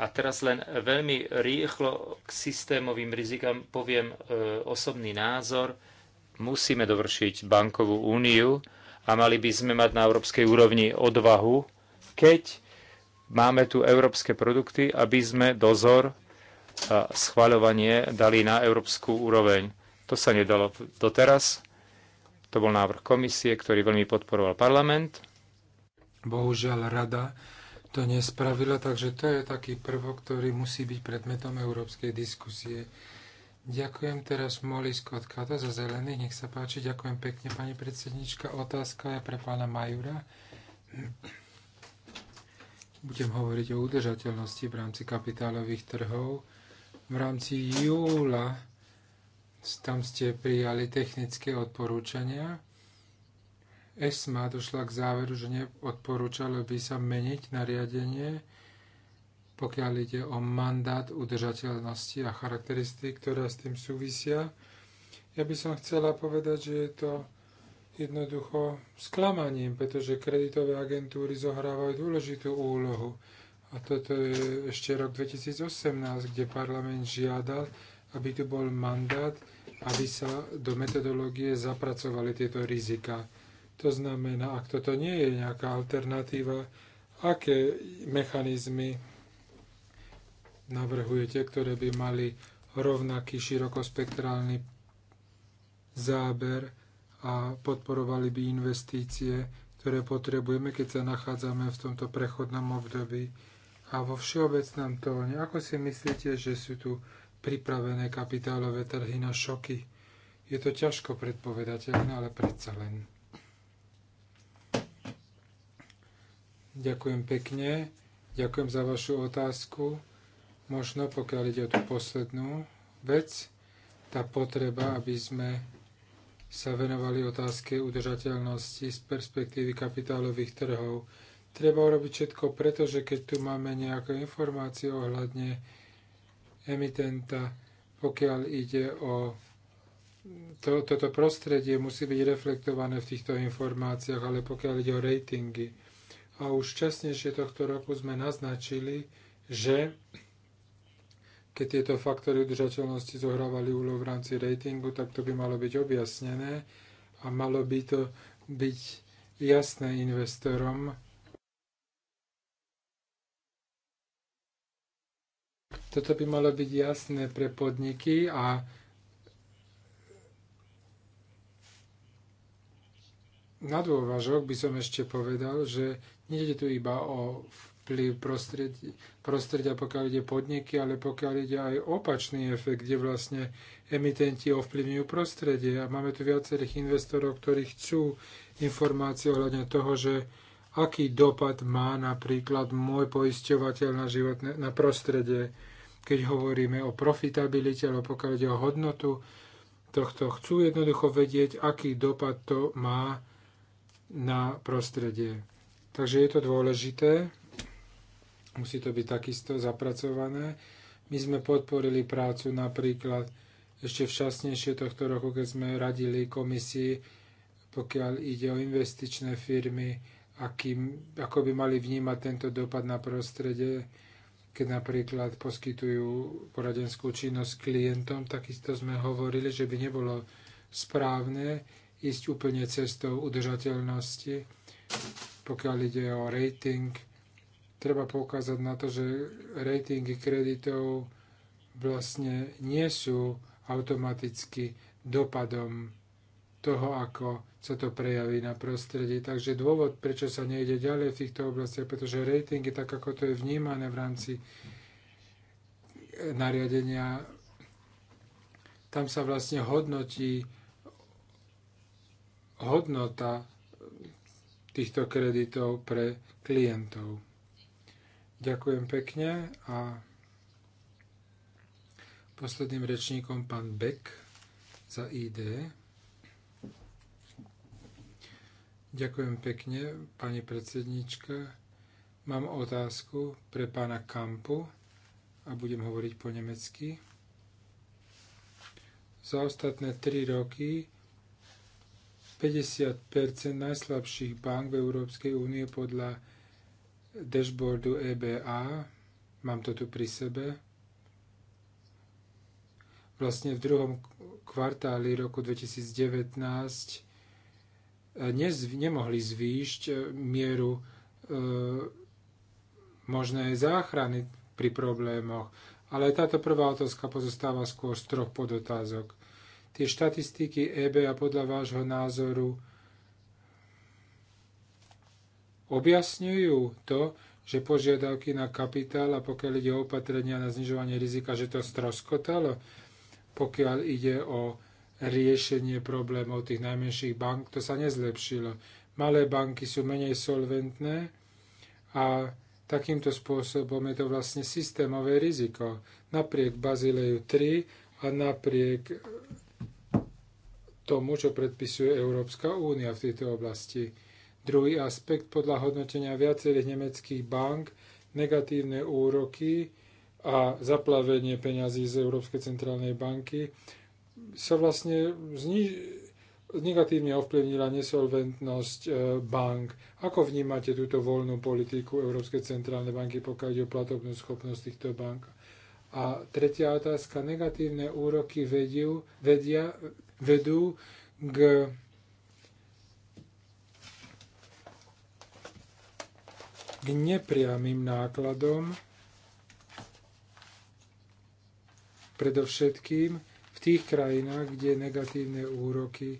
A teraz len veľmi rýchlo k systémovým rizikám poviem e, osobný názor. Musíme dovršiť bankovú úniu a mali by sme mať na európskej úrovni odvahu, keď máme tu európske produkty, aby sme dozor a schvaľovanie dali na európsku úroveň. To sa nedalo doteraz to bol návrh komisie, ktorý veľmi podporoval parlament. Bohužiaľ, rada to nespravila, takže to je taký prvok, ktorý musí byť predmetom európskej diskusie. Ďakujem teraz Moli Scott Kato za zelených, nech sa páči. Ďakujem pekne, pani predsednička. Otázka je pre pána Majura. Budem hovoriť o udržateľnosti v rámci kapitálových trhov. V rámci júla tam ste prijali technické odporúčania. ESMA došla k záveru, že neodporúčalo by sa meniť nariadenie, pokiaľ ide o mandát udržateľnosti a charakteristiky, ktoré s tým súvisia. Ja by som chcela povedať, že je to jednoducho sklamaním, pretože kreditové agentúry zohrávajú dôležitú úlohu. A toto je ešte rok 2018, kde parlament žiadal, aby tu bol mandát, aby sa do metodológie zapracovali tieto rizika. To znamená, ak toto nie je nejaká alternatíva, aké mechanizmy navrhujete, ktoré by mali rovnaký širokospektrálny záber a podporovali by investície, ktoré potrebujeme, keď sa nachádzame v tomto prechodnom období. A vo všeobecnom tóne, ako si myslíte, že sú tu pripravené kapitálové trhy na šoky. Je to ťažko predpovedateľné, ale predsa len. Ďakujem pekne. Ďakujem za vašu otázku. Možno pokiaľ ide o tú poslednú vec, tá potreba, aby sme sa venovali otázke udržateľnosti z perspektívy kapitálových trhov. Treba urobiť všetko pretože, keď tu máme nejaké informácie ohľadne emitenta, pokiaľ ide o to, toto prostredie, musí byť reflektované v týchto informáciách, ale pokiaľ ide o ratingy. A už časnejšie tohto roku sme naznačili, že keď tieto faktory udržateľnosti zohrávali úlohu v rámci ratingu, tak to by malo byť objasnené a malo by to byť jasné investorom, Toto by malo byť jasné pre podniky a na dôvažok by som ešte povedal, že nejde tu iba o vplyv prostredia, prostredia, pokiaľ ide podniky, ale pokiaľ ide aj opačný efekt, kde vlastne emitenti ovplyvňujú prostredie. A máme tu viacerých investorov, ktorí chcú informácie ohľadne toho, že aký dopad má napríklad môj poisťovateľ na, životné, na prostredie keď hovoríme o profitabilite, alebo pokiaľ ide o hodnotu tohto, chcú jednoducho vedieť, aký dopad to má na prostredie. Takže je to dôležité, musí to byť takisto zapracované. My sme podporili prácu napríklad ešte včasnejšie tohto roku, keď sme radili komisii, pokiaľ ide o investičné firmy, aký, ako by mali vnímať tento dopad na prostredie keď napríklad poskytujú poradenskú činnosť klientom, takisto sme hovorili, že by nebolo správne ísť úplne cestou udržateľnosti, pokiaľ ide o rating. Treba poukázať na to, že ratingy kreditov vlastne nie sú automaticky dopadom toho, ako sa to prejaví na prostredí. Takže dôvod, prečo sa nejde ďalej v týchto oblastiach, pretože je tak ako to je vnímané v rámci nariadenia, tam sa vlastne hodnotí hodnota týchto kreditov pre klientov. Ďakujem pekne a posledným rečníkom pán Beck za ID. Ďakujem pekne, pani predsednička. Mám otázku pre pána Kampu a budem hovoriť po nemecky. Za ostatné 3 roky 50 najslabších bank v Európskej únie podľa dashboardu EBA, mám to tu pri sebe, vlastne v druhom kvartáli roku 2019 nez, nemohli zvýšť e, mieru e, možnej záchrany pri problémoch. Ale táto prvá otázka pozostáva skôr z troch podotázok. Tie štatistiky EBA podľa vášho názoru objasňujú to, že požiadavky na kapitál a pokiaľ ide o opatrenia na znižovanie rizika, že to stroskotalo, pokiaľ ide o riešenie problémov tých najmenších bank, to sa nezlepšilo. Malé banky sú menej solventné a takýmto spôsobom je to vlastne systémové riziko. Napriek Bazileju 3 a napriek tomu, čo predpisuje Európska únia v tejto oblasti. Druhý aspekt podľa hodnotenia viacerých nemeckých bank, negatívne úroky a zaplavenie peňazí z Európskej centrálnej banky sa vlastne negatívne ovplyvnila nesolventnosť e, bank. Ako vnímate túto voľnú politiku Európskej centrálnej banky, pokiaľ ide o platobnú schopnosť týchto bank? A tretia otázka. Negatívne úroky vedú, vedia, vedú k k nepriamým nákladom, predovšetkým tých krajinách, kde negatívne úroky e,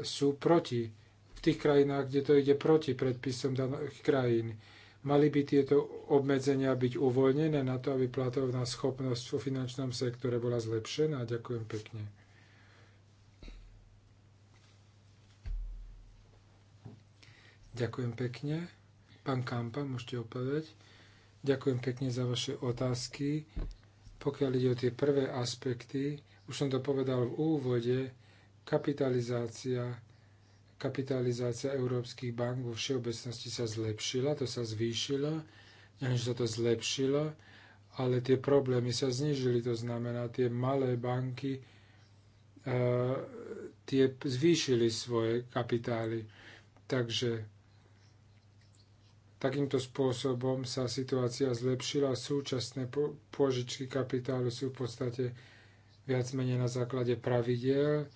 sú proti, v tých krajinách, kde to ide proti predpisom daných krajín. Mali by tieto obmedzenia byť uvoľnené na to, aby platovná schopnosť vo finančnom sektore bola zlepšená? Ďakujem pekne. Ďakujem pekne. Pán Kampa, môžete opovedať. Ďakujem pekne za vaše otázky. Pokiaľ ide o tie prvé aspekty, už som to povedal v úvode, kapitalizácia, kapitalizácia európskych bank vo všeobecnosti sa zlepšila, to sa zvýšilo, neviem, že sa to zlepšilo, ale tie problémy sa znižili, to znamená, tie malé banky, e, tie zvýšili svoje kapitály. Takže Takýmto spôsobom sa situácia zlepšila. Súčasné pôžičky kapitálu sú v podstate viac menej na základe pravidiel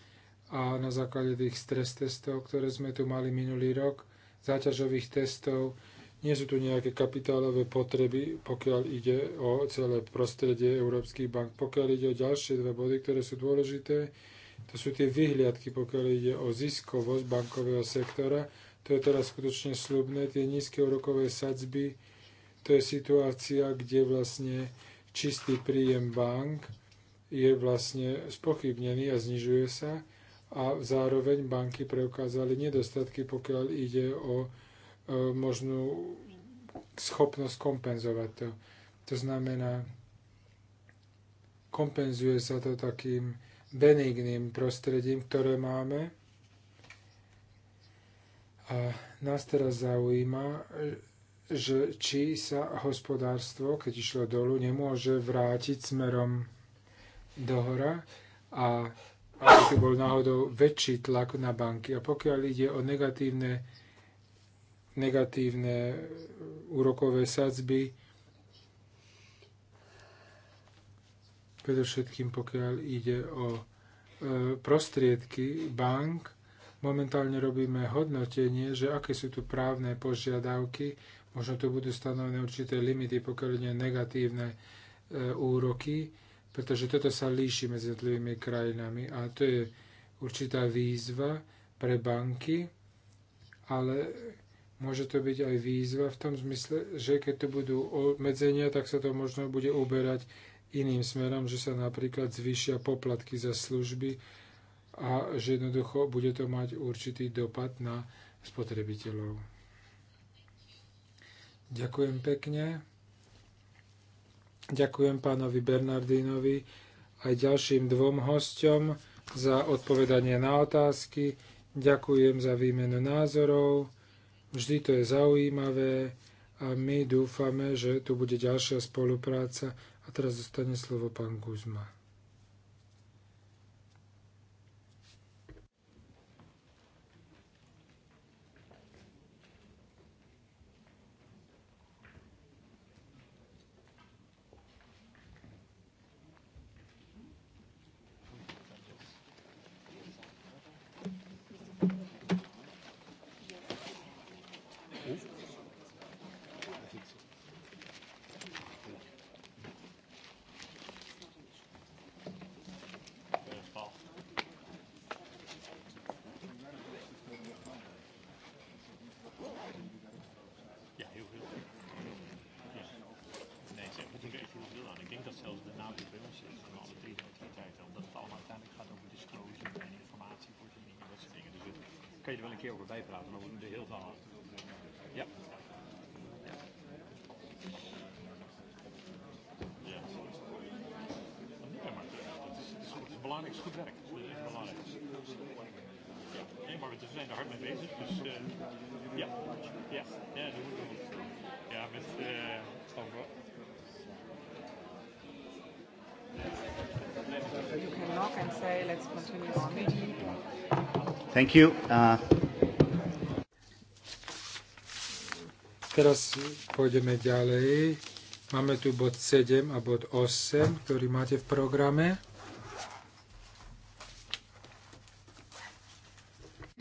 a na základe tých stres testov, ktoré sme tu mali minulý rok, záťažových testov. Nie sú tu nejaké kapitálové potreby, pokiaľ ide o celé prostredie Európskych bank. Pokiaľ ide o ďalšie dva body, ktoré sú dôležité, to sú tie vyhliadky, pokiaľ ide o ziskovosť bankového sektora to je teraz skutočne slubné, tie nízke úrokové sadzby, to je situácia, kde vlastne čistý príjem bank je vlastne spochybnený a znižuje sa a zároveň banky preukázali nedostatky, pokiaľ ide o e, možnú schopnosť kompenzovať to. To znamená, kompenzuje sa to takým benigným prostredím, ktoré máme, a nás teraz zaujíma, že či sa hospodárstvo, keď išlo dolu, nemôže vrátiť smerom dohora a aby tu bol náhodou väčší tlak na banky. A pokiaľ ide o negatívne, negatívne úrokové sadzby, predovšetkým pokiaľ ide o e, prostriedky bank, Momentálne robíme hodnotenie, že aké sú tu právne požiadavky, možno tu budú stanovené určité limity, pokiaľ nie negatívne e, úroky, pretože toto sa líši medzi jednotlivými krajinami a to je určitá výzva pre banky, ale môže to byť aj výzva v tom zmysle, že keď tu budú obmedzenia, tak sa to možno bude uberať iným smerom, že sa napríklad zvýšia poplatky za služby a že jednoducho bude to mať určitý dopad na spotrebiteľov. Ďakujem pekne. Ďakujem pánovi Bernardinovi aj ďalším dvom hostom za odpovedanie na otázky. Ďakujem za výmenu názorov. Vždy to je zaujímavé a my dúfame, že tu bude ďalšia spolupráca. A teraz zostane slovo pán Guzman. Thank you. Uh... Teraz pôjdeme ďalej. Máme tu bod 7 a bod 8, ktorý máte v programe.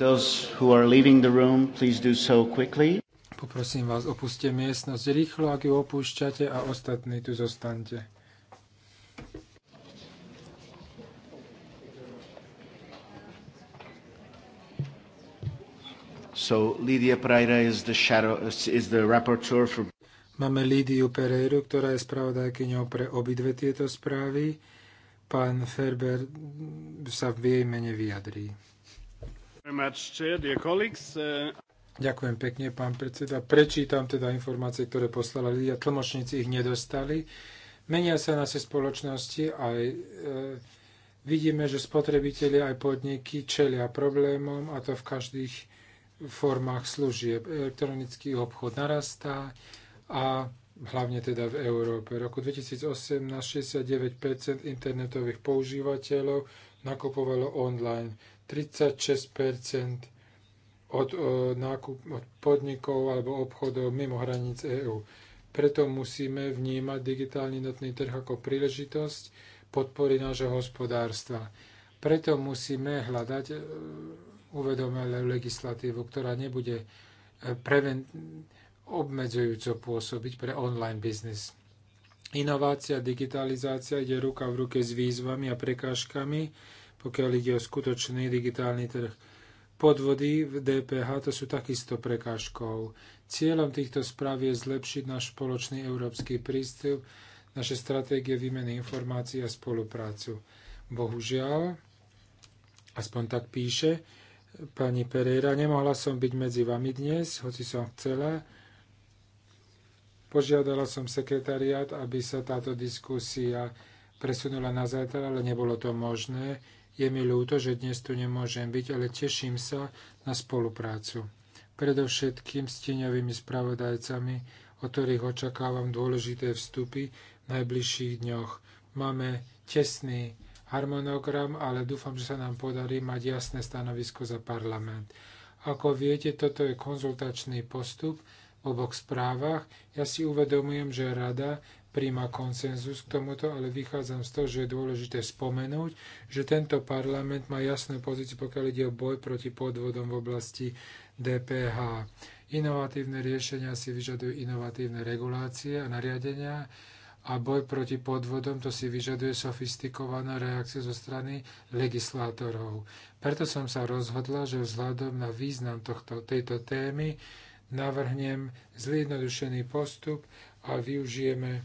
Those who are leaving the room, please do so quickly. Poprosím vás, opuste miestnosť rýchlo, ak ju opúšťate a ostatní tu zostaňte. So Lidia Pereira is the, shadow, is the rapporteur for... Máme Lidiu Pereiru, ktorá je spravodajkyňou pre obidve tieto správy. Pán Ferber sa v jej mene vyjadrí. Uh, Ďakujem pekne, pán predseda. Prečítam teda informácie, ktoré poslala ľudia. Tlmočníci ich nedostali. Menia sa naše spoločnosti aj e, vidíme, že spotrebitelia aj podniky čelia problémom a to v každých formách služieb. Elektronický obchod narastá a hlavne teda v Európe. V roku 2008 na 69% internetových používateľov nakupovalo online, 36% od, e, nákup, od podnikov alebo obchodov mimo hraníc EÚ. Preto musíme vnímať digitálny notný trh ako príležitosť podpory nášho hospodárstva. Preto musíme hľadať e, uvedomelú legislatívu, ktorá nebude e, preven- obmedzujúco pôsobiť pre online biznis. Inovácia, digitalizácia ide ruka v ruke s výzvami a prekážkami, pokiaľ ide o skutočný digitálny trh. Podvody v DPH to sú takisto prekážkou. Cieľom týchto správ je zlepšiť náš spoločný európsky prístup, naše stratégie výmeny informácií a spoluprácu. Bohužiaľ, aspoň tak píše, Pani Pereira, nemohla som byť medzi vami dnes, hoci som chcela. Požiadala som sekretariat, aby sa táto diskusia presunula na zajtra, ale nebolo to možné. Je mi ľúto, že dnes tu nemôžem byť, ale teším sa na spoluprácu. Predovšetkým s tieňovými spravodajcami, o ktorých očakávam dôležité vstupy v najbližších dňoch. Máme tesný harmonogram, ale dúfam, že sa nám podarí mať jasné stanovisko za parlament. Ako viete, toto je konzultačný postup v oboch správach. Ja si uvedomujem, že rada príjma konsenzus k tomuto, ale vychádzam z toho, že je dôležité spomenúť, že tento parlament má jasnú pozíciu, pokiaľ ide o boj proti podvodom v oblasti DPH. Inovatívne riešenia si vyžadujú inovatívne regulácie a nariadenia, a boj proti podvodom, to si vyžaduje sofistikovanú reakciu zo strany legislátorov. Preto som sa rozhodla, že vzhľadom na význam tohto, tejto témy navrhnem zjednodušený postup a využijeme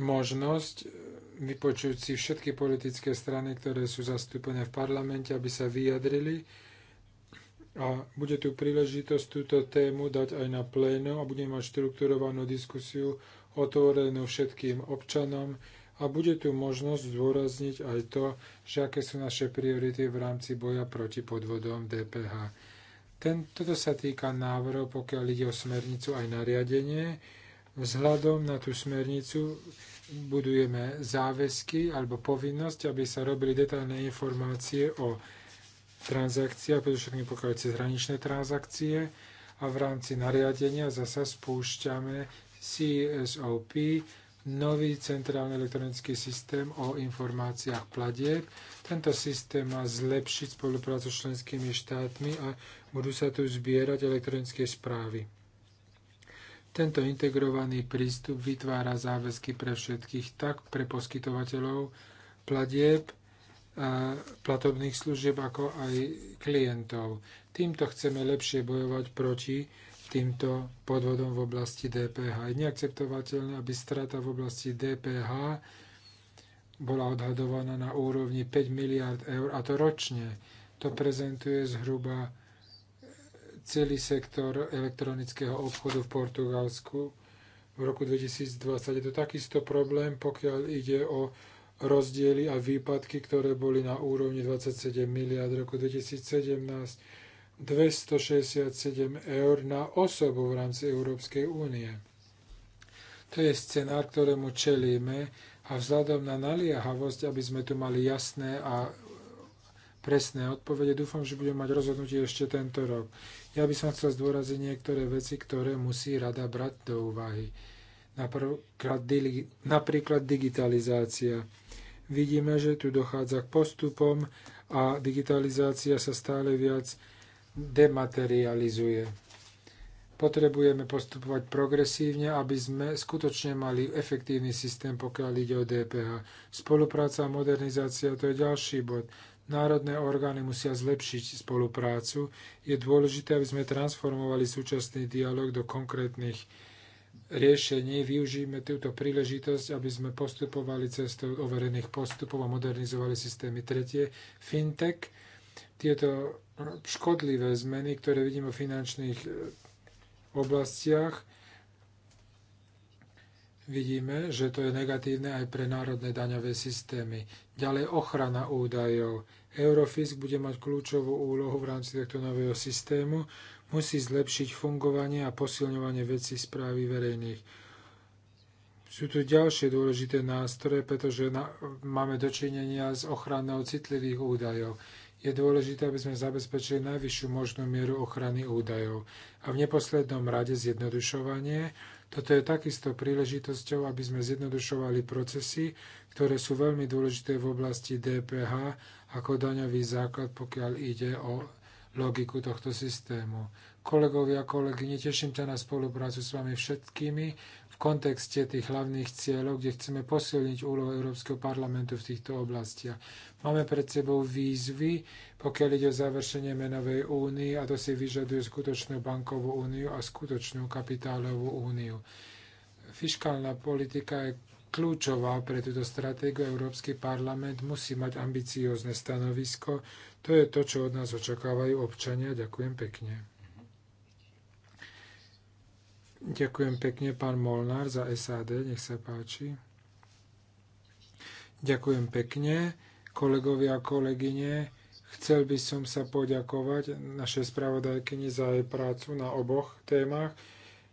možnosť vypočuť si všetky politické strany, ktoré sú zastúpené v parlamente, aby sa vyjadrili a bude tu príležitosť túto tému dať aj na plénu a budeme mať štrukturovanú diskusiu otvorenú všetkým občanom a bude tu možnosť zdôrazniť aj to, že aké sú naše priority v rámci boja proti podvodom DPH. Ten, toto sa týka návrhov, pokiaľ ide o smernicu aj nariadenie. Vzhľadom na tú smernicu budujeme záväzky alebo povinnosť, aby sa robili detailné informácie o transakcia, predovšetkým pokiaľ hraničné transakcie a v rámci nariadenia zasa spúšťame CSOP, nový centrálny elektronický systém o informáciách platieb. Tento systém má zlepšiť spoluprácu s členskými štátmi a budú sa tu zbierať elektronické správy. Tento integrovaný prístup vytvára záväzky pre všetkých, tak pre poskytovateľov platieb, platobných služieb, ako aj klientov. Týmto chceme lepšie bojovať proti týmto podvodom v oblasti DPH. Je neakceptovateľné, aby strata v oblasti DPH bola odhadovaná na úrovni 5 miliard eur, a to ročne. To prezentuje zhruba celý sektor elektronického obchodu v Portugalsku v roku 2020. Je to takisto problém, pokiaľ ide o rozdiely a výpadky, ktoré boli na úrovni 27 miliard roku 2017, 267 eur na osobu v rámci Európskej únie. To je scenár, ktorému čelíme a vzhľadom na naliehavosť, aby sme tu mali jasné a presné odpovede, dúfam, že budeme mať rozhodnutie ešte tento rok. Ja by som chcel zdôraziť niektoré veci, ktoré musí rada brať do úvahy napríklad digitalizácia. Vidíme, že tu dochádza k postupom a digitalizácia sa stále viac dematerializuje. Potrebujeme postupovať progresívne, aby sme skutočne mali efektívny systém, pokiaľ ide o DPH. Spolupráca a modernizácia to je ďalší bod. Národné orgány musia zlepšiť spoluprácu. Je dôležité, aby sme transformovali súčasný dialog do konkrétnych riešení využijeme túto príležitosť, aby sme postupovali cestou overených postupov a modernizovali systémy. Tretie, fintech. Tieto škodlivé zmeny, ktoré vidíme v finančných eh, oblastiach, vidíme, že to je negatívne aj pre národné daňové systémy. Ďalej ochrana údajov. Eurofisk bude mať kľúčovú úlohu v rámci takto nového systému, musí zlepšiť fungovanie a posilňovanie vecí správy verejných. Sú tu ďalšie dôležité nástroje, pretože na, máme dočinenia s ochranou citlivých údajov. Je dôležité, aby sme zabezpečili najvyššiu možnú mieru ochrany údajov. A v neposlednom rade zjednodušovanie. Toto je takisto príležitosťou, aby sme zjednodušovali procesy, ktoré sú veľmi dôležité v oblasti DPH ako daňový základ, pokiaľ ide o logiku tohto systému. Kolegovia a kolegyne, teším sa na spoluprácu s vami všetkými v kontexte tých hlavných cieľov, kde chceme posilniť úlohu Európskeho parlamentu v týchto oblastiach. Máme pred sebou výzvy, pokiaľ ide o završenie menovej únie a to si vyžaduje skutočnú bankovú úniu a skutočnú kapitálovú úniu. Fiškálna politika je kľúčová pre túto stratégiu. Európsky parlament musí mať ambiciózne stanovisko, to je to, čo od nás očakávajú občania. Ďakujem pekne. Ďakujem pekne, pán Molnár, za SAD. Nech sa páči. Ďakujem pekne, kolegovia a kolegyne. Chcel by som sa poďakovať našej spravodajkyni za jej prácu na oboch témach.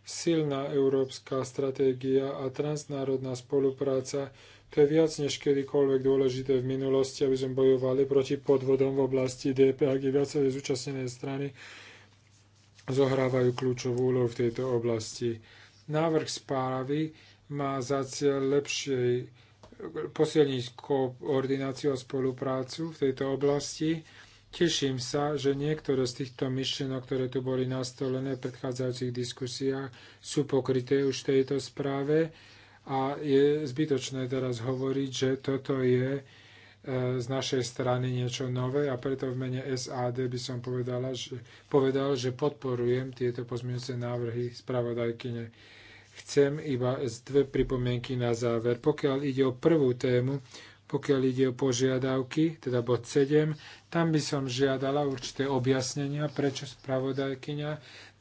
Silná európska stratégia a transnárodná spolupráca to je viac než kedykoľvek dôležité v minulosti, aby sme bojovali proti podvodom v oblasti DPH, kde viaceré zúčastnené strany zohrávajú kľúčovú úlohu v tejto oblasti. Návrh správy má za cieľ lepšie posilniť koordináciu a spoluprácu v tejto oblasti. Teším sa, že niektoré z týchto myšlienok, ktoré tu boli nastolené v predchádzajúcich diskusiách, sú pokryté už v tejto správe a je zbytočné teraz hovoriť, že toto je e, z našej strany niečo nové a preto v mene SAD by som povedala, že, povedal, že podporujem tieto pozmeňujúce návrhy spravodajkyne. Chcem iba dve pripomienky na záver. Pokiaľ ide o prvú tému, pokiaľ ide o požiadavky, teda bod 7, tam by som žiadala určité objasnenia, prečo spravodajkyňa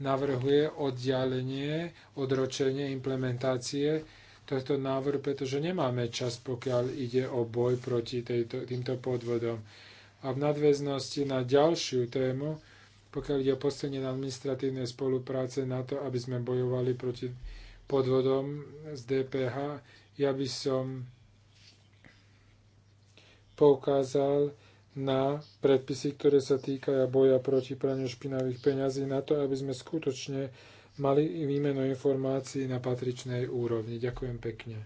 navrhuje oddialenie, odročenie implementácie tento návrh, pretože nemáme čas, pokiaľ ide o boj proti tejto, týmto podvodom. A v nadväznosti na ďalšiu tému, pokiaľ ide o posilnenie administratívnej spolupráce na to, aby sme bojovali proti podvodom z DPH, ja by som poukázal na predpisy, ktoré sa týkajú boja proti praniu špinavých peňazí, na to, aby sme skutočne mali výmenu informácií na patričnej úrovni. Ďakujem pekne.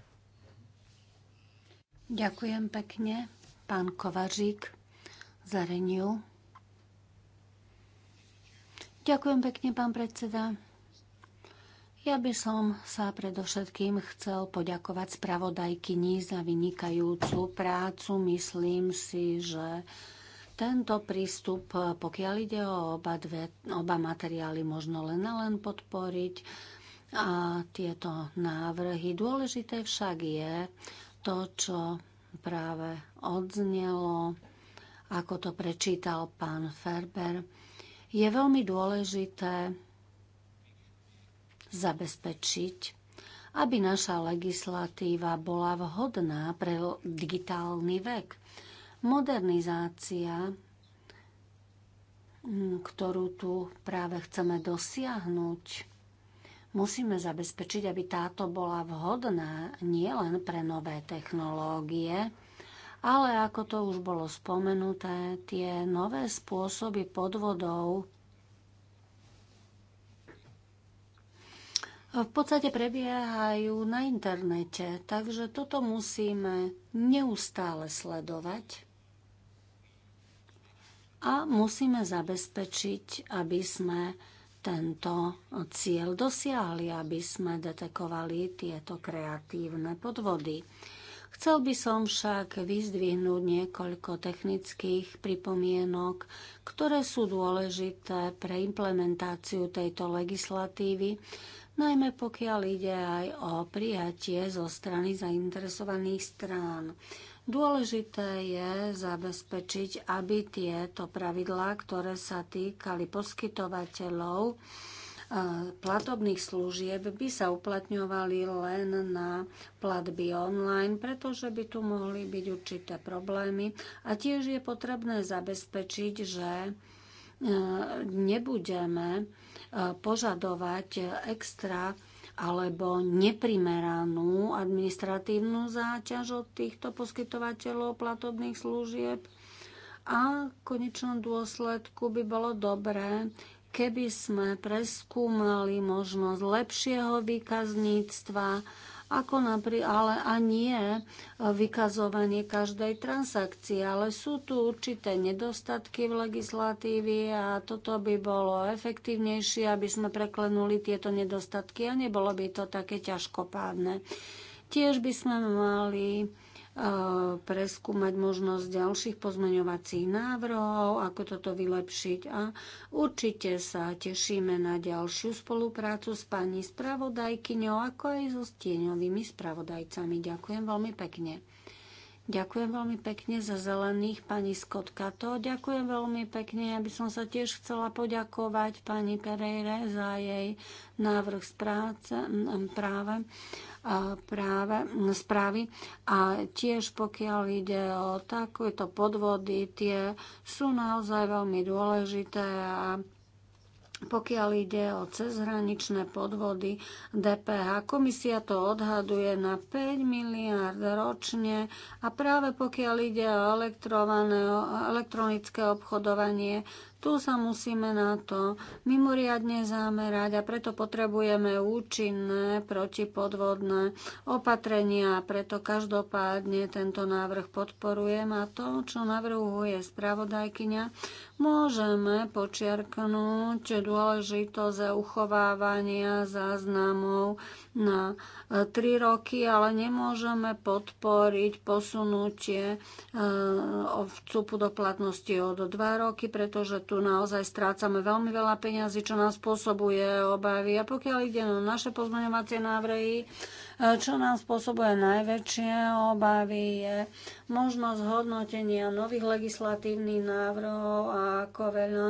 Ďakujem pekne, pán Kovařík za Reniu. Ďakujem pekne, pán predseda. Ja by som sa predovšetkým chcel poďakovať spravodajkyni za vynikajúcu prácu. Myslím si, že tento prístup, e, pokiaľ ide o oba, dve, oba materiály, možno len a len podporiť a tieto návrhy. Dôležité však je to, čo práve odznelo, ako to prečítal pán Ferber. Je veľmi dôležité zabezpečiť, aby naša legislatíva bola vhodná pre digitálny vek. Modernizácia, mm, ktorú tu práve chceme dosiahnuť, musíme zabezpečiť, aby táto bola vhodná nielen pre nové technológie, ale ako to už bolo spomenuté, tie nové spôsoby podvodov v podstate prebiehajú na internete, takže toto musíme neustále sledovať a musíme zabezpečiť, aby sme tento cieľ dosiahli, aby sme detekovali tieto kreatívne podvody. Chcel by som však vyzdvihnúť niekoľko technických pripomienok, ktoré sú dôležité pre implementáciu tejto legislatívy, najmä pokiaľ ide aj o prijatie zo strany zainteresovaných strán. Dôležité je zabezpečiť, aby tieto pravidlá, ktoré sa týkali poskytovateľov e, platobných služieb, by sa uplatňovali len na platby online, pretože by tu mohli byť určité problémy. A tiež je potrebné zabezpečiť, že e, nebudeme e, požadovať extra alebo neprimeranú administratívnu záťaž od týchto poskytovateľov platobných služieb. A v konečnom dôsledku by bolo dobré, keby sme preskúmali možnosť lepšieho výkazníctva, ako napri- ale a nie vykazovanie každej transakcie. Ale sú tu určité nedostatky v legislatíve a toto by bolo efektívnejšie, aby sme preklenuli tieto nedostatky a nebolo by to také ťažkopádne. Tiež by sme mali Eh, preskúmať možnosť ďalších pozmeňovacích návrhov, ako toto vylepšiť a určite sa tešíme na ďalšiu spoluprácu s pani spravodajkyňou, ako aj so stieňovými spravodajcami. Ďakujem veľmi pekne. Ďakujem veľmi pekne za zelených pani Skotka. To ďakujem veľmi pekne. Ja by som sa tiež chcela poďakovať pani Pereire za jej návrh z práce, práve práve, správy. A tiež pokiaľ ide o takéto podvody, tie sú naozaj veľmi dôležité a pokiaľ ide o cezhraničné podvody DPH, komisia to odhaduje na 5 miliard ročne a práve pokiaľ ide o elektronické obchodovanie, tu sa musíme na to mimoriadne zamerať a preto potrebujeme účinné protipodvodné opatrenia. A preto každopádne tento návrh podporujem a to, čo navrhuje spravodajkyňa, môžeme počiarknúť dôležitosť uchovávania záznamov na 3 e, roky, ale nemôžeme podporiť posunutie e, vstupu do platnosti od 2 roky, pretože tu naozaj strácame veľmi veľa peňazí, čo nám spôsobuje obavy. A pokiaľ ide na naše pozmeňovacie návrhy, E, čo nám spôsobuje najväčšie obavy je možnosť hodnotenia nových legislatívnych návrhov a ako veľa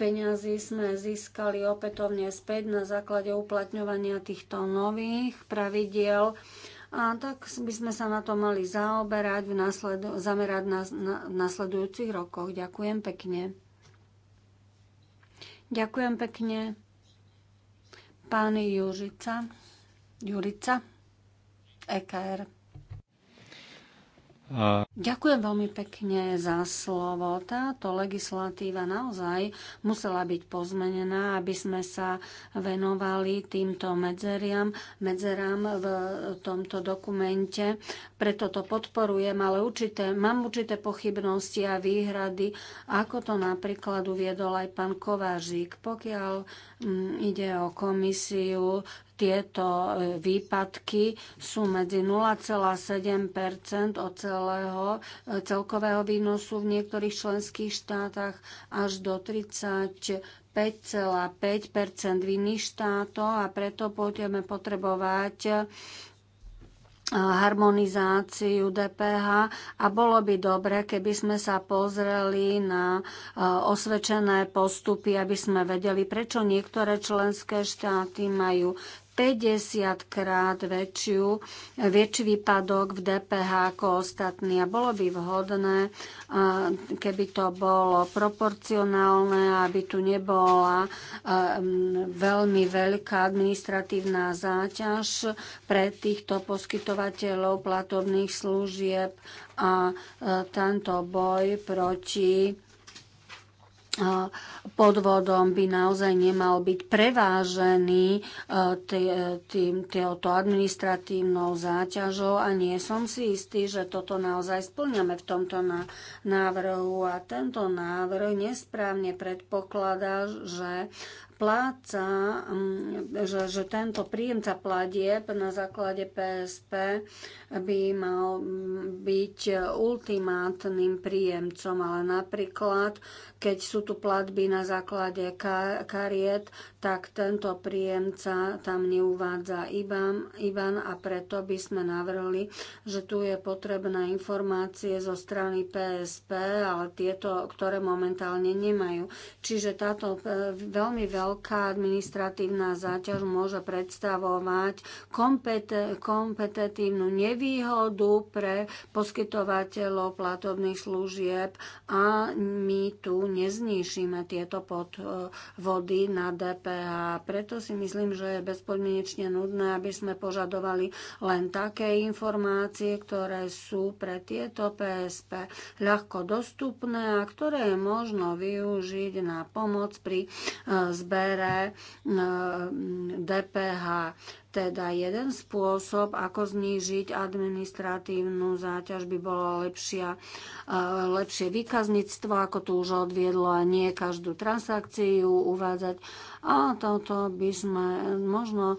peňazí sme získali opätovne späť na základe uplatňovania týchto nových pravidiel a tak by sme sa na to mali zaoberať, v nasledu, zamerať na, na, v nasledujúcich rokoch. Ďakujem pekne. Ďakujem pekne. Pán Jurica. Jurica. EKR. A... Ďakujem veľmi pekne za slovo. Táto legislatíva naozaj musela byť pozmenená, aby sme sa venovali týmto medzeriam, medzerám v tomto dokumente. Preto to podporujem, ale určité, mám určité pochybnosti a výhrady, ako to napríklad uviedol aj pán Kovážik. Pokiaľ m, mm, ide o komisiu, tieto e, výpadky sú medzi 0,7 od celého, e, celkového výnosu v niektorých členských štátach až do 30 5,5 v iných štátoch a preto budeme potrebovať e, harmonizáciu DPH a bolo by dobre, keby sme sa pozreli na osvedčené postupy, aby sme vedeli, prečo niektoré členské štáty majú 50 krát väčšiu, väčší výpadok v DPH ako ostatní. A bolo by vhodné, keby to bolo proporcionálne, aby tu nebola veľmi veľká administratívna záťaž pre týchto poskytovateľov platobných služieb a e, tento boj proti podvodom by naozaj nemal byť prevážený e, e, týmto administratívnou záťažou a nie som si istý, že toto naozaj splňame v tomto návrhu a tento návrh nesprávne predpokladá, že pláca, mm, že, že tento príjemca platieb na základe PSP by mal mm, byť ultimátnym príjemcom, ale napríklad, keď sú tu platby na základe kariet, tak tento príjemca tam neuvádza IBAN, IBAN a preto by sme navrhli, že tu je potrebné informácie zo strany PSP, ale tieto, ktoré momentálne nemajú. Čiže táto e, veľmi veľmi veľká administratívna záťaž môže predstavovať kompet- kompetitívnu nevýhodu pre poskytovateľov platobných služieb a my tu neznišíme tieto podvody na DPH. Preto si myslím, že je bezpodmienečne nudné, aby sme požadovali len také informácie, ktoré sú pre tieto PSP ľahko dostupné a ktoré je možno využiť na pomoc pri eh, zbe bere DPH. Teda jeden spôsob, ako znížiť administratívnu záťaž, by bolo lepšia, e, lepšie výkazníctvo, ako tu už odviedlo a nie každú transakciu uvádzať. A toto by sme, možno e,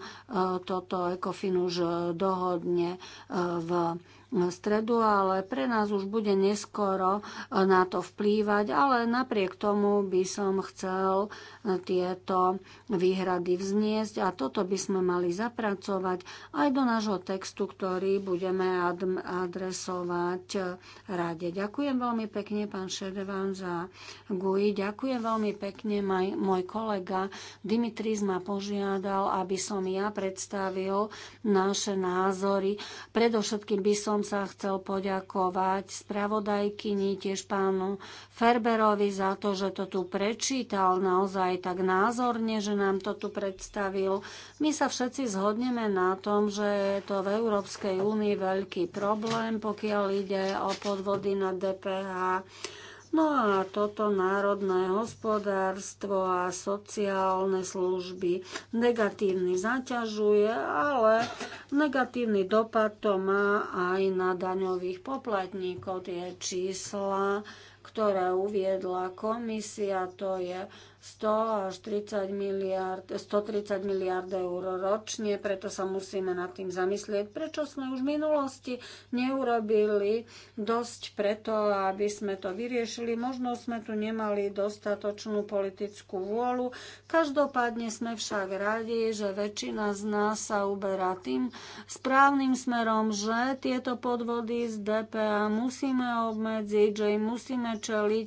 toto ECOFIN už e, dohodne v stredu, ale pre nás už bude neskoro eh, na to vplývať, ale napriek tomu by som chcel eh, tieto výhrady vzniesť a toto by sme mali zapracovať aj do nášho textu, ktorý budeme adresovať eh, rade. Ďakujem veľmi pekne, pán Šedevan, za GUI. Ďakujem veľmi pekne, môj kolega Dimitris ma požiadal, aby som ja predstavil naše názory. Predovšetkým by som sa chcel poďakovať spravodajkyni, tiež pánu Ferberovi za to, že to tu prečítal naozaj tak názorne, že nám to tu predstavil. My sa všetci zhodneme na tom, že je to v Európskej únii veľký problém, pokiaľ ide o podvody na DPH No a toto národné hospodárstvo a sociálne služby negatívny zaťažuje, ale negatívny dopad to má aj na daňových poplatníkov. Tie čísla, ktoré uviedla komisia, to je 100 až 30 miliard, 130 miliard eur ročne, preto sa musíme nad tým zamyslieť, prečo sme už v minulosti neurobili dosť preto, aby sme to vyriešili. Možno sme tu nemali dostatočnú politickú vôľu. Každopádne sme však radi, že väčšina z nás sa uberá tým správnym smerom, že tieto podvody z DPA musíme obmedziť, že im musíme čeliť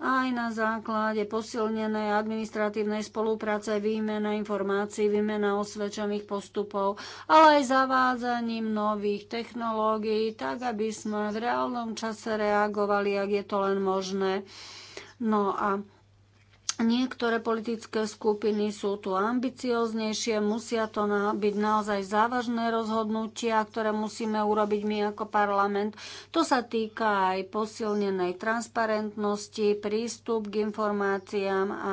aj na základe posilnenej administratívnej spolupráce, výmena informácií, výmena osvedčených postupov, ale aj zavádzaním nových technológií, tak aby sme v reálnom čase reagovali, ak je to len možné. No a Niektoré politické skupiny sú tu ambicioznejšie, musia to na, byť naozaj závažné rozhodnutia, ktoré musíme urobiť my ako parlament. To sa týka aj posilnenej transparentnosti, prístup k informáciám a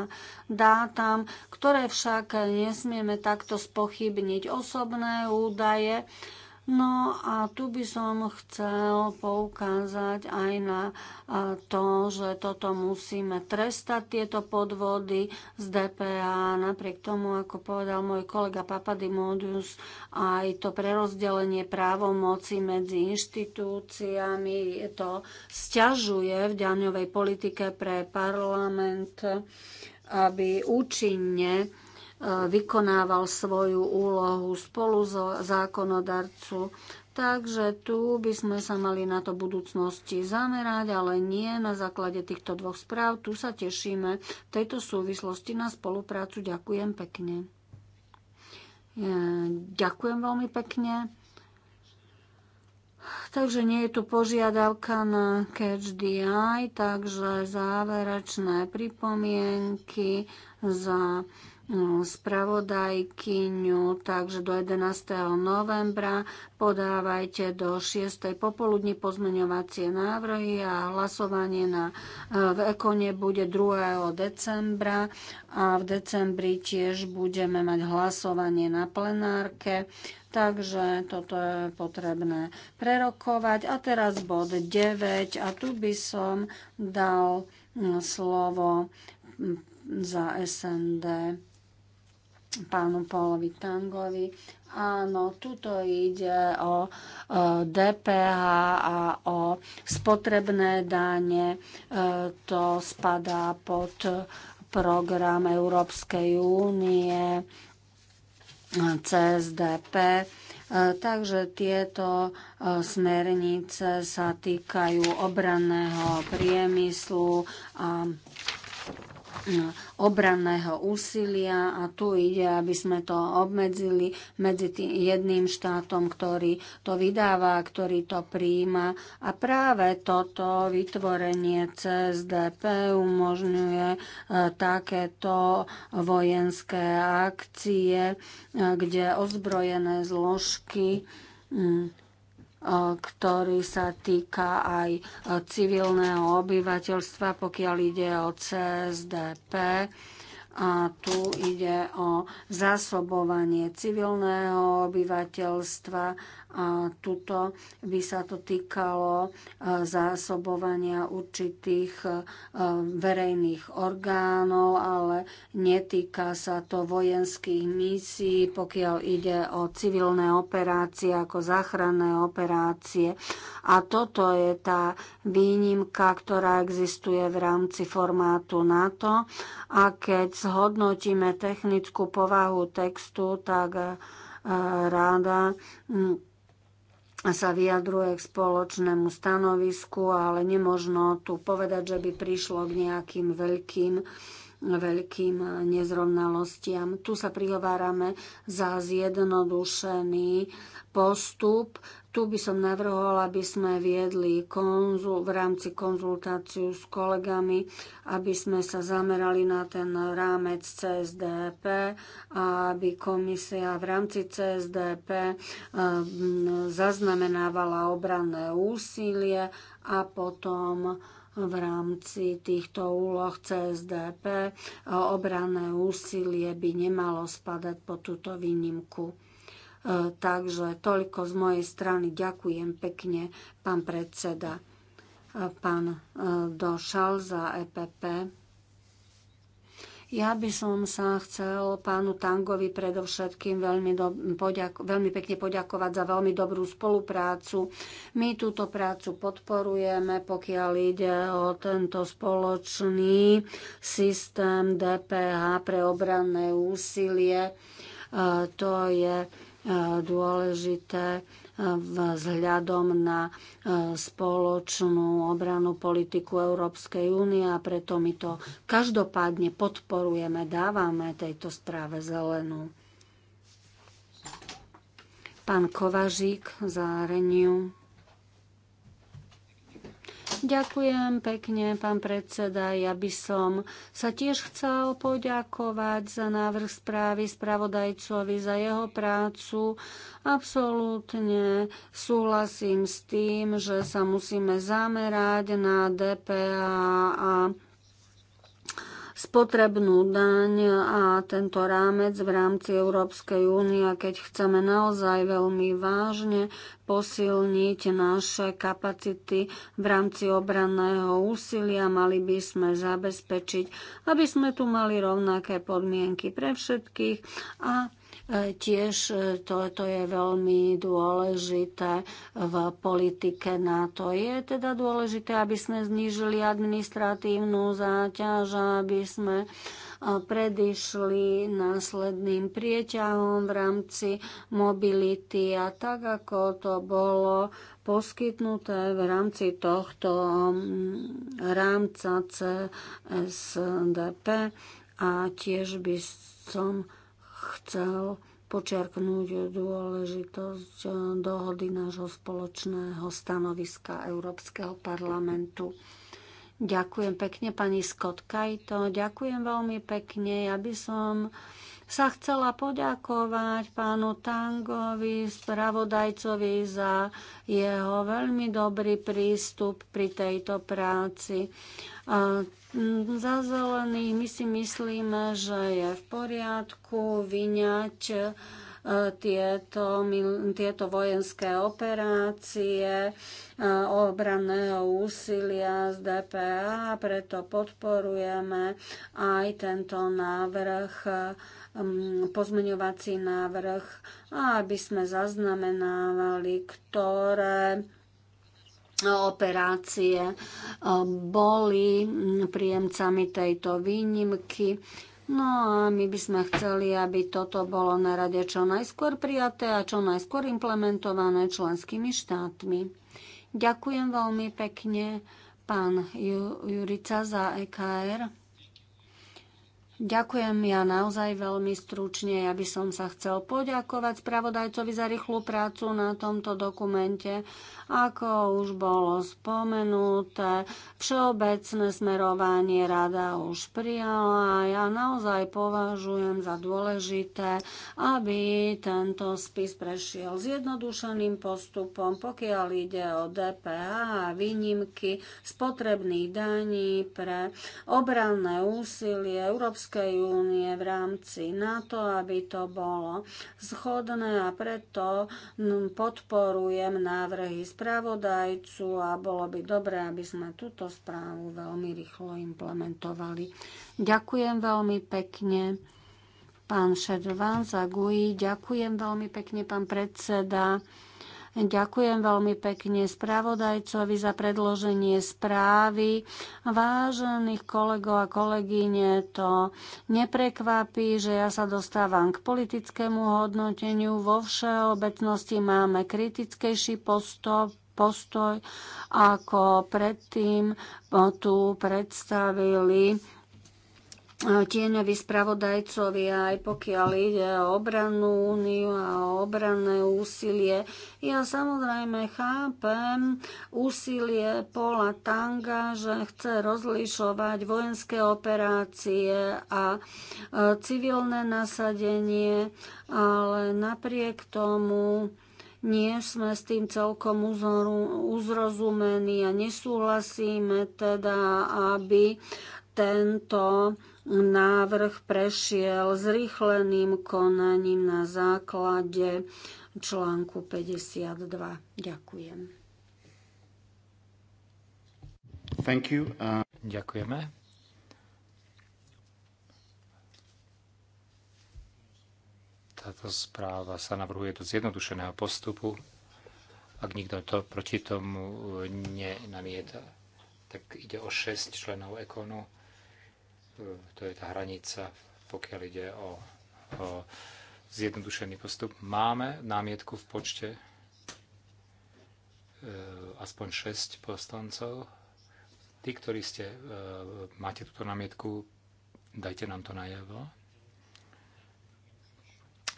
dátam, ktoré však nesmieme takto spochybniť. Osobné údaje, No a tu by som chcel poukázať aj na to, že toto musíme trestať, tieto podvody z DPA. Napriek tomu, ako povedal môj kolega Papadimodius, aj to prerozdelenie právomoci medzi inštitúciami to sťažuje v daňovej politike pre parlament, aby účinne E, vykonával svoju úlohu spolu so zákonodarcu. Takže tu by sme sa mali na to budúcnosti zamerať, ale nie na základe týchto dvoch správ. Tu sa tešíme v tejto súvislosti na spoluprácu. Ďakujem pekne. E, ďakujem veľmi pekne. Takže nie je tu požiadavka na Catch the Eye, takže záverečné pripomienky za No, spravodajkyňu, takže do 11. novembra podávajte do 6. popoludní pozmeňovacie návrhy a hlasovanie na, e, v Ekone bude 2. decembra a v decembri tiež budeme mať hlasovanie na plenárke, takže toto je potrebné prerokovať. A teraz bod 9 a tu by som dal mm, slovo mm, za SND pánu Pólovi Tangovi. Áno, tuto ide o, o DPH a o spotrebné dáne. E, to spadá pod program Európskej únie CSDP. E, takže tieto e, smernice sa týkajú obranného priemyslu a obranného úsilia a tu ide, aby sme to obmedzili medzi tým jedným štátom, ktorý to vydáva, ktorý to príjima. a práve toto vytvorenie CSDP umožňuje e, takéto vojenské akcie, e, kde ozbrojené zložky mm, E, ktorý sa týka aj e, civilného obyvateľstva, pokiaľ ide o CSDP. A tu ide o zásobovanie civilného obyvateľstva a tuto by sa to týkalo e, zásobovania určitých e, verejných orgánov, ale netýka sa to vojenských misií, pokiaľ ide o civilné operácie ako záchranné operácie. A toto je tá výnimka, ktorá existuje v rámci formátu NATO. A keď zhodnotíme technickú povahu textu, tak e, ráda sa vyjadruje k spoločnému stanovisku, ale nemožno tu povedať, že by prišlo k nejakým veľkým veľkým nezrovnalostiam. Tu sa prihovárame za zjednodušený postup tu by som navrhol, aby sme viedli konzul, v rámci konzultáciu s kolegami, aby sme sa zamerali na ten rámec CSDP a aby komisia v rámci CSDP eh, zaznamenávala obranné úsilie a potom v rámci týchto úloh CSDP eh, obranné úsilie by nemalo spadať po túto výnimku. E, takže toľko z mojej strany. Ďakujem pekne, pán predseda, e, pán e, Došal za EPP. Ja by som sa chcel pánu Tangovi predovšetkým veľmi, do, poďak, veľmi pekne poďakovať za veľmi dobrú spoluprácu. My túto prácu podporujeme, pokiaľ ide o tento spoločný systém DPH pre obranné úsilie. To je E, dôležité e, vzhľadom na e, spoločnú obranú politiku Európskej únie a preto my to každopádne podporujeme, dávame tejto správe zelenú. Pán Kovažík za Reniu. Ďakujem pekne, pán predseda. Ja by som sa tiež chcel poďakovať za návrh správy spravodajcovi, za jeho prácu. Absolútne súhlasím s tým, že sa musíme zamerať na DPA a spotrebnú daň a tento rámec v rámci Európskej únie, keď chceme naozaj veľmi vážne posilniť naše kapacity v rámci obranného úsilia, mali by sme zabezpečiť, aby sme tu mali rovnaké podmienky pre všetkých a Tiež e, to, to je veľmi dôležité v politike na to. Je teda dôležité, aby sme znížili administratívnu záťaž, aby sme e, predišli následným prieťahom v rámci mobility a tak, ako to bolo poskytnuté v rámci tohto rámca CSDP a tiež by som chcel počiarknúť dôležitosť eh, dohody nášho spoločného stanoviska Európskeho parlamentu. Ďakujem pekne pani Kajto, ďakujem veľmi pekne. Ja by som sa chcela poďakovať pánu Tangovi, spravodajcovi za jeho veľmi dobrý prístup pri tejto práci. Mm, za zelený my si myslíme, že je v poriadku vyňať tieto, tieto vojenské operácie, e, obranného úsilia z DPA, preto podporujeme aj tento návrh, pozmeňovací návrh, aby sme zaznamenávali, ktoré operácie e, boli príjemcami tejto výnimky. No a my by sme chceli, aby toto bolo na rade čo najskôr prijaté a čo najskôr implementované členskými štátmi. Ďakujem veľmi pekne pán Jurica za EKR. Ďakujem ja naozaj veľmi stručne. Ja by som sa chcel poďakovať spravodajcovi za rýchlu prácu na tomto dokumente. Ako už bolo spomenuté, všeobecné smerovanie rada už prijala a ja naozaj považujem za dôležité, aby tento spis prešiel s jednodušeným postupom, pokiaľ ide o DPH a výnimky spotrebných daní pre obranné úsilie Európskej Európskej únie v rámci NATO, aby to bolo zhodné a preto podporujem návrhy spravodajcu a bolo by dobré, aby sme túto správu veľmi rýchlo implementovali. Ďakujem veľmi pekne. Pán Šedván Zagují, ďakujem veľmi pekne, pán predseda. Ďakujem veľmi pekne spravodajcovi za predloženie správy. Vážených kolegov a kolegyne, to neprekvapí, že ja sa dostávam k politickému hodnoteniu. Vo všeobecnosti máme kritickejší postup postoj, ako predtým tu predstavili tieňoví spravodajcovia, aj pokiaľ ide o obrannú úniu a o obranné úsilie. Ja samozrejme chápem úsilie Pola Tanga, že chce rozlišovať vojenské operácie a e, civilné nasadenie, ale napriek tomu nie sme s tým celkom uzrozumení a nesúhlasíme teda, aby tento Návrh prešiel zrýchleným konaním na základe článku 52. Ďakujem. Thank you. Uh... Ďakujeme. Táto správa sa navrhuje do zjednodušeného postupu. Ak nikto to proti tomu e, nenamieta, tak ide o 6 členov ekonu to je tá hranica, pokiaľ ide o, o zjednodušený postup. Máme námietku v počte e, aspoň 6 poslancov. Tí, ktorí ste, e, máte túto námietku, dajte nám to najavo.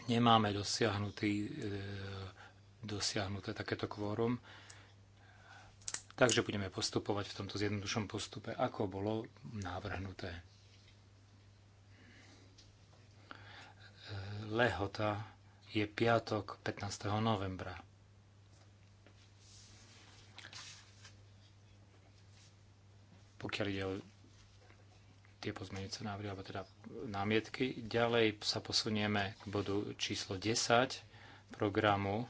Nemáme dosiahnutý, e, dosiahnuté takéto kvórum. Takže budeme postupovať v tomto zjednodušom postupe, ako bolo navrhnuté. lehota je piatok 15. novembra. Pokiaľ ide o tie pozmenujúce návrhy, alebo teda námietky. Ďalej sa posunieme k bodu číslo 10 programu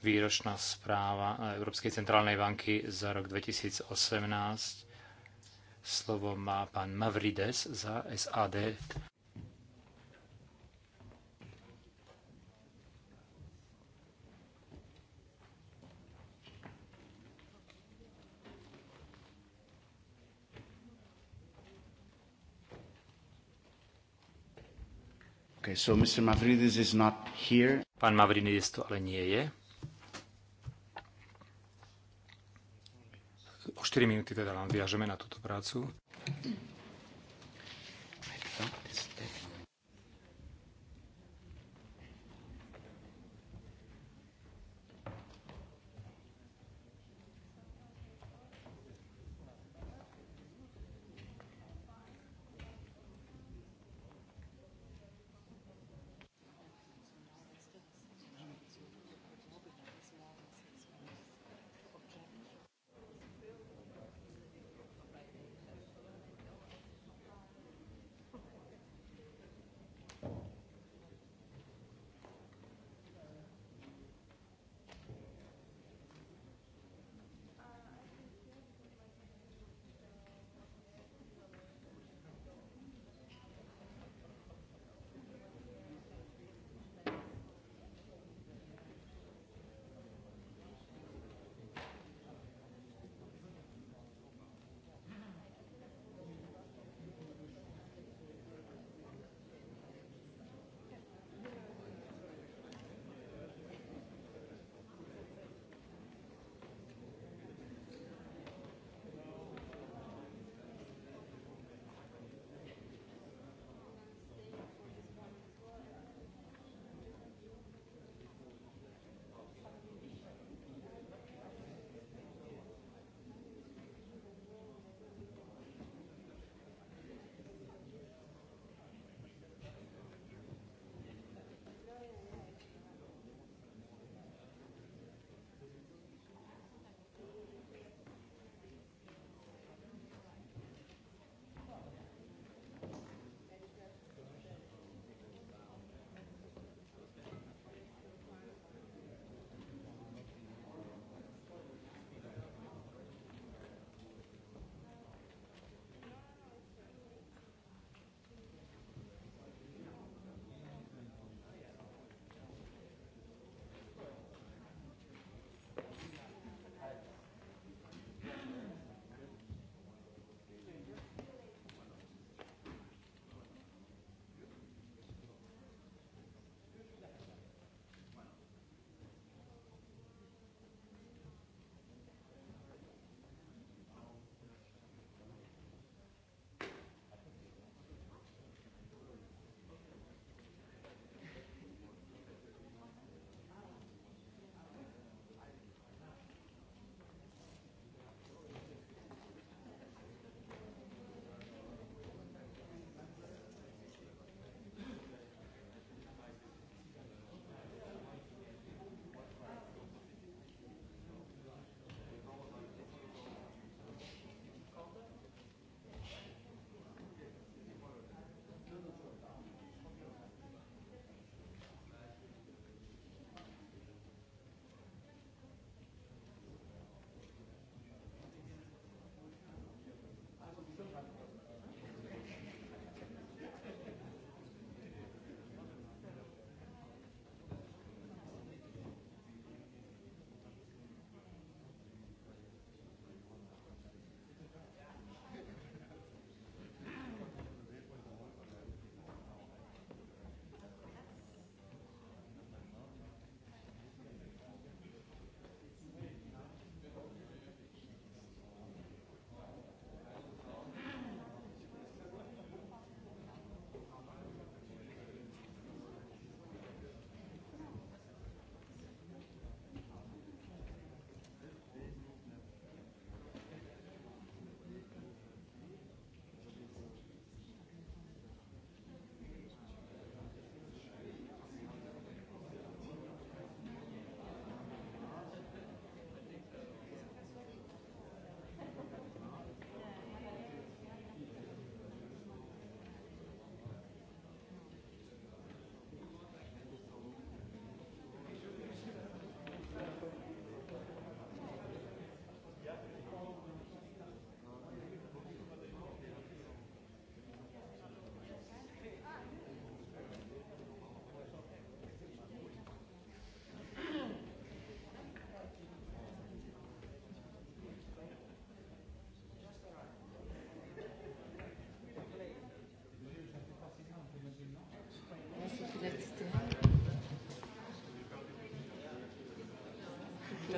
výročná správa Európskej centrálnej banky za rok 2018. Slovo má pán Mavrides za SAD. Okay, so Mr. Mavridis is not here. Pán Mavridis tu ale nie je. O 4 minúty teda vám viažeme na túto prácu.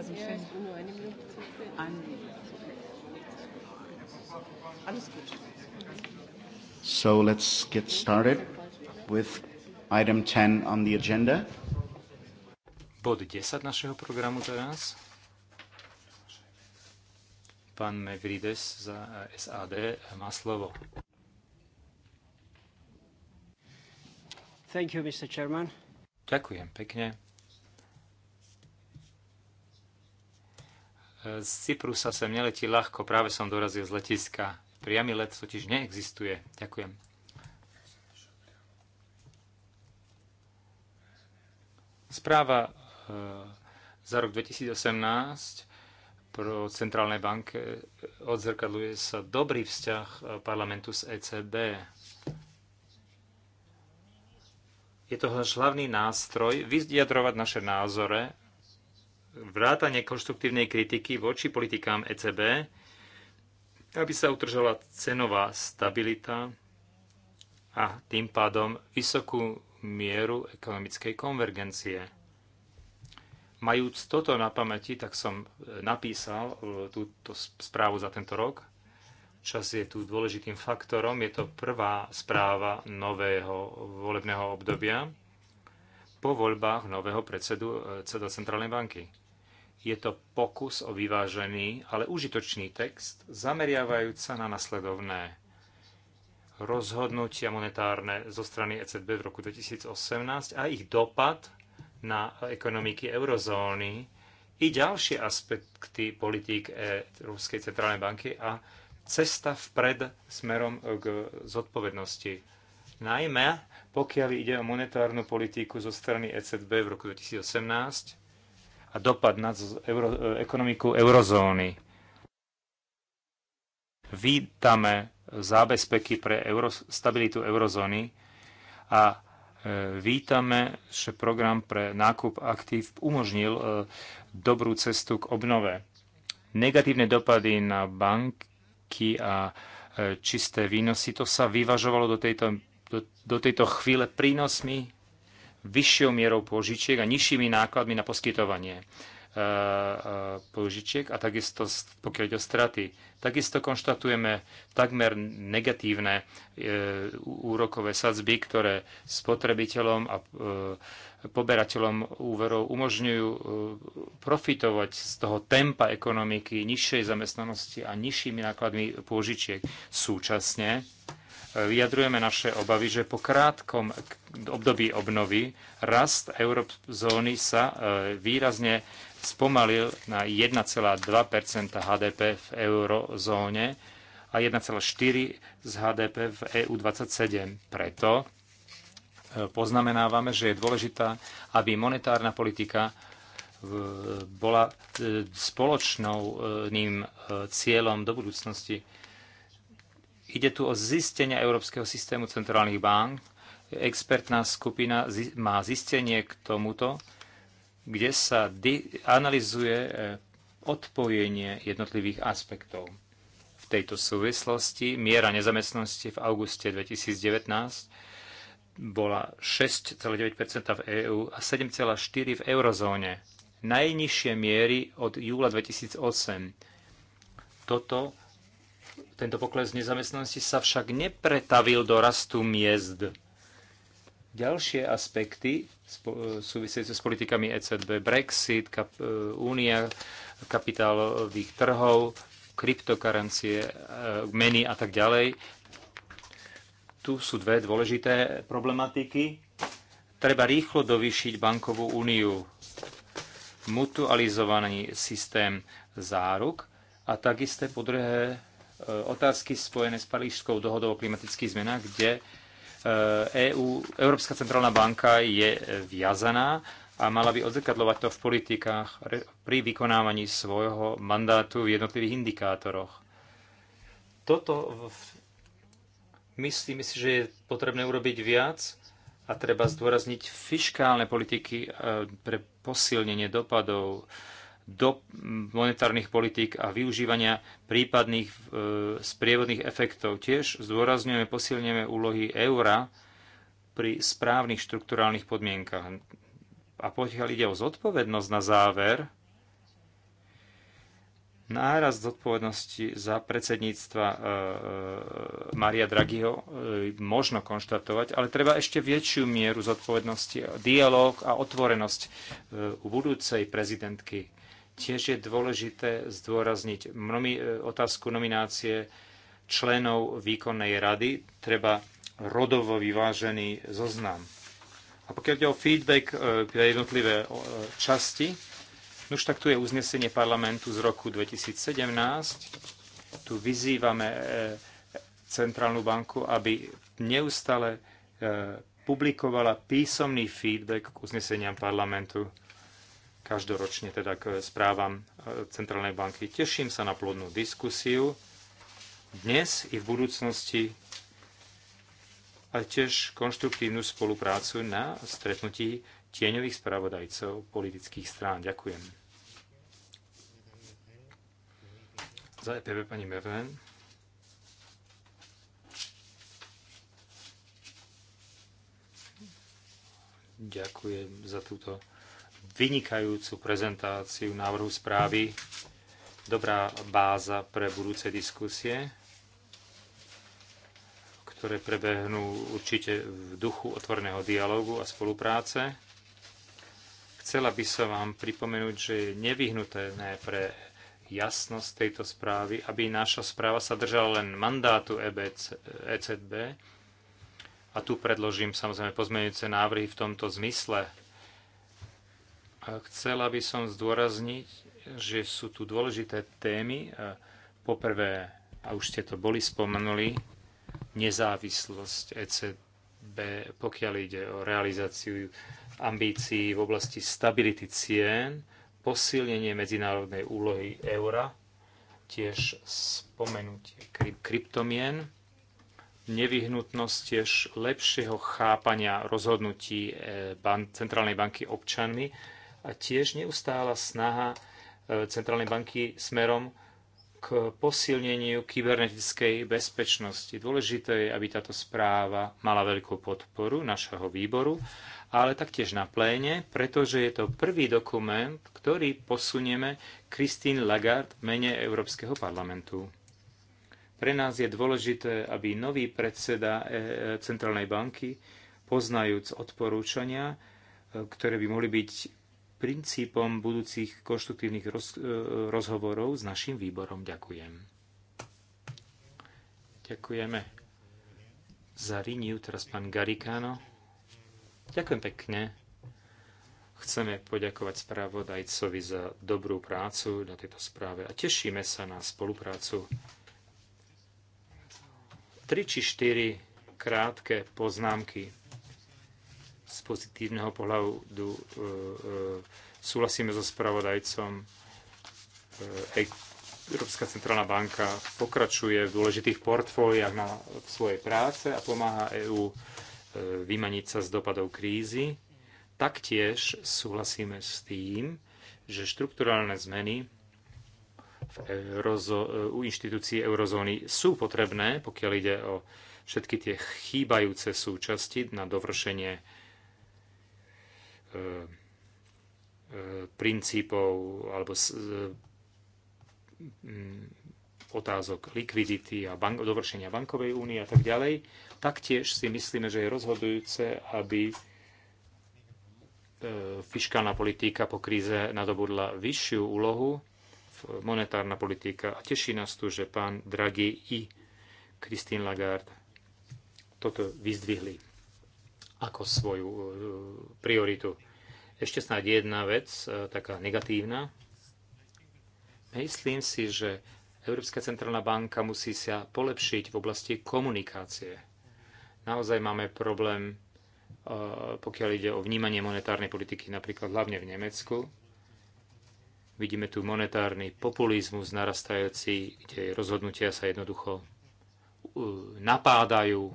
Versen yes, finden. Nur eine Minute zu spät. Alles gut. So let's get started with item 10 on the agenda. Bod 10 našeho programu teraz. Pán Mevrides za SAD má slovo. Thank you, Mr. Chairman. Ďakujem pekne. z sa sem neletí ľahko, práve som dorazil z letiska. Priamy let totiž neexistuje. Ďakujem. Správa e, za rok 2018 pro Centrálnej banke e, odzrkadluje sa dobrý vzťah e, parlamentu s ECB. Je to hlavný nástroj vyjadrovať naše názore vrátanie konštruktívnej kritiky voči politikám ECB, aby sa utržala cenová stabilita a tým pádom vysokú mieru ekonomickej konvergencie. Majúc toto na pamäti, tak som napísal e, túto správu za tento rok. Čas je tu dôležitým faktorom. Je to prvá správa nového volebného obdobia po voľbách nového predsedu, predsedu Centrálnej banky. Je to pokus o vyvážený, ale užitočný text, zameriavajúc sa na nasledovné rozhodnutia monetárne zo strany ECB v roku 2018 a ich dopad na ekonomiky eurozóny i ďalšie aspekty politík Európskej centrálnej banky a cesta vpred smerom k zodpovednosti. Najmä pokiaľ ide o monetárnu politiku zo strany ECB v roku 2018, a dopad na euro, e, ekonomiku eurozóny. Vítame zábezpeky pre euro, stabilitu eurozóny a e, vítame, že program pre nákup aktív umožnil e, dobrú cestu k obnove. Negatívne dopady na banky a čisté výnosy, to sa vyvažovalo do tejto, do, do tejto chvíle prínosmi vyššou mierou pôžičiek a nižšími nákladmi na poskytovanie e, e, pôžičiek a takisto pokiaľ ide o straty. Takisto konštatujeme takmer negatívne e, úrokové sadzby, ktoré spotrebiteľom a poberateľom úverov umožňujú profitovať z toho tempa ekonomiky, nižšej zamestnanosti a nižšími nákladmi pôžičiek. Súčasne vyjadrujeme naše obavy, že po krátkom období obnovy rast eurozóny sa e, výrazne spomalil na 1,2 HDP v eurozóne a 1,4 z HDP v EU27. Preto e, poznamenávame, že je dôležitá, aby monetárna politika e, bola spoločným cieľom do budúcnosti Ide tu o zistenia Európskeho systému centrálnych bank. Expertná skupina má zistenie k tomuto, kde sa analizuje e, odpojenie jednotlivých aspektov. V tejto súvislosti miera nezamestnosti v auguste 2019 bola 6,9 v EÚ a 7,4 v eurozóne. Najnižšie miery od júla 2008. Toto tento pokles nezamestnanosti sa však nepretavil do rastu miest. Ďalšie aspekty súvisiace s politikami ECB, Brexit, kap, e, kapitálových trhov, kryptokarancie, e, meny a tak ďalej. Tu sú dve dôležité problematiky. Treba rýchlo dovýšiť bankovú úniu, mutualizovaný systém záruk a takisté po druhé E, otázky spojené s Parížskou dohodou o klimatických zmenách, kde EU, e Európska centrálna banka je viazaná a mala by odzrkadľovať to v politikách pri vykonávaní svojho mandátu v jednotlivých indikátoroch. Toto myslím si, že je potrebné urobiť viac a treba zdôrazniť fiškálne politiky e, pre posilnenie dopadov do monetárnych politík a využívania prípadných e, sprievodných efektov. Tiež zdôrazňujeme, posilňujeme úlohy eura pri správnych štrukturálnych podmienkach. A pokiaľ ide o zodpovednosť na záver, náraz zodpovednosti za predsedníctva e, e Maria Draghiho e, možno konštatovať, ale treba ešte väčšiu mieru zodpovednosti, dialog a otvorenosť e, u budúcej prezidentky Tiež je dôležité zdôrazniť nomi- e, otázku nominácie členov výkonnej rady. Treba rodovo vyvážený zoznam. A pokiaľ ide o feedback e, pre jednotlivé e, časti, no už tak tu je uznesenie parlamentu z roku 2017. Tu vyzývame Centrálnu banku, aby neustále publikovala písomný feedback k uzneseniam parlamentu každoročne teda k správam e, Centrálnej banky. Teším sa na plodnú diskusiu dnes i v budúcnosti a tiež konštruktívnu spoluprácu na stretnutí tieňových spravodajcov politických strán. Ďakujem. Za EPV pani Merven. Ďakujem za túto vynikajúcu prezentáciu návrhu správy. Dobrá báza pre budúce diskusie, ktoré prebehnú určite v duchu otvorného dialogu a spolupráce. Chcela by som vám pripomenúť, že je nevyhnuté pre jasnosť tejto správy, aby naša správa sa držala len mandátu EBC, ECB. A tu predložím samozrejme pozmeňujúce návrhy v tomto zmysle. A chcela by som zdôrazniť, že sú tu dôležité témy. Poprvé, a už ste to boli spomenuli, nezávislosť ECB, pokiaľ ide o realizáciu ambícií v oblasti stability cien, posilnenie medzinárodnej úlohy eura, tiež spomenutie kryptomien, nevyhnutnosť tiež lepšieho chápania rozhodnutí e, Centrálnej banky občanmi a tiež neustála snaha e, centrálnej banky smerom k posilneniu kybernetickej bezpečnosti. Dôležité je, aby táto správa mala veľkú podporu našeho výboru, ale taktiež na pléne, pretože je to prvý dokument, ktorý posunieme Christine Lagarde v mene Európskeho parlamentu. Pre nás je dôležité, aby nový predseda e, e, Centrálnej banky, poznajúc odporúčania, ktoré by mohli byť princípom budúcich konštruktívnych roz, e, rozhovorov s našim výborom. Ďakujem. Ďakujeme za Riniu, teraz pán Garikano. Ďakujem pekne. Chceme poďakovať správodajcovi za dobrú prácu na tejto správe a tešíme sa na spoluprácu. Tri či štyri krátke poznámky z pozitívneho pohľadu e, e, súhlasíme so spravodajcom. E, Európska centrálna banka pokračuje v dôležitých portfóliách na svojej práce a pomáha EÚ e, vymaniť sa z dopadov krízy. Taktiež súhlasíme s tým, že štrukturálne zmeny v eurozo- e, u inštitúcií eurozóny sú potrebné, pokiaľ ide o všetky tie chýbajúce súčasti na dovršenie E, e, princípov alebo e, otázok likvidity a bank, dovršenia bankovej únie a tak ďalej, taktiež si myslíme, že je rozhodujúce, aby fiskálna politika po kríze nadobudla vyššiu úlohu, monetárna politika. A teší nás tu, že pán Draghi i Christine Lagarde toto vyzdvihli ako svoju e, prioritu. Ešte snáď jedna vec, e, taká negatívna. Myslím si, že Európska centrálna banka musí sa polepšiť v oblasti komunikácie. Naozaj máme problém, e, pokiaľ ide o vnímanie monetárnej politiky, napríklad hlavne v Nemecku. Vidíme tu monetárny populizmus narastajúci, kde rozhodnutia sa jednoducho napádajú,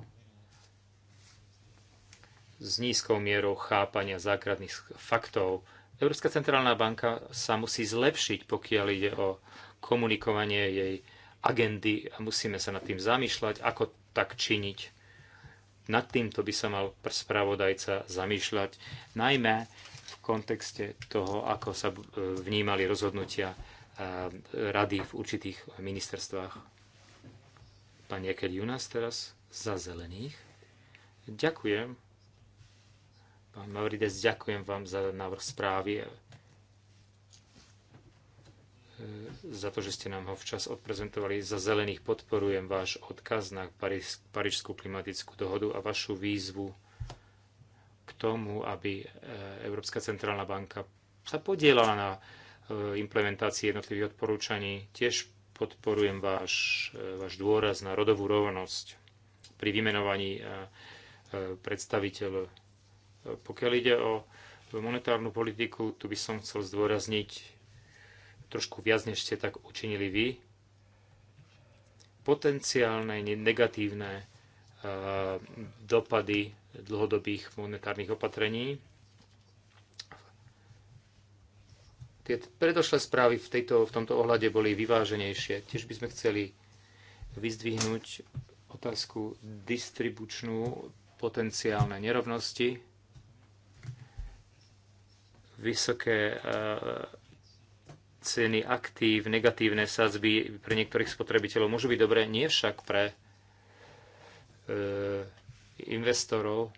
s nízkou mierou chápania základných faktov. Európska centrálna banka sa musí zlepšiť, pokiaľ ide o komunikovanie jej agendy a musíme sa nad tým zamýšľať, ako tak činiť. Nad týmto by sa mal spravodajca zamýšľať, najmä v kontexte toho, ako sa vnímali rozhodnutia e, rady v určitých ministerstvách. Pán u nás teraz za zelených. Ďakujem. Pán Mavrides, ďakujem vám za návrh správy, e, za to, že ste nám ho včas odprezentovali. Za zelených podporujem váš odkaz na Parížskú klimatickú dohodu a vašu výzvu k tomu, aby e, Európska centrálna banka sa podielala na e, implementácii jednotlivých odporúčaní. Tiež podporujem váš, váš dôraz na rodovú rovnosť pri vymenovaní predstaviteľov pokiaľ ide o monetárnu politiku, tu by som chcel zdôrazniť trošku viac, než ste tak učinili vy. Potenciálne negatívne e, dopady dlhodobých monetárnych opatrení. Tie predošlé správy v, tejto, v tomto ohľade boli vyváženejšie. Tiež by sme chceli vyzdvihnúť otázku distribučnú potenciálne nerovnosti vysoké e, ceny aktív, negatívne sadzby pre niektorých spotrebiteľov môžu byť dobré, nie však pre e, investorov.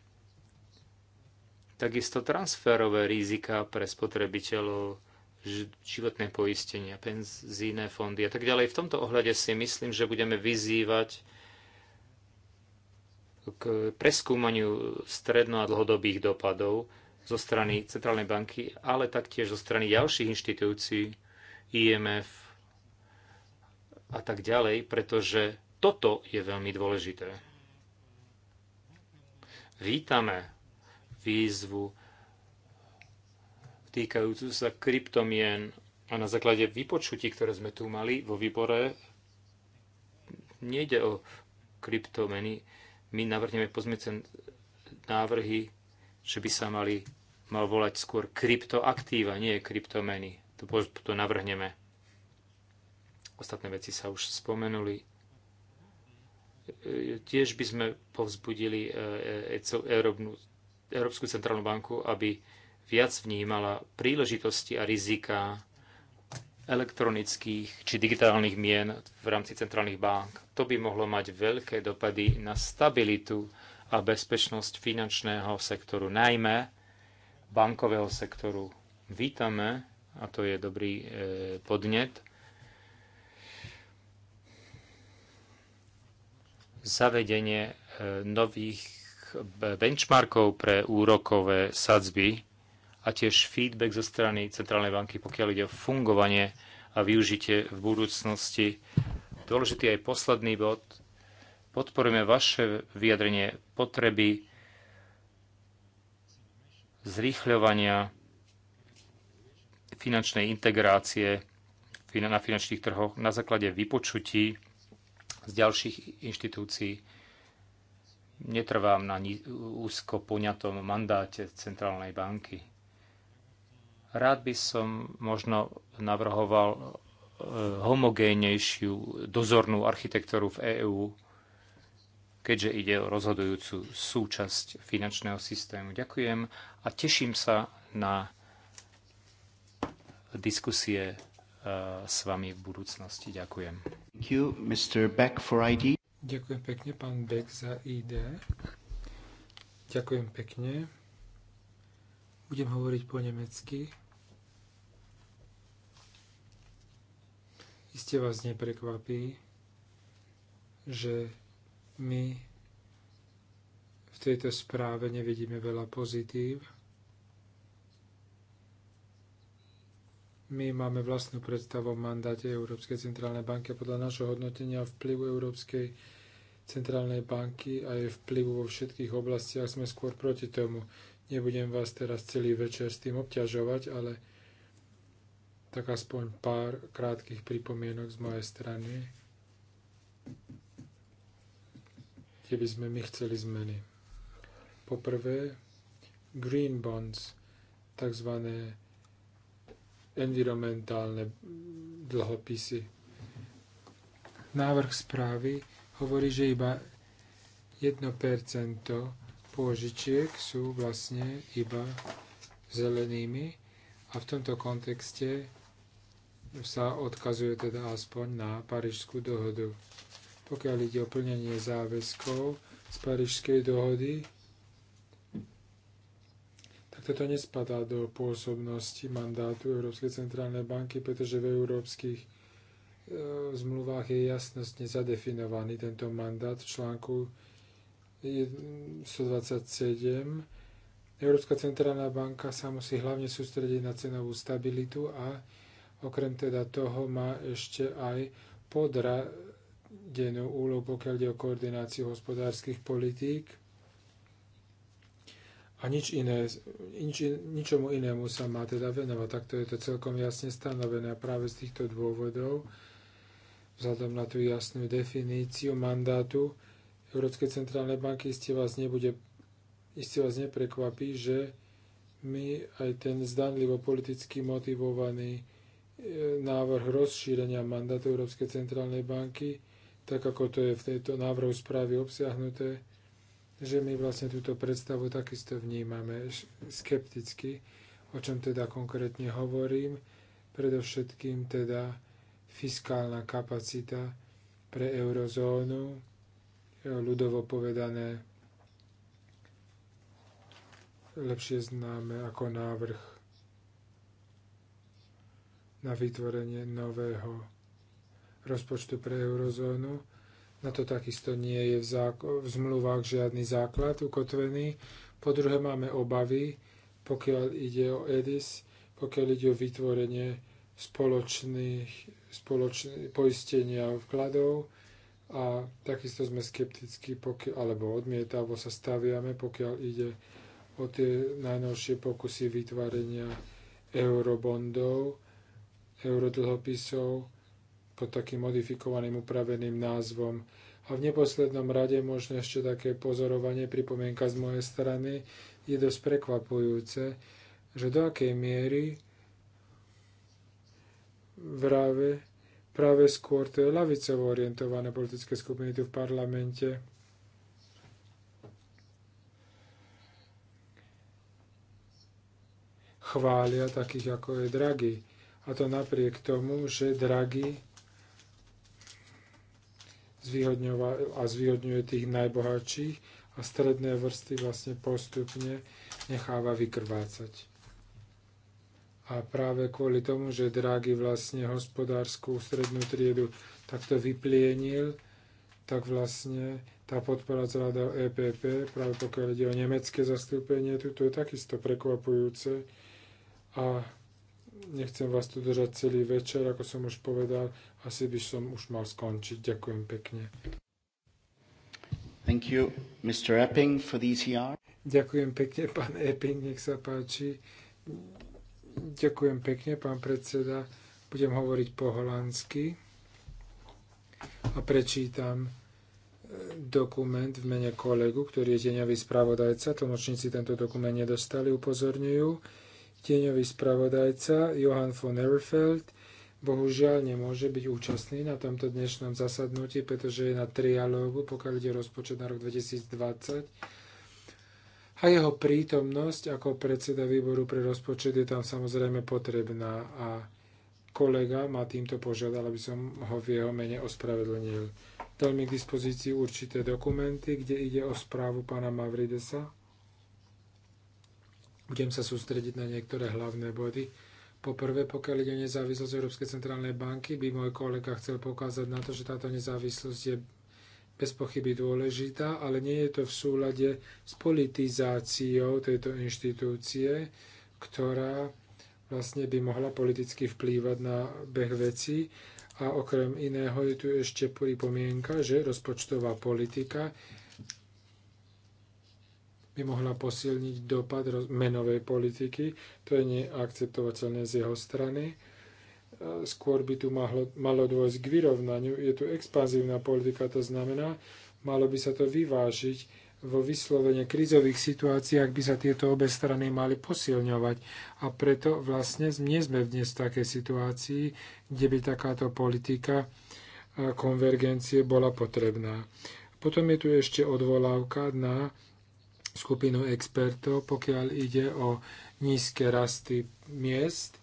Takisto transferové rizika pre spotrebiteľov, životné poistenia, penzíne fondy a tak ďalej. V tomto ohľade si myslím, že budeme vyzývať k preskúmaniu stredno- a dlhodobých dopadov zo strany Centrálnej banky, ale taktiež zo strany ďalších inštitúcií, IMF a tak ďalej, pretože toto je veľmi dôležité. Vítame výzvu týkajúcu sa kryptomien a na základe vypočutí, ktoré sme tu mali vo výbore, nejde o kryptomeny. My navrhneme pozmecen návrhy že by sa mali, mal volať skôr kryptoaktíva, nie kryptomeny. To, to navrhneme. Ostatné veci sa už spomenuli. E, e, tiež by sme povzbudili e, Európsku centrálnu banku, aby viac vnímala príležitosti a rizika elektronických či digitálnych mien v rámci centrálnych bank. To by mohlo mať veľké dopady na stabilitu a bezpečnosť finančného sektoru, najmä bankového sektoru. Vítame, a to je dobrý e, podnet, zavedenie e, nových e, benchmarkov pre úrokové sadzby a tiež feedback zo strany Centrálnej banky, pokiaľ ide o fungovanie a využitie v budúcnosti. Dôležitý aj posledný bod, Podporujeme vaše vyjadrenie potreby zrýchľovania finančnej integrácie na finančných trhoch na základe vypočutí z ďalších inštitúcií. Netrvám na úzko poňatom mandáte Centrálnej banky. Rád by som možno navrhoval eh, homogénejšiu dozornú architektúru v EÚ, keďže ide o rozhodujúcu súčasť finančného systému. Ďakujem a teším sa na diskusie eh, s vami v budúcnosti. Ďakujem. You, Ďakujem pekne, pán Beck, za ID. Ďakujem pekne. Budem hovoriť po nemecky. Iste vás neprekvapí, že my v tejto správe nevidíme veľa pozitív. My máme vlastnú predstavu o mandáte Európskej centrálnej banky a podľa našho hodnotenia vplyvu Európskej centrálnej banky a jej vplyvu vo všetkých oblastiach sme skôr proti tomu. Nebudem vás teraz celý večer s tým obťažovať, ale tak aspoň pár krátkých pripomienok z mojej strany. keby sme my chceli zmeny. Poprvé, green bonds, tzv. environmentálne dlhopisy. Návrh správy hovorí, že iba 1% pôžičiek sú vlastne iba zelenými a v tomto kontexte sa odkazuje teda aspoň na Parížskú dohodu pokiaľ ide o plnenie záväzkov z Parížskej dohody, tak toto nespadá do pôsobnosti mandátu Európskej centrálnej banky, pretože v európskych e, zmluvách je jasnostne zadefinovaný tento mandát v článku 127. Európska centrálna banka sa musí hlavne sústrediť na cenovú stabilitu a okrem teda toho má ešte aj podra dennú úlohu, pokiaľ ide o koordináciu hospodárskych politík. A nič iné, nič, ničomu inému sa má teda venovať. Takto je to celkom jasne stanovené. A práve z týchto dôvodov, vzhľadom na tú jasnú definíciu mandátu Európskej centrálnej banky, iste vás, nebude, iste vás neprekvapí, že my aj ten zdanlivo politicky motivovaný e, návrh rozšírenia mandátu Európskej centrálnej banky tak ako to je v tejto návrhu správy obsiahnuté, že my vlastne túto predstavu takisto vnímame skepticky, o čom teda konkrétne hovorím, predovšetkým teda fiskálna kapacita pre eurozónu, e, ľudovo povedané lepšie známe ako návrh na vytvorenie nového rozpočtu pre eurozónu. Na to takisto nie je v, v zmluvách žiadny základ ukotvený. Po druhé máme obavy, pokiaľ ide o EDIS, pokiaľ ide o vytvorenie spoločných, spoločných poistenia vkladov a takisto sme skeptickí, pokiaľ, alebo odmietavo sa staviame, pokiaľ ide o tie najnovšie pokusy vytvárenia eurobondov, eurodlhopisov, pod takým modifikovaným upraveným názvom. A v neposlednom rade možno ešte také pozorovanie, pripomienka z mojej strany, je dosť prekvapujúce, že do akej miery vrave, práve skôr to je lavicovo orientované politické skupiny tu v parlamente, chvália takých ako je Draghi. A to napriek tomu, že Draghi a zvýhodňuje tých najbohatších a stredné vrsty vlastne postupne necháva vykrvácať. A práve kvôli tomu, že Draghi vlastne hospodárskú strednú triedu takto vyplienil, tak vlastne tá podpora celá do EPP, práve pokiaľ ide o nemecké zastúpenie, tu je takisto prekvapujúce. A nechcem vás tu držať celý večer, ako som už povedal, asi by som už mal skončiť. Ďakujem pekne. Thank you, Mr. Epping, for the ECR. Ďakujem pekne, pán Epping, nech sa páči. Ďakujem pekne, pán predseda. Budem hovoriť po holandsky a prečítam e, dokument v mene kolegu, ktorý je deňový spravodajca. Tlmočníci tento dokument nedostali, upozorňujú Tieňový spravodajca Johan von Erfeld bohužiaľ nemôže byť účastný na tomto dnešnom zasadnutí, pretože je na trialógu, pokiaľ ide rozpočet na rok 2020. A jeho prítomnosť ako predseda výboru pre rozpočet je tam samozrejme potrebná a kolega ma týmto požiadal, aby som ho v jeho mene ospravedlnil. Dal mi k dispozícii určité dokumenty, kde ide o správu pána Mavridesa, budem sa sústrediť na niektoré hlavné body. Poprvé, pokiaľ ide o nezávislosť Európskej centrálnej banky, by môj kolega chcel pokázať na to, že táto nezávislosť je bez pochyby dôležitá, ale nie je to v súlade s politizáciou tejto inštitúcie, ktorá vlastne by mohla politicky vplývať na beh veci. A okrem iného je tu ešte pripomienka, že rozpočtová politika by mohla posilniť dopad menovej politiky. To je neakceptovateľné z jeho strany. E, skôr by tu malo, malo dôjsť k vyrovnaniu. Je tu expanzívna politika, to znamená, malo by sa to vyvážiť vo vyslovene krizových situáciách by sa tieto obe strany mali posilňovať. A preto vlastne nie sme dnes v takej situácii, kde by takáto politika e, konvergencie bola potrebná. Potom je tu ešte odvolávka na skupinu expertov, pokiaľ ide o nízke rasty miest.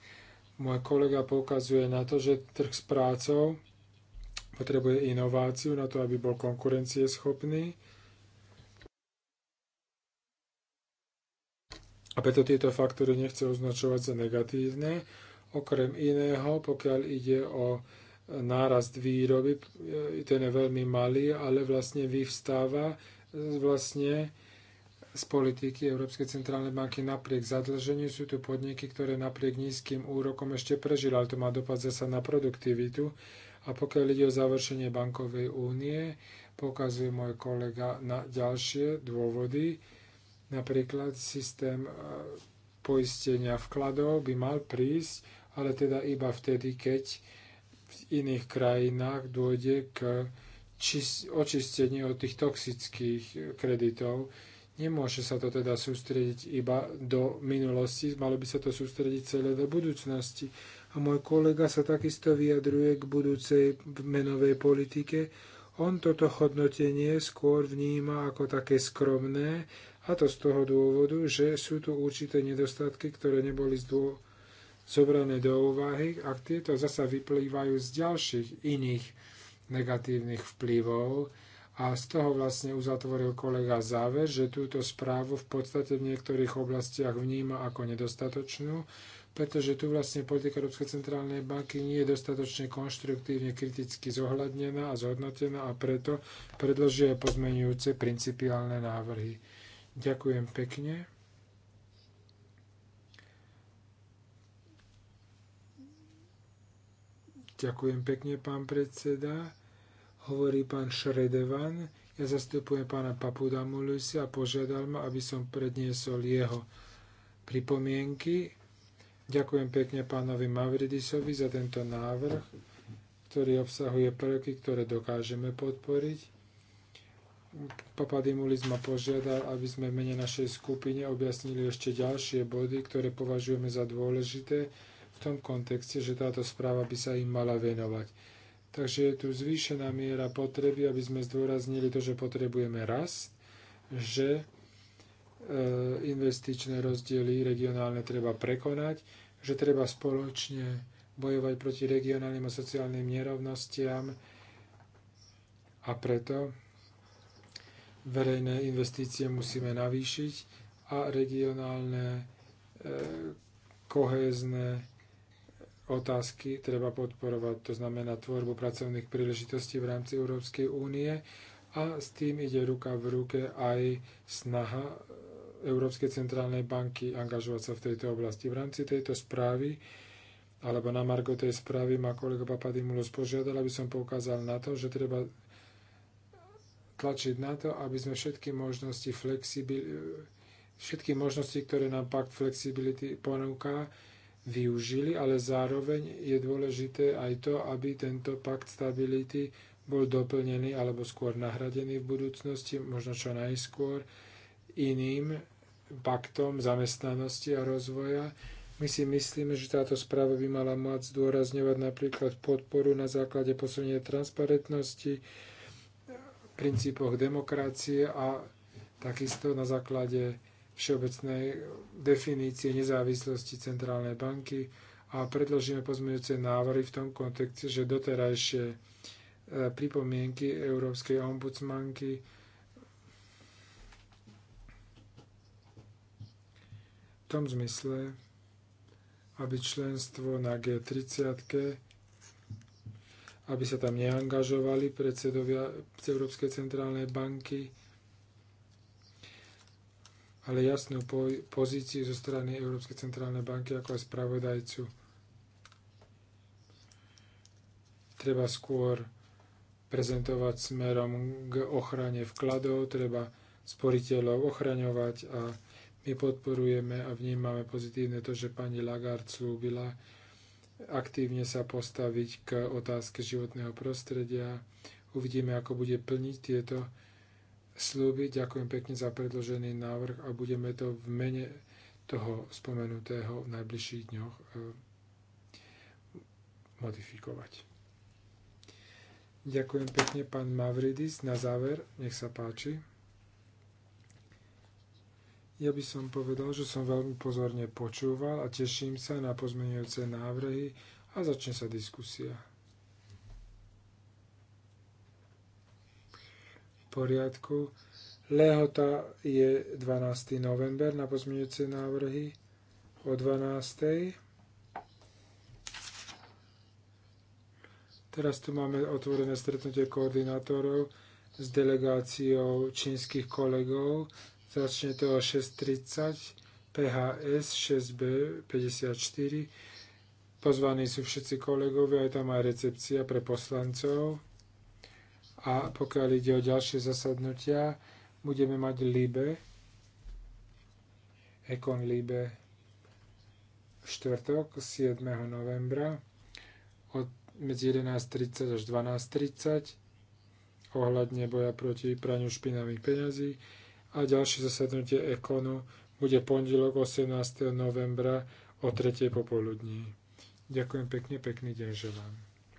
Môj kolega poukazuje na to, že trh s prácou potrebuje inováciu na to, aby bol konkurencieschopný. A preto tieto faktory nechce označovať za negatívne. Okrem iného, pokiaľ ide o nárast výroby, ten je veľmi malý, ale vlastne vyvstáva vlastne z politiky Európskej centrálnej banky napriek zadlženiu. Sú tu podniky, ktoré napriek nízkym úrokom ešte prežili, ale to má dopad zasa na produktivitu. A pokiaľ ide o završenie bankovej únie, pokazuje môj kolega na ďalšie dôvody. Napríklad systém e, poistenia vkladov by mal prísť, ale teda iba vtedy, keď v iných krajinách dôjde k očisteniu od tých toxických kreditov. Nemôže sa to teda sústrediť iba do minulosti, malo by sa to sústrediť celé do budúcnosti. A môj kolega sa takisto vyjadruje k budúcej menovej politike. On toto hodnotenie skôr vníma ako také skromné, a to z toho dôvodu, že sú tu určité nedostatky, ktoré neboli zdô... zobrané do úvahy a tieto zasa vyplývajú z ďalších iných negatívnych vplyvov, a z toho vlastne uzatvoril kolega záver, že túto správu v podstate v niektorých oblastiach vníma ako nedostatočnú, pretože tu vlastne politika Európskej centrálnej banky nie je dostatočne konštruktívne kriticky zohľadnená a zhodnotená a preto predložia pozmenujúce principiálne návrhy. Ďakujem pekne. Ďakujem pekne, pán predseda hovorí pán Šredevan. Ja zastupujem pána Papudamulusi a požiadal ma, aby som predniesol jeho pripomienky. Ďakujem pekne pánovi Mavridisovi za tento návrh, ktorý obsahuje prvky, ktoré dokážeme podporiť. Papadimulis ma požiadal, aby sme mene našej skupine objasnili ešte ďalšie body, ktoré považujeme za dôležité v tom kontexte, že táto správa by sa im mala venovať. Takže je tu zvýšená miera potreby, aby sme zdôraznili to, že potrebujeme rast, že e, investičné rozdiely regionálne treba prekonať, že treba spoločne bojovať proti regionálnym a sociálnym nerovnostiam a preto verejné investície musíme navýšiť a regionálne e, kohézne otázky treba podporovať, to znamená tvorbu pracovných príležitostí v rámci Európskej únie a s tým ide ruka v ruke aj snaha eh, Európskej centrálnej banky angažovať sa v tejto oblasti. V rámci tejto správy alebo na Margo tej správy ma kolega Papadimulus požiadal, aby som poukázal na to, že treba tlačiť na to, aby sme všetky možnosti flexibil... všetky možnosti, ktoré nám pakt flexibility ponúka, využili, ale zároveň je dôležité aj to, aby tento pakt stability bol doplnený alebo skôr nahradený v budúcnosti, možno čo najskôr, iným paktom zamestnanosti a rozvoja. My si myslíme, že táto správa by mala mať zdôrazňovať napríklad podporu na základe posunenia transparentnosti, princípoch demokracie a takisto na základe všeobecnej definície nezávislosti centrálnej banky a predložíme pozmeňujúce návrhy v tom kontexte, že doterajšie e, pripomienky Európskej ombudsmanky v tom zmysle, aby členstvo na G30 aby sa tam neangažovali predsedovia Európskej centrálnej banky, ale jasnú pozíciu zo strany Európskej centrálnej banky ako aj spravodajcu. Treba skôr prezentovať smerom k ochrane vkladov, treba sporiteľov ochraňovať a my podporujeme a vnímame pozitívne to, že pani Lagarde slúbila aktívne sa postaviť k otázke životného prostredia. Uvidíme, ako bude plniť tieto slúby. Ďakujem pekne za predložený návrh a budeme to v mene toho spomenutého v najbližších dňoch eh, modifikovať. Ďakujem pekne, pán Mavridis. Na záver, nech sa páči. Ja by som povedal, že som veľmi pozorne počúval a teším sa na pozmenujúce návrhy a začne sa diskusia. poriadku. Lehota je 12. november na pozmeňujúce návrhy o 12. Teraz tu máme otvorené stretnutie koordinátorov s delegáciou čínskych kolegov. Začne to o 6.30 PHS 6B54. Pozvaní sú všetci kolegovia, je tam aj recepcia pre poslancov. A pokiaľ ide o ďalšie zasadnutia, budeme mať Libe, Ekon Libe, štvrtok 7. novembra od medzi 11.30 až 12.30 ohľadne boja proti praniu špinavých peňazí a ďalšie zasadnutie Ekonu bude pondelok 18. novembra o 3. popoludní. Ďakujem pekne, pekný deň želám.